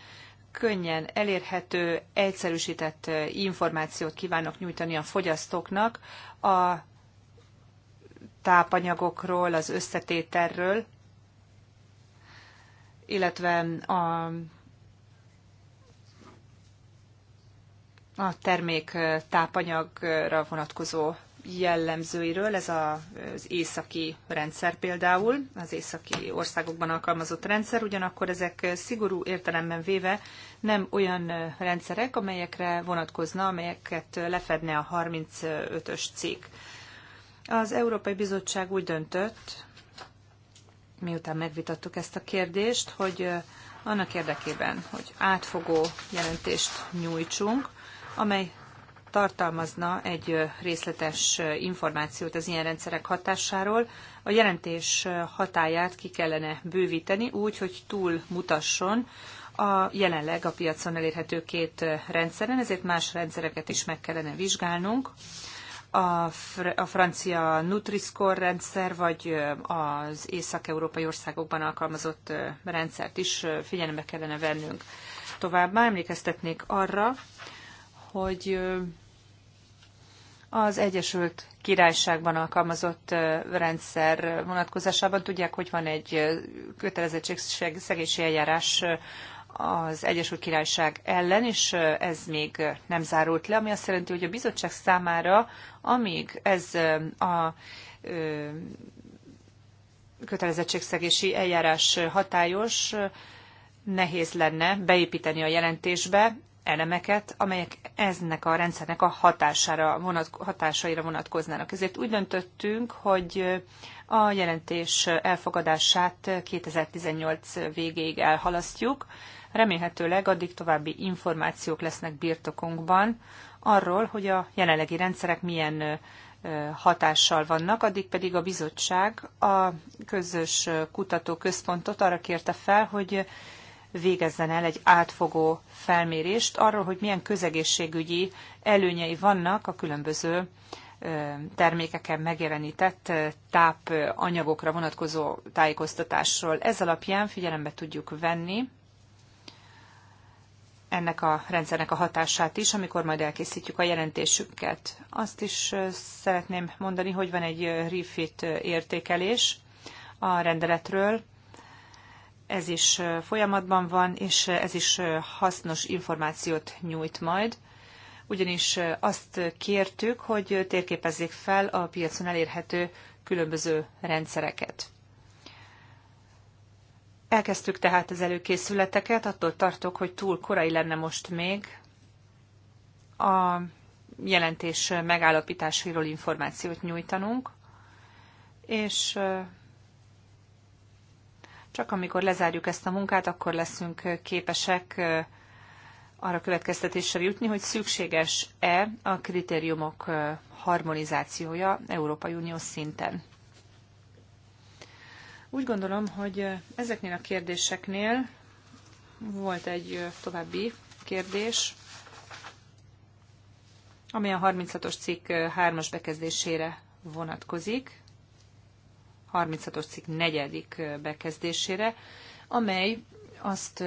könnyen elérhető, egyszerűsített információt kívánok nyújtani a fogyasztóknak a tápanyagokról, az összetételről, illetve a, a termék tápanyagra vonatkozó jellemzőiről, ez az északi rendszer például, az északi országokban alkalmazott rendszer, ugyanakkor ezek szigorú értelemben véve nem olyan rendszerek, amelyekre vonatkozna, amelyeket lefedne a 35-ös cikk. Az Európai Bizottság úgy döntött, miután megvitattuk ezt a kérdést, hogy annak érdekében, hogy átfogó jelentést nyújtsunk, amely tartalmazna egy részletes információt az ilyen rendszerek hatásáról. A jelentés hatáját ki kellene bővíteni úgy, hogy túl mutasson a jelenleg a piacon elérhető két rendszeren, ezért más rendszereket is meg kellene vizsgálnunk. A, fr- a francia Nutriscore rendszer, vagy az észak-európai országokban alkalmazott rendszert is figyelembe kellene vennünk. Továbbá emlékeztetnék arra, hogy az Egyesült Királyságban alkalmazott rendszer vonatkozásában tudják, hogy van egy kötelezettségszegési eljárás az Egyesült Királyság ellen, és ez még nem zárult le, ami azt jelenti, hogy a bizottság számára, amíg ez a kötelezettségszegési eljárás hatályos, nehéz lenne beépíteni a jelentésbe elemeket, amelyek eznek a rendszernek a hatására, vonatko- hatásaira vonatkoznának. Ezért úgy döntöttünk, hogy a jelentés elfogadását 2018 végéig elhalasztjuk. Remélhetőleg addig további információk lesznek birtokunkban arról, hogy a jelenlegi rendszerek milyen hatással vannak, addig pedig a bizottság a közös kutatóközpontot arra kérte fel, hogy végezzen el egy átfogó felmérést arról, hogy milyen közegészségügyi előnyei vannak a különböző termékeken megjelenített tápanyagokra vonatkozó tájékoztatásról. Ez alapján figyelembe tudjuk venni ennek a rendszernek a hatását is, amikor majd elkészítjük a jelentésünket. Azt is szeretném mondani, hogy van egy refit értékelés a rendeletről, ez is folyamatban van, és ez is hasznos információt nyújt majd, ugyanis azt kértük, hogy térképezzék fel a piacon elérhető különböző rendszereket. Elkezdtük tehát az előkészületeket, attól tartok, hogy túl korai lenne most még a jelentés megállapításairól információt nyújtanunk, és csak amikor lezárjuk ezt a munkát, akkor leszünk képesek arra következtetésre jutni, hogy szükséges-e a kritériumok harmonizációja Európai Unió szinten. Úgy gondolom, hogy ezeknél a kérdéseknél volt egy további kérdés, ami a 36-os cikk 3-as bekezdésére vonatkozik. 36-os cikk negyedik bekezdésére, amely azt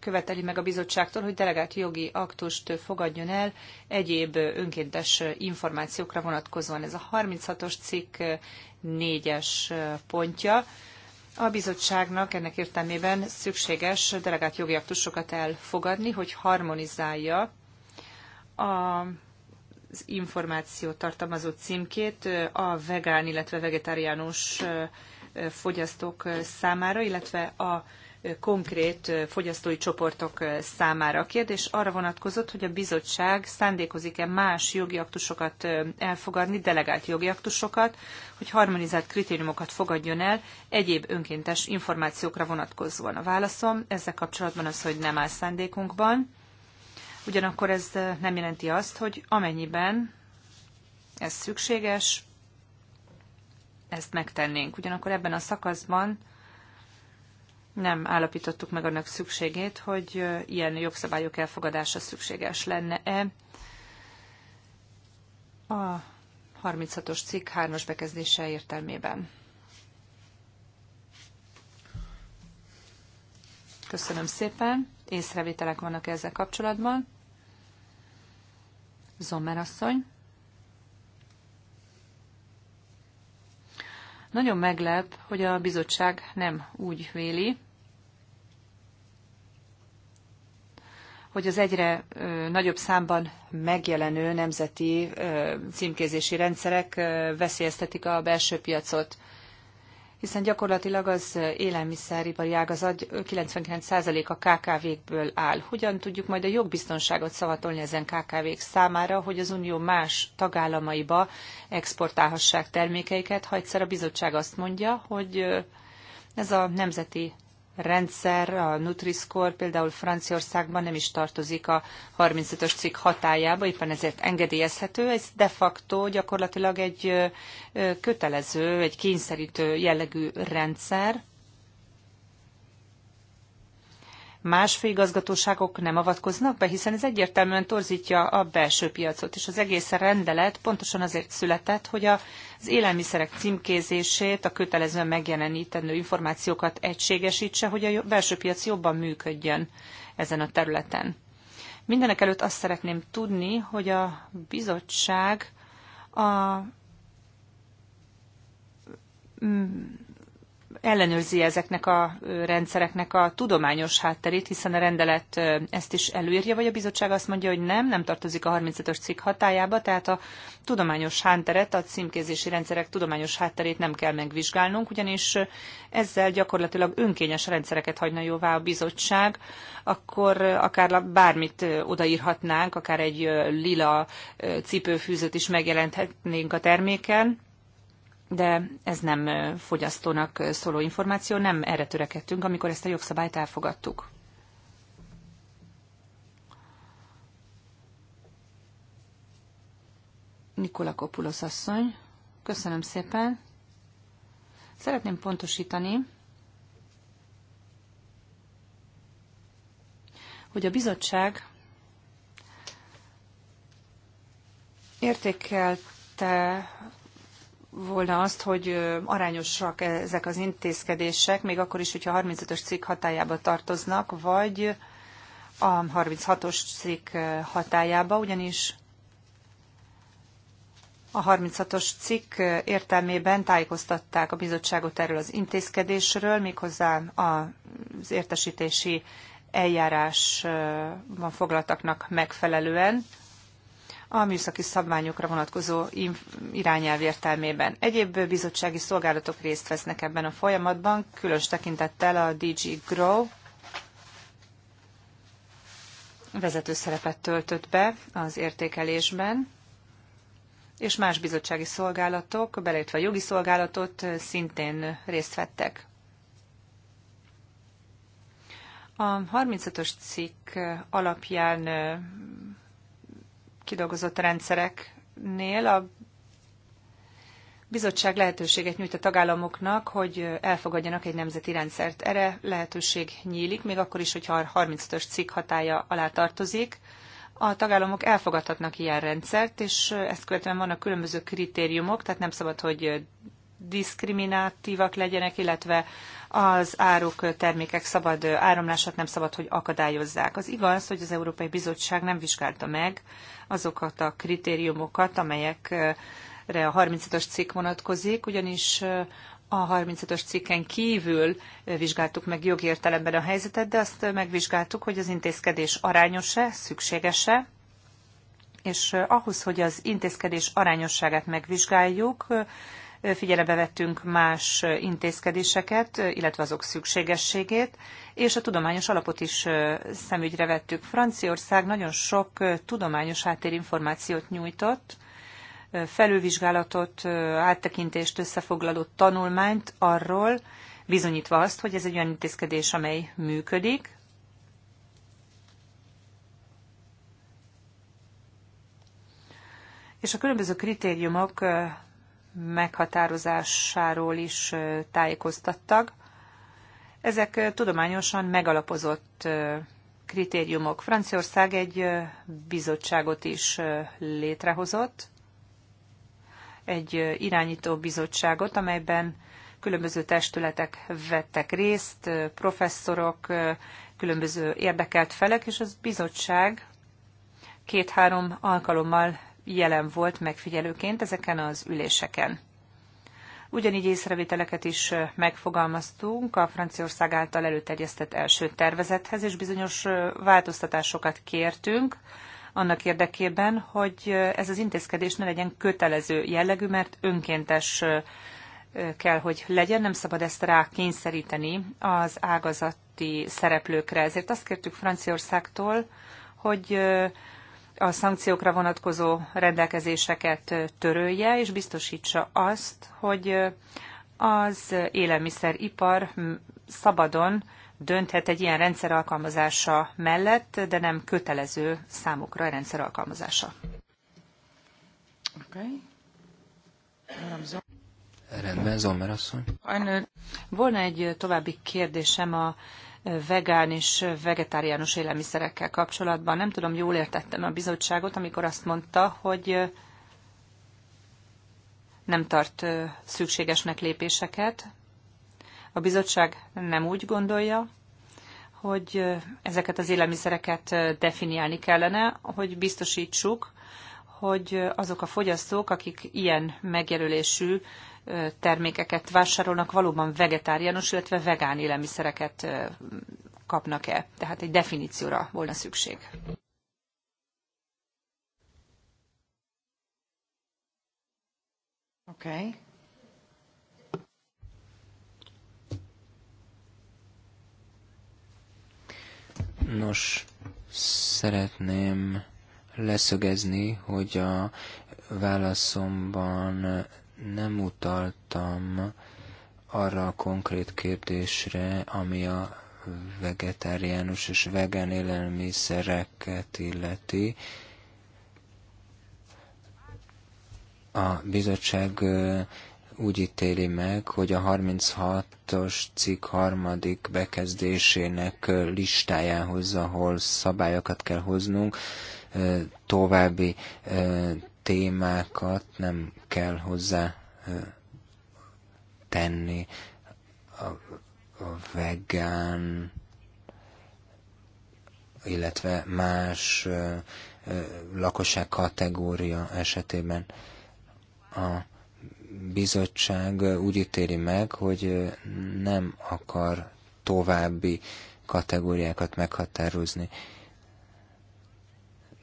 követeli meg a bizottságtól, hogy delegált jogi aktust fogadjon el egyéb önkéntes információkra vonatkozóan. Ez a 36-os cikk négyes pontja. A bizottságnak ennek értelmében szükséges delegált jogi aktusokat elfogadni, hogy harmonizálja a az információt tartalmazó címkét a vegán, illetve vegetáriánus fogyasztók számára, illetve a konkrét fogyasztói csoportok számára. A kérdés arra vonatkozott, hogy a bizottság szándékozik-e más jogi aktusokat elfogadni, delegált jogi aktusokat, hogy harmonizált kritériumokat fogadjon el egyéb önkéntes információkra vonatkozóan. A válaszom ezzel kapcsolatban az, hogy nem áll szándékunkban. Ugyanakkor ez eh, nem jelenti azt, hogy amennyiben ez szükséges, ezt megtennénk. Ugyanakkor ebben a szakaszban nem állapítottuk meg annak szükségét, hogy eh, ilyen jogszabályok elfogadása szükséges lenne-e. A 36-os cikk 3-as bekezdése értelmében. Köszönöm szépen. Észrevételek vannak ezzel kapcsolatban. Zomer asszony. Nagyon meglep, hogy a bizottság nem úgy véli, hogy az egyre nagyobb számban megjelenő nemzeti ö, címkézési rendszerek veszélyeztetik a belső piacot hiszen gyakorlatilag az élelmiszeripari ágazat 99%-a KKV-kből áll. Hogyan tudjuk majd a jogbiztonságot szavatolni ezen KKV-k számára, hogy az Unió más tagállamaiba exportálhassák termékeiket, ha egyszer a bizottság azt mondja, hogy ez a nemzeti rendszer, a Nutri-Score például Franciaországban nem is tartozik a 35-ös cikk hatájába, éppen ezért engedélyezhető. Ez de facto gyakorlatilag egy kötelező, egy kényszerítő jellegű rendszer, más főigazgatóságok nem avatkoznak be, hiszen ez egyértelműen torzítja a belső piacot, és az egész rendelet pontosan azért született, hogy az élelmiszerek címkézését, a kötelezően megjelenítendő információkat egységesítse, hogy a belső piac jobban működjön ezen a területen. Mindenek előtt azt szeretném tudni, hogy a bizottság a ellenőrzi ezeknek a rendszereknek a tudományos hátterét, hiszen a rendelet ezt is előírja, vagy a bizottság azt mondja, hogy nem, nem tartozik a 35-ös cikk hatájába, tehát a tudományos hátteret, a címkézési rendszerek tudományos hátterét nem kell megvizsgálnunk, ugyanis ezzel gyakorlatilag önkényes rendszereket hagyna jóvá a bizottság, akkor akár bármit odaírhatnánk, akár egy lila cipőfűzőt is megjelenthetnénk a terméken, de ez nem fogyasztónak szóló információ, nem erre törekedtünk, amikor ezt a jogszabályt elfogadtuk. Nikola Kopulos asszony, köszönöm szépen. Szeretném pontosítani, hogy a bizottság értékelte volna azt, hogy arányosak ezek az intézkedések, még akkor is, hogyha a 35-ös cikk hatájába tartoznak, vagy a 36-os cikk hatájába, ugyanis a 36-os cikk értelmében tájékoztatták a bizottságot erről az intézkedésről, méghozzá az értesítési eljárásban foglaltaknak megfelelően a műszaki szabványokra vonatkozó irányelv értelmében. Egyéb bizottsági szolgálatok részt vesznek ebben a folyamatban, különös tekintettel a DG Grow vezető szerepet töltött be az értékelésben, és más bizottsági szolgálatok, beleértve a jogi szolgálatot, szintén részt vettek. A 35-ös cikk alapján kidolgozott rendszereknél a bizottság lehetőséget nyújt a tagállamoknak, hogy elfogadjanak egy nemzeti rendszert. Erre lehetőség nyílik, még akkor is, hogyha a 35-ös cikk hatája alá tartozik. A tagállamok elfogadhatnak ilyen rendszert, és ezt követően vannak különböző kritériumok, tehát nem szabad, hogy diszkriminatívak legyenek, illetve az áruk, termékek szabad áramlását nem szabad, hogy akadályozzák. Az igaz, hogy az Európai Bizottság nem vizsgálta meg azokat a kritériumokat, amelyekre a 35-ös cikk vonatkozik, ugyanis a 35-ös cikken kívül vizsgáltuk meg jogi értelemben a helyzetet, de azt megvizsgáltuk, hogy az intézkedés arányos-e, szükséges-e, és ahhoz, hogy az intézkedés arányosságát megvizsgáljuk, figyelembe vettünk más intézkedéseket, illetve azok szükségességét, és a tudományos alapot is szemügyre vettük. Franciaország nagyon sok tudományos háttérinformációt nyújtott, felülvizsgálatot, áttekintést, összefoglaló tanulmányt arról, bizonyítva azt, hogy ez egy olyan intézkedés, amely működik, és a különböző kritériumok meghatározásáról is tájékoztattak. Ezek tudományosan megalapozott kritériumok. Franciaország egy bizottságot is létrehozott, egy irányító bizottságot, amelyben különböző testületek vettek részt, professzorok, különböző érdekelt felek, és az bizottság két-három alkalommal jelen volt megfigyelőként ezeken az üléseken. Ugyanígy észrevételeket is megfogalmaztunk a Franciaország által előterjesztett első tervezethez, és bizonyos változtatásokat kértünk annak érdekében, hogy ez az intézkedés ne legyen kötelező jellegű, mert önkéntes kell, hogy legyen, nem szabad ezt rá kényszeríteni az ágazati szereplőkre. Ezért azt kértük Franciaországtól, hogy a szankciókra vonatkozó rendelkezéseket törölje, és biztosítsa azt, hogy az élelmiszeripar szabadon dönthet egy ilyen rendszer alkalmazása mellett, de nem kötelező számukra a rendszer alkalmazása. Okay. Rendben, Zomer asszony. Volna egy további kérdésem a vegán és vegetáriánus élelmiszerekkel kapcsolatban. Nem tudom, jól értettem a bizottságot, amikor azt mondta, hogy nem tart szükségesnek lépéseket. A bizottság nem úgy gondolja, hogy ezeket az élelmiszereket definiálni kellene, hogy biztosítsuk, hogy azok a fogyasztók, akik ilyen megjelölésű termékeket vásárolnak, valóban vegetáriánus, illetve vegán élelmiszereket kapnak-e. Tehát egy definícióra volna szükség. Okay. Nos, szeretném leszögezni, hogy a válaszomban nem utaltam arra a konkrét kérdésre, ami a vegetáriánus és vegán élelmiszereket illeti. A bizottság úgy ítéli meg, hogy a 36-os cikk harmadik bekezdésének listájához, ahol szabályokat kell hoznunk, további témákat nem kell hozzá tenni a, a vegán, illetve más ö, ö, lakosság kategória esetében a bizottság úgy ítéli meg, hogy nem akar további kategóriákat meghatározni. Ö,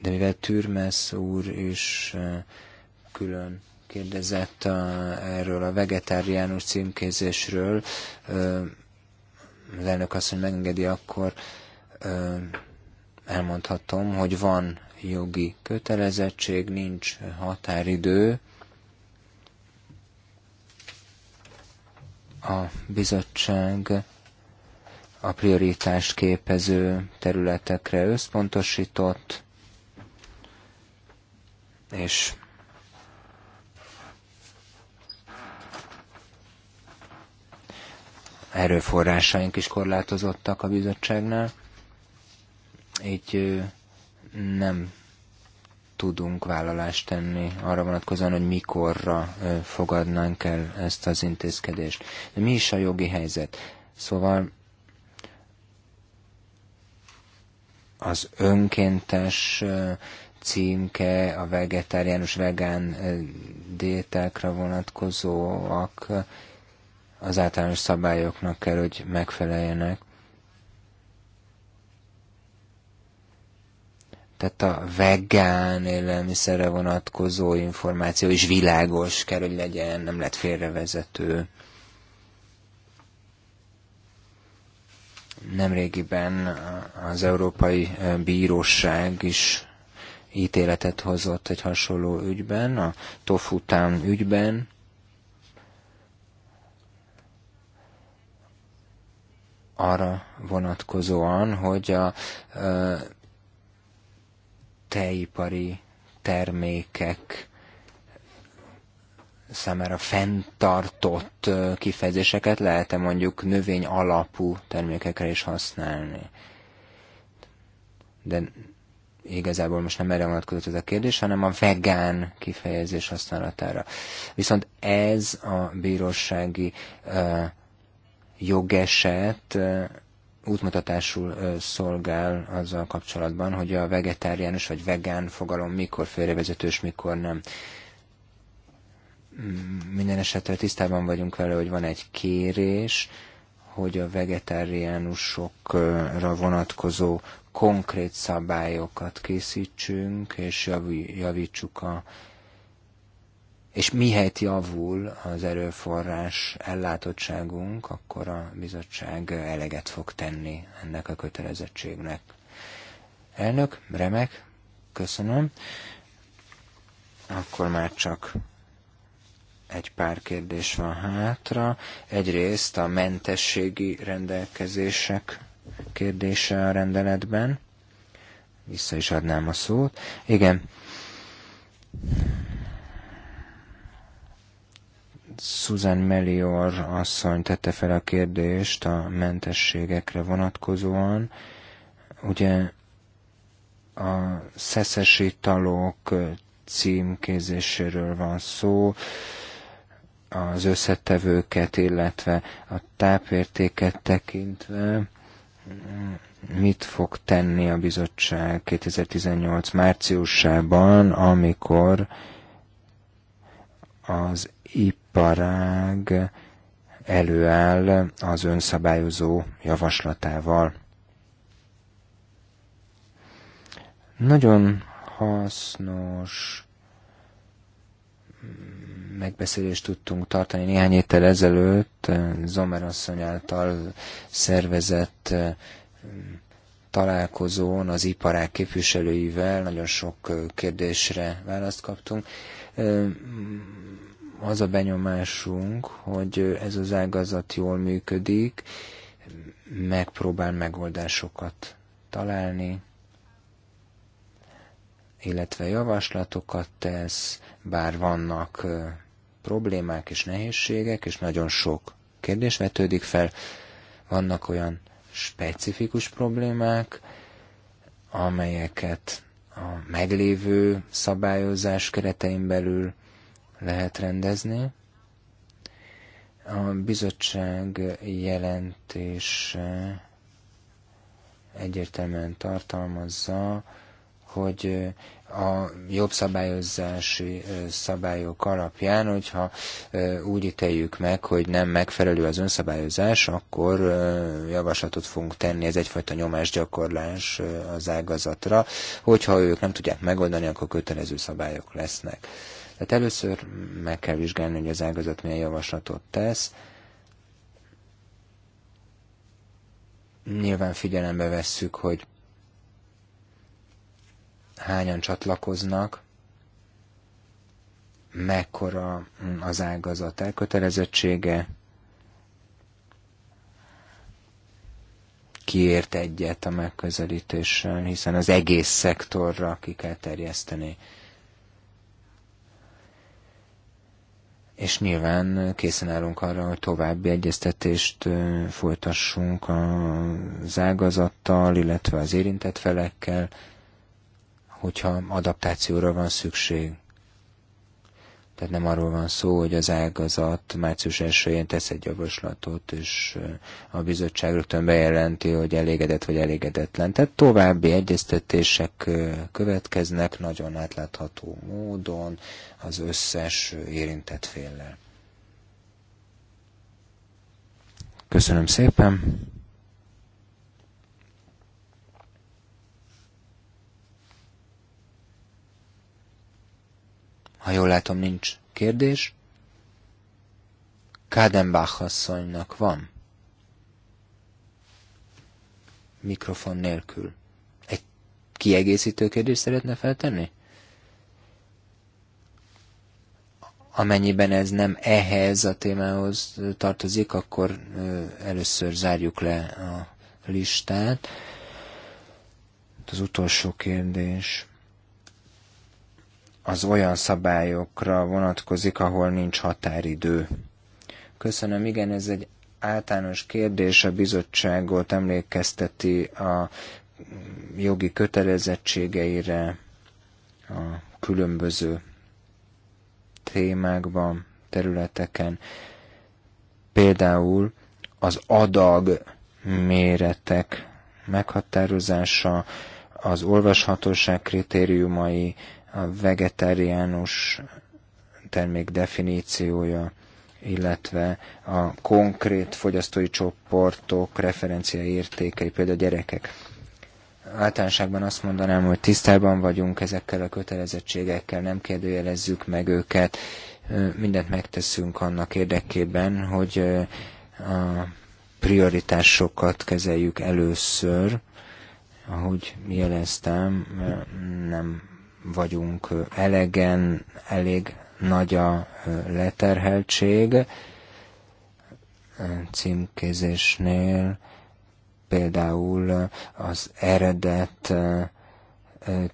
de mivel Türmes úr is külön kérdezett a, erről a vegetáriánus címkézésről, az elnök azt, hogy megengedi, akkor elmondhatom, hogy van jogi kötelezettség, nincs határidő, a bizottság a prioritást képező területekre összpontosított, és erőforrásaink is korlátozottak a bizottságnál, így nem tudunk vállalást tenni arra vonatkozóan, hogy mikorra fogadnánk el ezt az intézkedést. De mi is a jogi helyzet? Szóval az önkéntes címke, a vegetáriánus vegán eh, diétákra vonatkozóak az általános szabályoknak kell, hogy megfeleljenek. Tehát a vegán élelmiszerre vonatkozó információ is világos kell, hogy legyen, nem lett félrevezető. Nemrégiben az Európai Bíróság is ítéletet hozott egy hasonló ügyben, a Tofután ügyben. Arra vonatkozóan, hogy a ö, tejipari termékek számára fenntartott kifejezéseket lehet-e mondjuk növény alapú termékekre is használni. De igazából most nem erre vonatkozott ez a kérdés, hanem a vegán kifejezés használatára. Viszont ez a bírósági uh, jogeset uh, útmutatásul uh, szolgál azzal kapcsolatban, hogy a vegetáriánus vagy vegán fogalom mikor félrevezetős, mikor nem. Mm, minden esetre tisztában vagyunk vele, hogy van egy kérés, hogy a vegetáriánusokra vonatkozó konkrét szabályokat készítsünk, és javítsuk a és mihelyt javul az erőforrás ellátottságunk, akkor a bizottság eleget fog tenni ennek a kötelezettségnek. Elnök, remek, köszönöm. Akkor már csak egy pár kérdés van hátra. Egyrészt a mentességi rendelkezések kérdése a rendeletben. Vissza is adnám a szót. Igen. Susan Melior asszony tette fel a kérdést a mentességekre vonatkozóan. Ugye a szeszesi talók címkézéséről van szó, az összetevőket, illetve a tápértéket tekintve mit fog tenni a bizottság 2018 márciusában, amikor az iparág előáll az önszabályozó javaslatával. Nagyon hasznos megbeszélést tudtunk tartani néhány héttel ezelőtt eh, Zomer asszony által szervezett eh, találkozón az iparák képviselőivel nagyon sok eh, kérdésre választ kaptunk. Az a benyomásunk, hogy ez az ágazat jól működik, megpróbál megoldásokat találni, illetve javaslatokat tesz, bár vannak problémák és nehézségek, és nagyon sok kérdés vetődik fel. Vannak olyan specifikus problémák, amelyeket a meglévő szabályozás keretein belül lehet rendezni. A bizottság jelentése egyértelműen tartalmazza, hogy a jobb szabályozási szabályok alapján, hogyha úgy ítéljük meg, hogy nem megfelelő az önszabályozás, akkor javaslatot fogunk tenni, ez egyfajta nyomásgyakorlás az ágazatra, hogyha ők nem tudják megoldani, akkor kötelező szabályok lesznek. Tehát először meg kell vizsgálni, hogy az ágazat milyen javaslatot tesz, nyilván figyelembe vesszük, hogy hányan csatlakoznak, mekkora az ágazat elkötelezettsége, kiért egyet a megközelítéssel, hiszen az egész szektorra ki kell terjeszteni. És nyilván készen állunk arra, hogy további egyeztetést folytassunk az ágazattal, illetve az érintett felekkel, hogyha adaptációra van szükség. Tehát nem arról van szó, hogy az ágazat március 1-én tesz egy javaslatot, és a bizottság rögtön bejelenti, hogy elégedett vagy elégedetlen. Tehát további egyeztetések következnek nagyon átlátható módon az összes érintett féllel. Köszönöm szépen! Ha jól látom, nincs kérdés. Kádenbach asszonynak van. Mikrofon nélkül. Egy kiegészítő kérdést szeretne feltenni? Amennyiben ez nem ehhez a témához tartozik, akkor először zárjuk le a listát. Az utolsó kérdés az olyan szabályokra vonatkozik, ahol nincs határidő. Köszönöm, igen, ez egy általános kérdés, a bizottságot emlékezteti a jogi kötelezettségeire a különböző témákban, területeken. Például az adag méretek meghatározása, az olvashatóság kritériumai, a vegetáriánus termék definíciója, illetve a konkrét fogyasztói csoportok referencia értékei, például gyerekek. Általánoságban azt mondanám, hogy tisztában vagyunk ezekkel a kötelezettségekkel, nem kérdőjelezzük meg őket, mindent megteszünk annak érdekében, hogy a prioritásokat kezeljük először, ahogy jeleztem, nem vagyunk elegen, elég nagy a leterheltség címkézésnél, például az eredet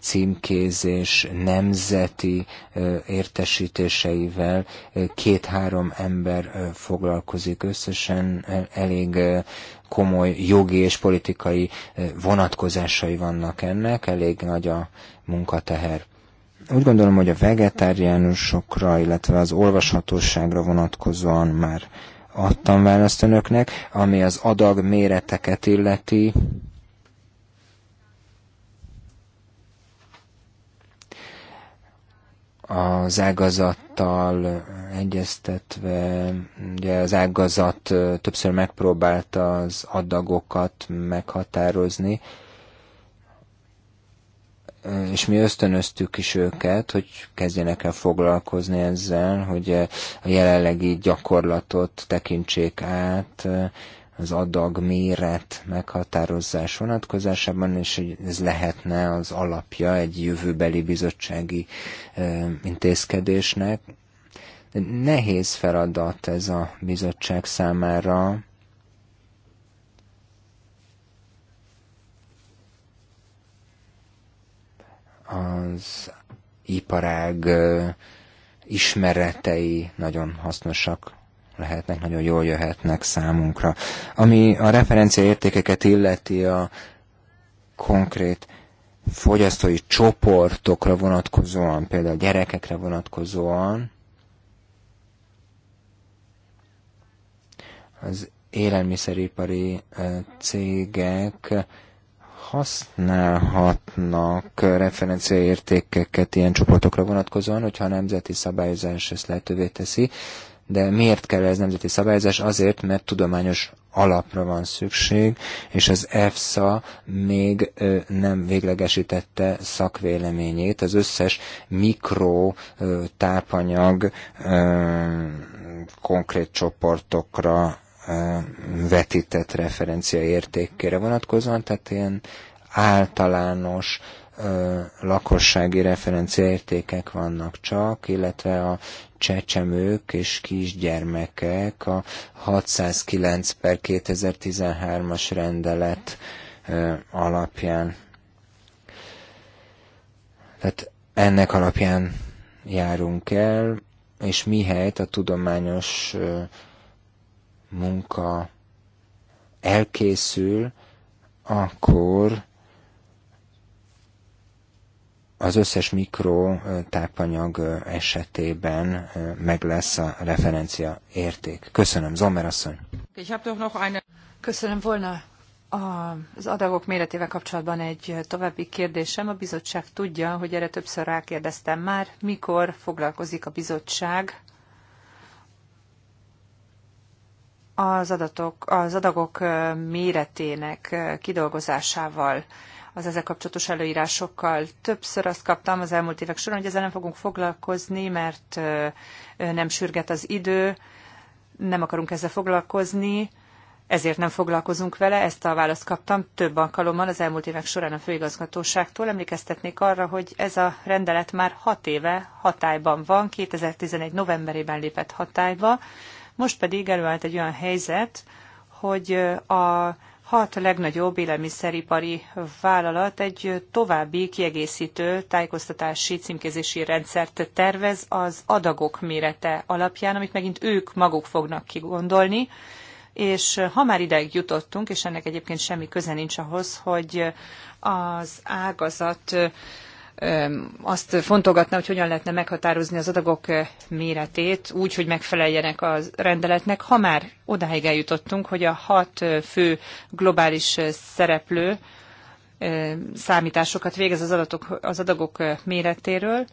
címkézés nemzeti értesítéseivel két-három ember foglalkozik összesen, elég komoly jogi és politikai vonatkozásai vannak ennek, elég nagy a munkateher úgy gondolom, hogy a vegetáriánusokra, illetve az olvashatóságra vonatkozóan már adtam választ önöknek, ami az adag méreteket illeti, az ágazattal egyeztetve, ugye az ágazat többször megpróbálta az adagokat meghatározni, és mi ösztönöztük is őket, hogy kezdjenek el foglalkozni ezzel, hogy a jelenlegi gyakorlatot tekintsék át, az adag méret meghatározás vonatkozásában, és hogy ez lehetne az alapja egy jövőbeli bizottsági intézkedésnek. Nehéz feladat ez a bizottság számára, az iparág ismeretei nagyon hasznosak lehetnek, nagyon jól jöhetnek számunkra. Ami a referencia értékeket illeti a konkrét fogyasztói csoportokra vonatkozóan, például gyerekekre vonatkozóan, az élelmiszeripari cégek használhatnak referenciaértékeket ilyen csoportokra vonatkozóan, hogyha a nemzeti szabályozás ezt lehetővé teszi, de miért kell ez nemzeti szabályozás? Azért, mert tudományos alapra van szükség, és az EFSA még nem véglegesítette szakvéleményét. Az összes mikro tápanyag konkrét csoportokra vetített referencia értékére vonatkozóan, tehát ilyen általános lakossági referenciaértékek vannak csak, illetve a csecsemők és kisgyermekek a 609 per 2013-as rendelet alapján. Tehát ennek alapján járunk el, és mihelyt a tudományos munka elkészül, akkor az összes mikro tápanyag esetében meg lesz a referencia érték. Köszönöm, Zomer asszony. Köszönöm volna az adagok méretével kapcsolatban egy további kérdésem. A bizottság tudja, hogy erre többször rákérdeztem már, mikor foglalkozik a bizottság az, adatok, az adagok méretének kidolgozásával az ezzel kapcsolatos előírásokkal. Többször azt kaptam az elmúlt évek során, hogy ezzel nem fogunk foglalkozni, mert nem sürget az idő, nem akarunk ezzel foglalkozni, ezért nem foglalkozunk vele, ezt a választ kaptam több alkalommal az elmúlt évek során a főigazgatóságtól. Emlékeztetnék arra, hogy ez a rendelet már hat éve hatályban van, 2011. novemberében lépett hatályba, most pedig előállt egy olyan helyzet, hogy a hat legnagyobb élelmiszeripari vállalat egy további kiegészítő tájékoztatási címkézési rendszert tervez az adagok mérete alapján, amit megint ők maguk fognak kigondolni, és ha már ideig jutottunk, és ennek egyébként semmi köze nincs ahhoz, hogy az ágazat azt fontolgatná, hogy hogyan lehetne meghatározni az adagok méretét úgy, hogy megfeleljenek a rendeletnek, ha már odáig eljutottunk, hogy a hat fő globális szereplő számításokat végez az, adatok, az adagok méretéről,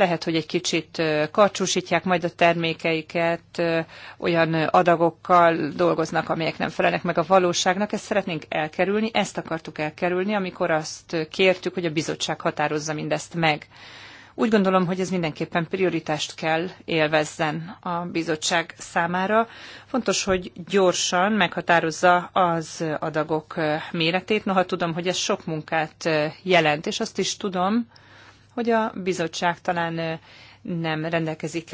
lehet, hogy egy kicsit karcsúsítják majd a termékeiket, olyan adagokkal dolgoznak, amelyek nem felelnek meg a valóságnak. Ezt szeretnénk elkerülni, ezt akartuk elkerülni, amikor azt kértük, hogy a bizottság határozza mindezt meg. Úgy gondolom, hogy ez mindenképpen prioritást kell élvezzen a bizottság számára. Fontos, hogy gyorsan meghatározza az adagok méretét. Noha tudom, hogy ez sok munkát jelent, és azt is tudom, hogy a bizottság talán nem rendelkezik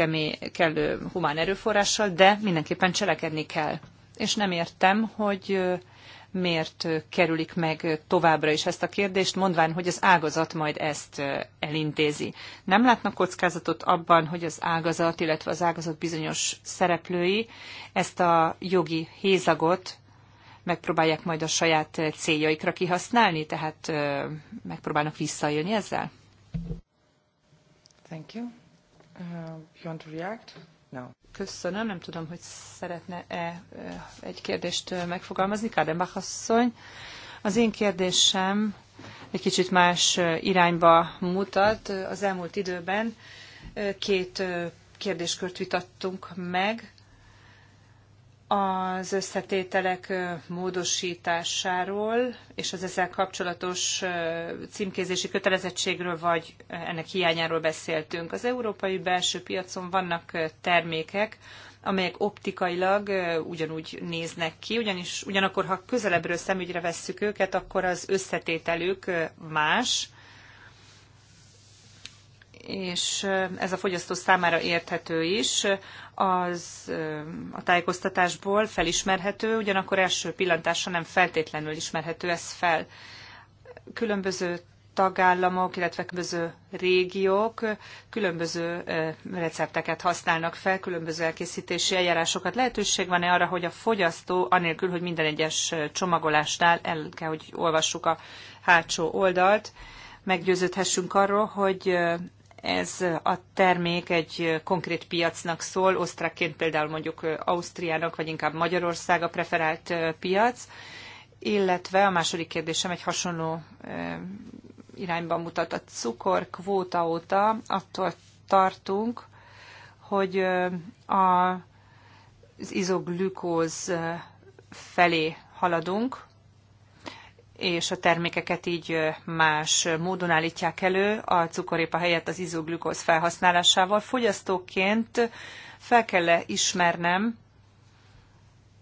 kellő humán erőforrással, de mindenképpen cselekedni kell. És nem értem, hogy miért kerülik meg továbbra is ezt a kérdést, mondván, hogy az ágazat majd ezt elintézi. Nem látnak kockázatot abban, hogy az ágazat, illetve az ágazat bizonyos szereplői ezt a jogi hézagot megpróbálják majd a saját céljaikra kihasználni, tehát megpróbálnak visszaélni ezzel? Thank you. Uh, you want to react? No. Köszönöm, nem tudom, hogy szeretne-e eh, egy kérdést eh, megfogalmazni. Kádenbach asszony, az én kérdésem egy kicsit más eh, irányba mutat. Az elmúlt időben két kérdéskört vitattunk meg, az összetételek módosításáról és az ezzel kapcsolatos címkézési kötelezettségről vagy ennek hiányáról beszéltünk. Az európai belső piacon vannak termékek, amelyek optikailag ugyanúgy néznek ki, ugyanis ugyanakkor, ha közelebbről szemügyre vesszük őket, akkor az összetételük más, és ez a fogyasztó számára érthető is, az a tájékoztatásból felismerhető, ugyanakkor első pillantásra nem feltétlenül ismerhető ez fel. Különböző tagállamok, illetve különböző régiók különböző recepteket használnak fel, különböző elkészítési eljárásokat. Lehetőség van-e arra, hogy a fogyasztó, anélkül, hogy minden egyes csomagolásnál el kell, hogy olvassuk a hátsó oldalt, meggyőződhessünk arról, hogy ez a termék egy konkrét piacnak szól, osztrákként például mondjuk Ausztriának, vagy inkább Magyarország a preferált piac, illetve a második kérdésem egy hasonló irányban mutat. A cukor kvóta óta attól tartunk, hogy a, az izoglükóz felé haladunk, és a termékeket így más módon állítják elő, a cukorépa helyett az izoglükóz felhasználásával. Fogyasztóként fel kell -e ismernem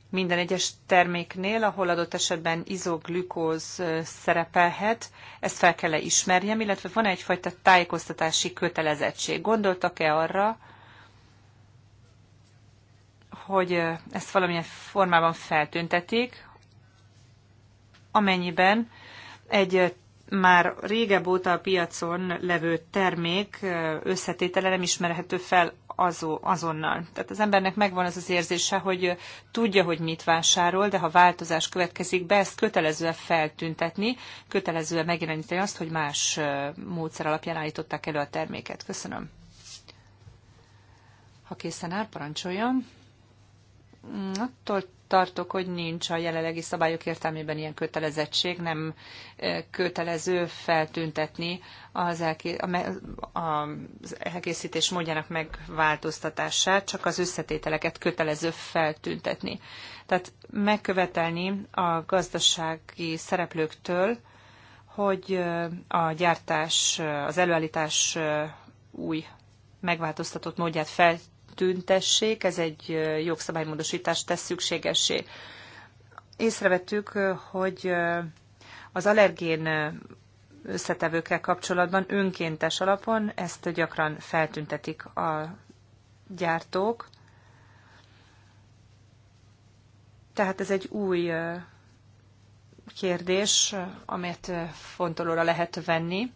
minden egyes terméknél, ahol adott esetben izoglükóz szerepelhet, ezt fel kell -e ismerjem, illetve van -e egyfajta tájékoztatási kötelezettség. Gondoltak-e arra, hogy ezt valamilyen formában feltüntetik, amennyiben egy eh, már régebb óta a piacon levő termék eh, összetétele nem ismerhető fel azonnal. Tehát az embernek megvan az az érzése, hogy eh, tudja, hogy mit vásárol, de ha változás következik be, ezt kötelező feltüntetni, kötelező megjeleníteni azt, hogy más módszer alapján állították elő a terméket. Köszönöm. Ha készen áll, parancsoljon. Mm, attól tartok, hogy nincs a jelenlegi szabályok értelmében ilyen kötelezettség, nem e, kötelező feltüntetni az, elké- az elkészítés módjának megváltoztatását, csak az összetételeket kötelező feltüntetni. Tehát megkövetelni a gazdasági szereplőktől, hogy e, a gyártás, az előállítás e, új megváltoztatott módját fel tüntessék, ez egy jogszabálymódosítást tesz szükségessé. Észrevettük, hogy az allergén összetevőkkel kapcsolatban önkéntes alapon ezt gyakran feltüntetik a gyártók. Tehát ez egy új kérdés, amit fontolóra lehet venni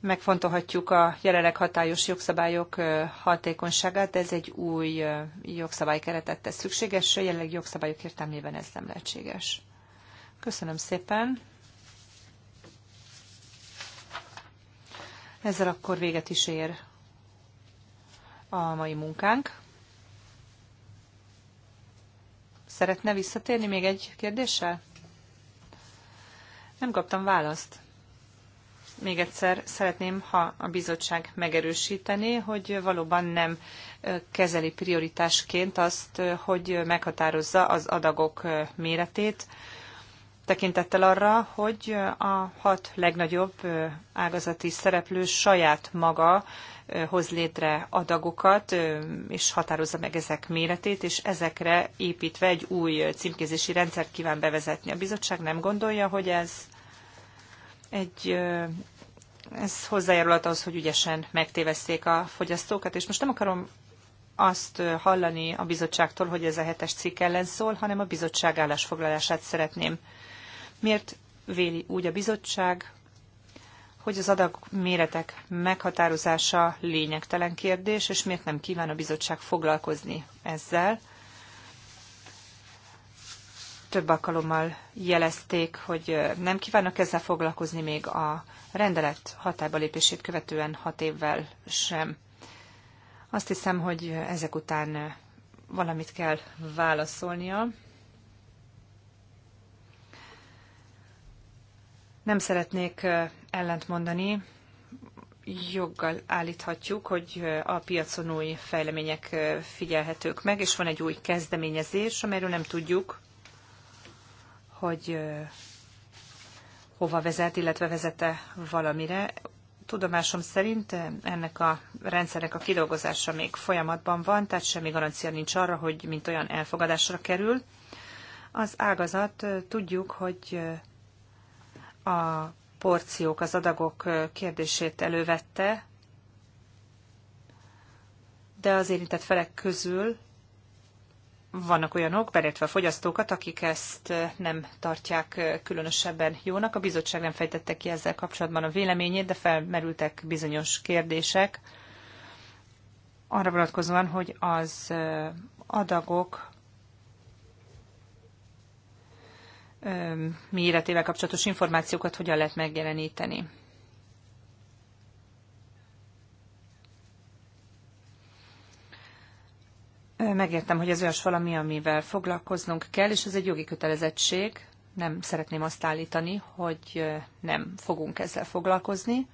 megfontolhatjuk a jelenleg hatályos jogszabályok hatékonyságát, de ez egy új jogszabálykeretet tesz szükséges, jelenleg jogszabályok értelmében ez nem lehetséges. Köszönöm szépen! Ezzel akkor véget is ér a mai munkánk. Szeretne visszatérni még egy kérdéssel? Nem kaptam választ még egyszer szeretném, ha a bizottság megerősítené, hogy valóban nem kezeli prioritásként azt, hogy meghatározza az adagok méretét, tekintettel arra, hogy a hat legnagyobb ágazati szereplő saját maga hoz létre adagokat, és határozza meg ezek méretét, és ezekre építve egy új címkézési rendszert kíván bevezetni. A bizottság nem gondolja, hogy ez egy ez hozzájárulhat ahhoz, hogy ügyesen megtévesszék a fogyasztókat, és most nem akarom azt hallani a bizottságtól, hogy ez a hetes cikk ellen szól, hanem a bizottság állásfoglalását szeretném. Miért véli úgy a bizottság, hogy az adag méretek meghatározása lényegtelen kérdés, és miért nem kíván a bizottság foglalkozni ezzel, több alkalommal jelezték, hogy nem kívánnak ezzel foglalkozni még a rendelet hatályba lépését követően hat évvel sem. Azt hiszem, hogy ezek után valamit kell válaszolnia. Nem szeretnék ellentmondani, joggal állíthatjuk, hogy a piacon új fejlemények figyelhetők meg, és van egy új kezdeményezés, amelyről nem tudjuk, hogy hova vezet, illetve vezete valamire. Tudomásom szerint ennek a rendszernek a kidolgozása még folyamatban van, tehát semmi garancia nincs arra, hogy mint olyan elfogadásra kerül. Az ágazat tudjuk, hogy a porciók, az adagok kérdését elővette, de az érintett felek közül vannak olyanok, beleértve a fogyasztókat, akik ezt nem tartják különösebben jónak. A bizottság nem fejtette ki ezzel kapcsolatban a véleményét, de felmerültek bizonyos kérdések arra vonatkozóan, hogy az adagok méretével kapcsolatos információkat hogyan lehet megjeleníteni. Megértem, hogy ez olyas valami, amivel foglalkoznunk kell, és ez egy jogi kötelezettség. Nem szeretném azt állítani, hogy nem fogunk ezzel foglalkozni.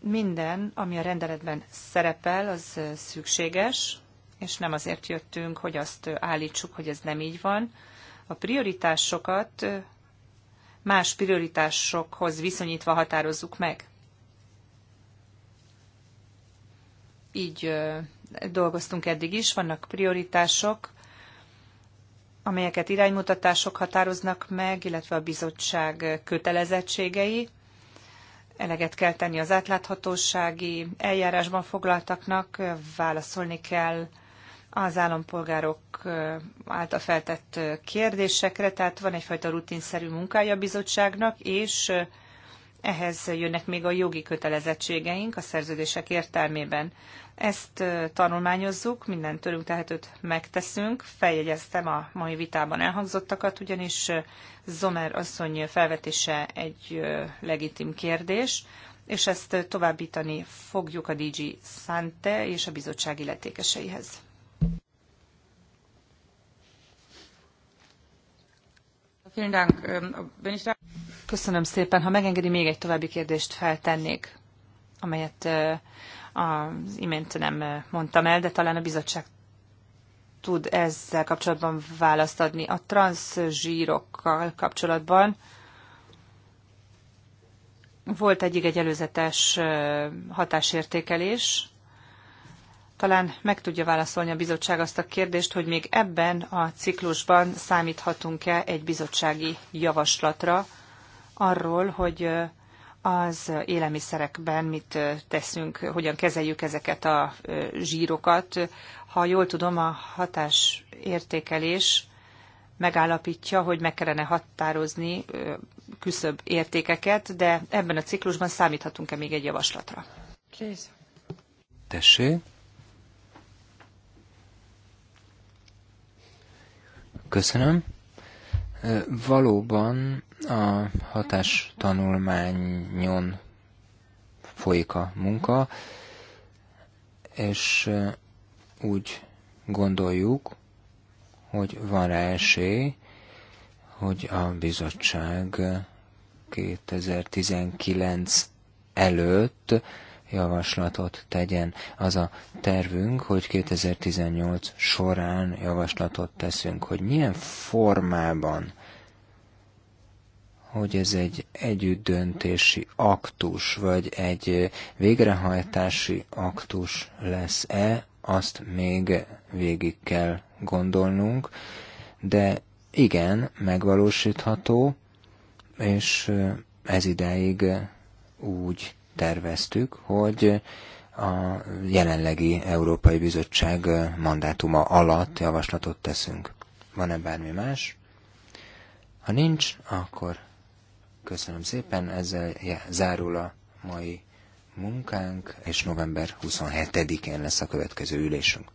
Minden, ami a rendeletben szerepel, az szükséges, és nem azért jöttünk, hogy azt állítsuk, hogy ez nem így van. A prioritásokat más prioritásokhoz viszonyítva határozzuk meg. Így dolgoztunk eddig is, vannak prioritások, amelyeket iránymutatások határoznak meg, illetve a bizottság kötelezettségei. Eleget kell tenni az átláthatósági eljárásban foglaltaknak, válaszolni kell az állampolgárok által feltett kérdésekre, tehát van egyfajta rutinszerű munkája a bizottságnak, és ehhez jönnek még a jogi kötelezettségeink a szerződések értelmében. Ezt tanulmányozzuk, minden tőlünk tehetőt megteszünk. Feljegyeztem a mai vitában elhangzottakat, ugyanis Zomer asszony felvetése egy legitim kérdés, és ezt továbbítani fogjuk a DG Sante és a bizottság illetékeseihez. Köszönöm szépen. Ha megengedi, még egy további kérdést feltennék, amelyet az imént nem mondtam el, de talán a bizottság tud ezzel kapcsolatban választ adni. A transzsírokkal kapcsolatban volt egyik egy előzetes hatásértékelés. Talán meg tudja válaszolni a bizottság azt a kérdést, hogy még ebben a ciklusban számíthatunk-e egy bizottsági javaslatra arról, hogy az élelmiszerekben mit teszünk, hogyan kezeljük ezeket a zsírokat. Ha jól tudom, a hatás értékelés megállapítja, hogy meg kellene határozni küszöbb értékeket, de ebben a ciklusban számíthatunk-e még egy javaslatra? Please. Tessé. Köszönöm. Valóban a hatástanulmányon folyik a munka, és úgy gondoljuk, hogy van rá esély, hogy a bizottság 2019 előtt javaslatot tegyen. Az a tervünk, hogy 2018 során javaslatot teszünk, hogy milyen formában, hogy ez egy együttdöntési aktus, vagy egy végrehajtási aktus lesz-e, azt még végig kell gondolnunk, de igen, megvalósítható, és ez ideig úgy terveztük, hogy a jelenlegi Európai Bizottság mandátuma alatt javaslatot teszünk. Van-e bármi más? Ha nincs, akkor köszönöm szépen, ezzel zárul a mai munkánk, és november 27-én lesz a következő ülésünk.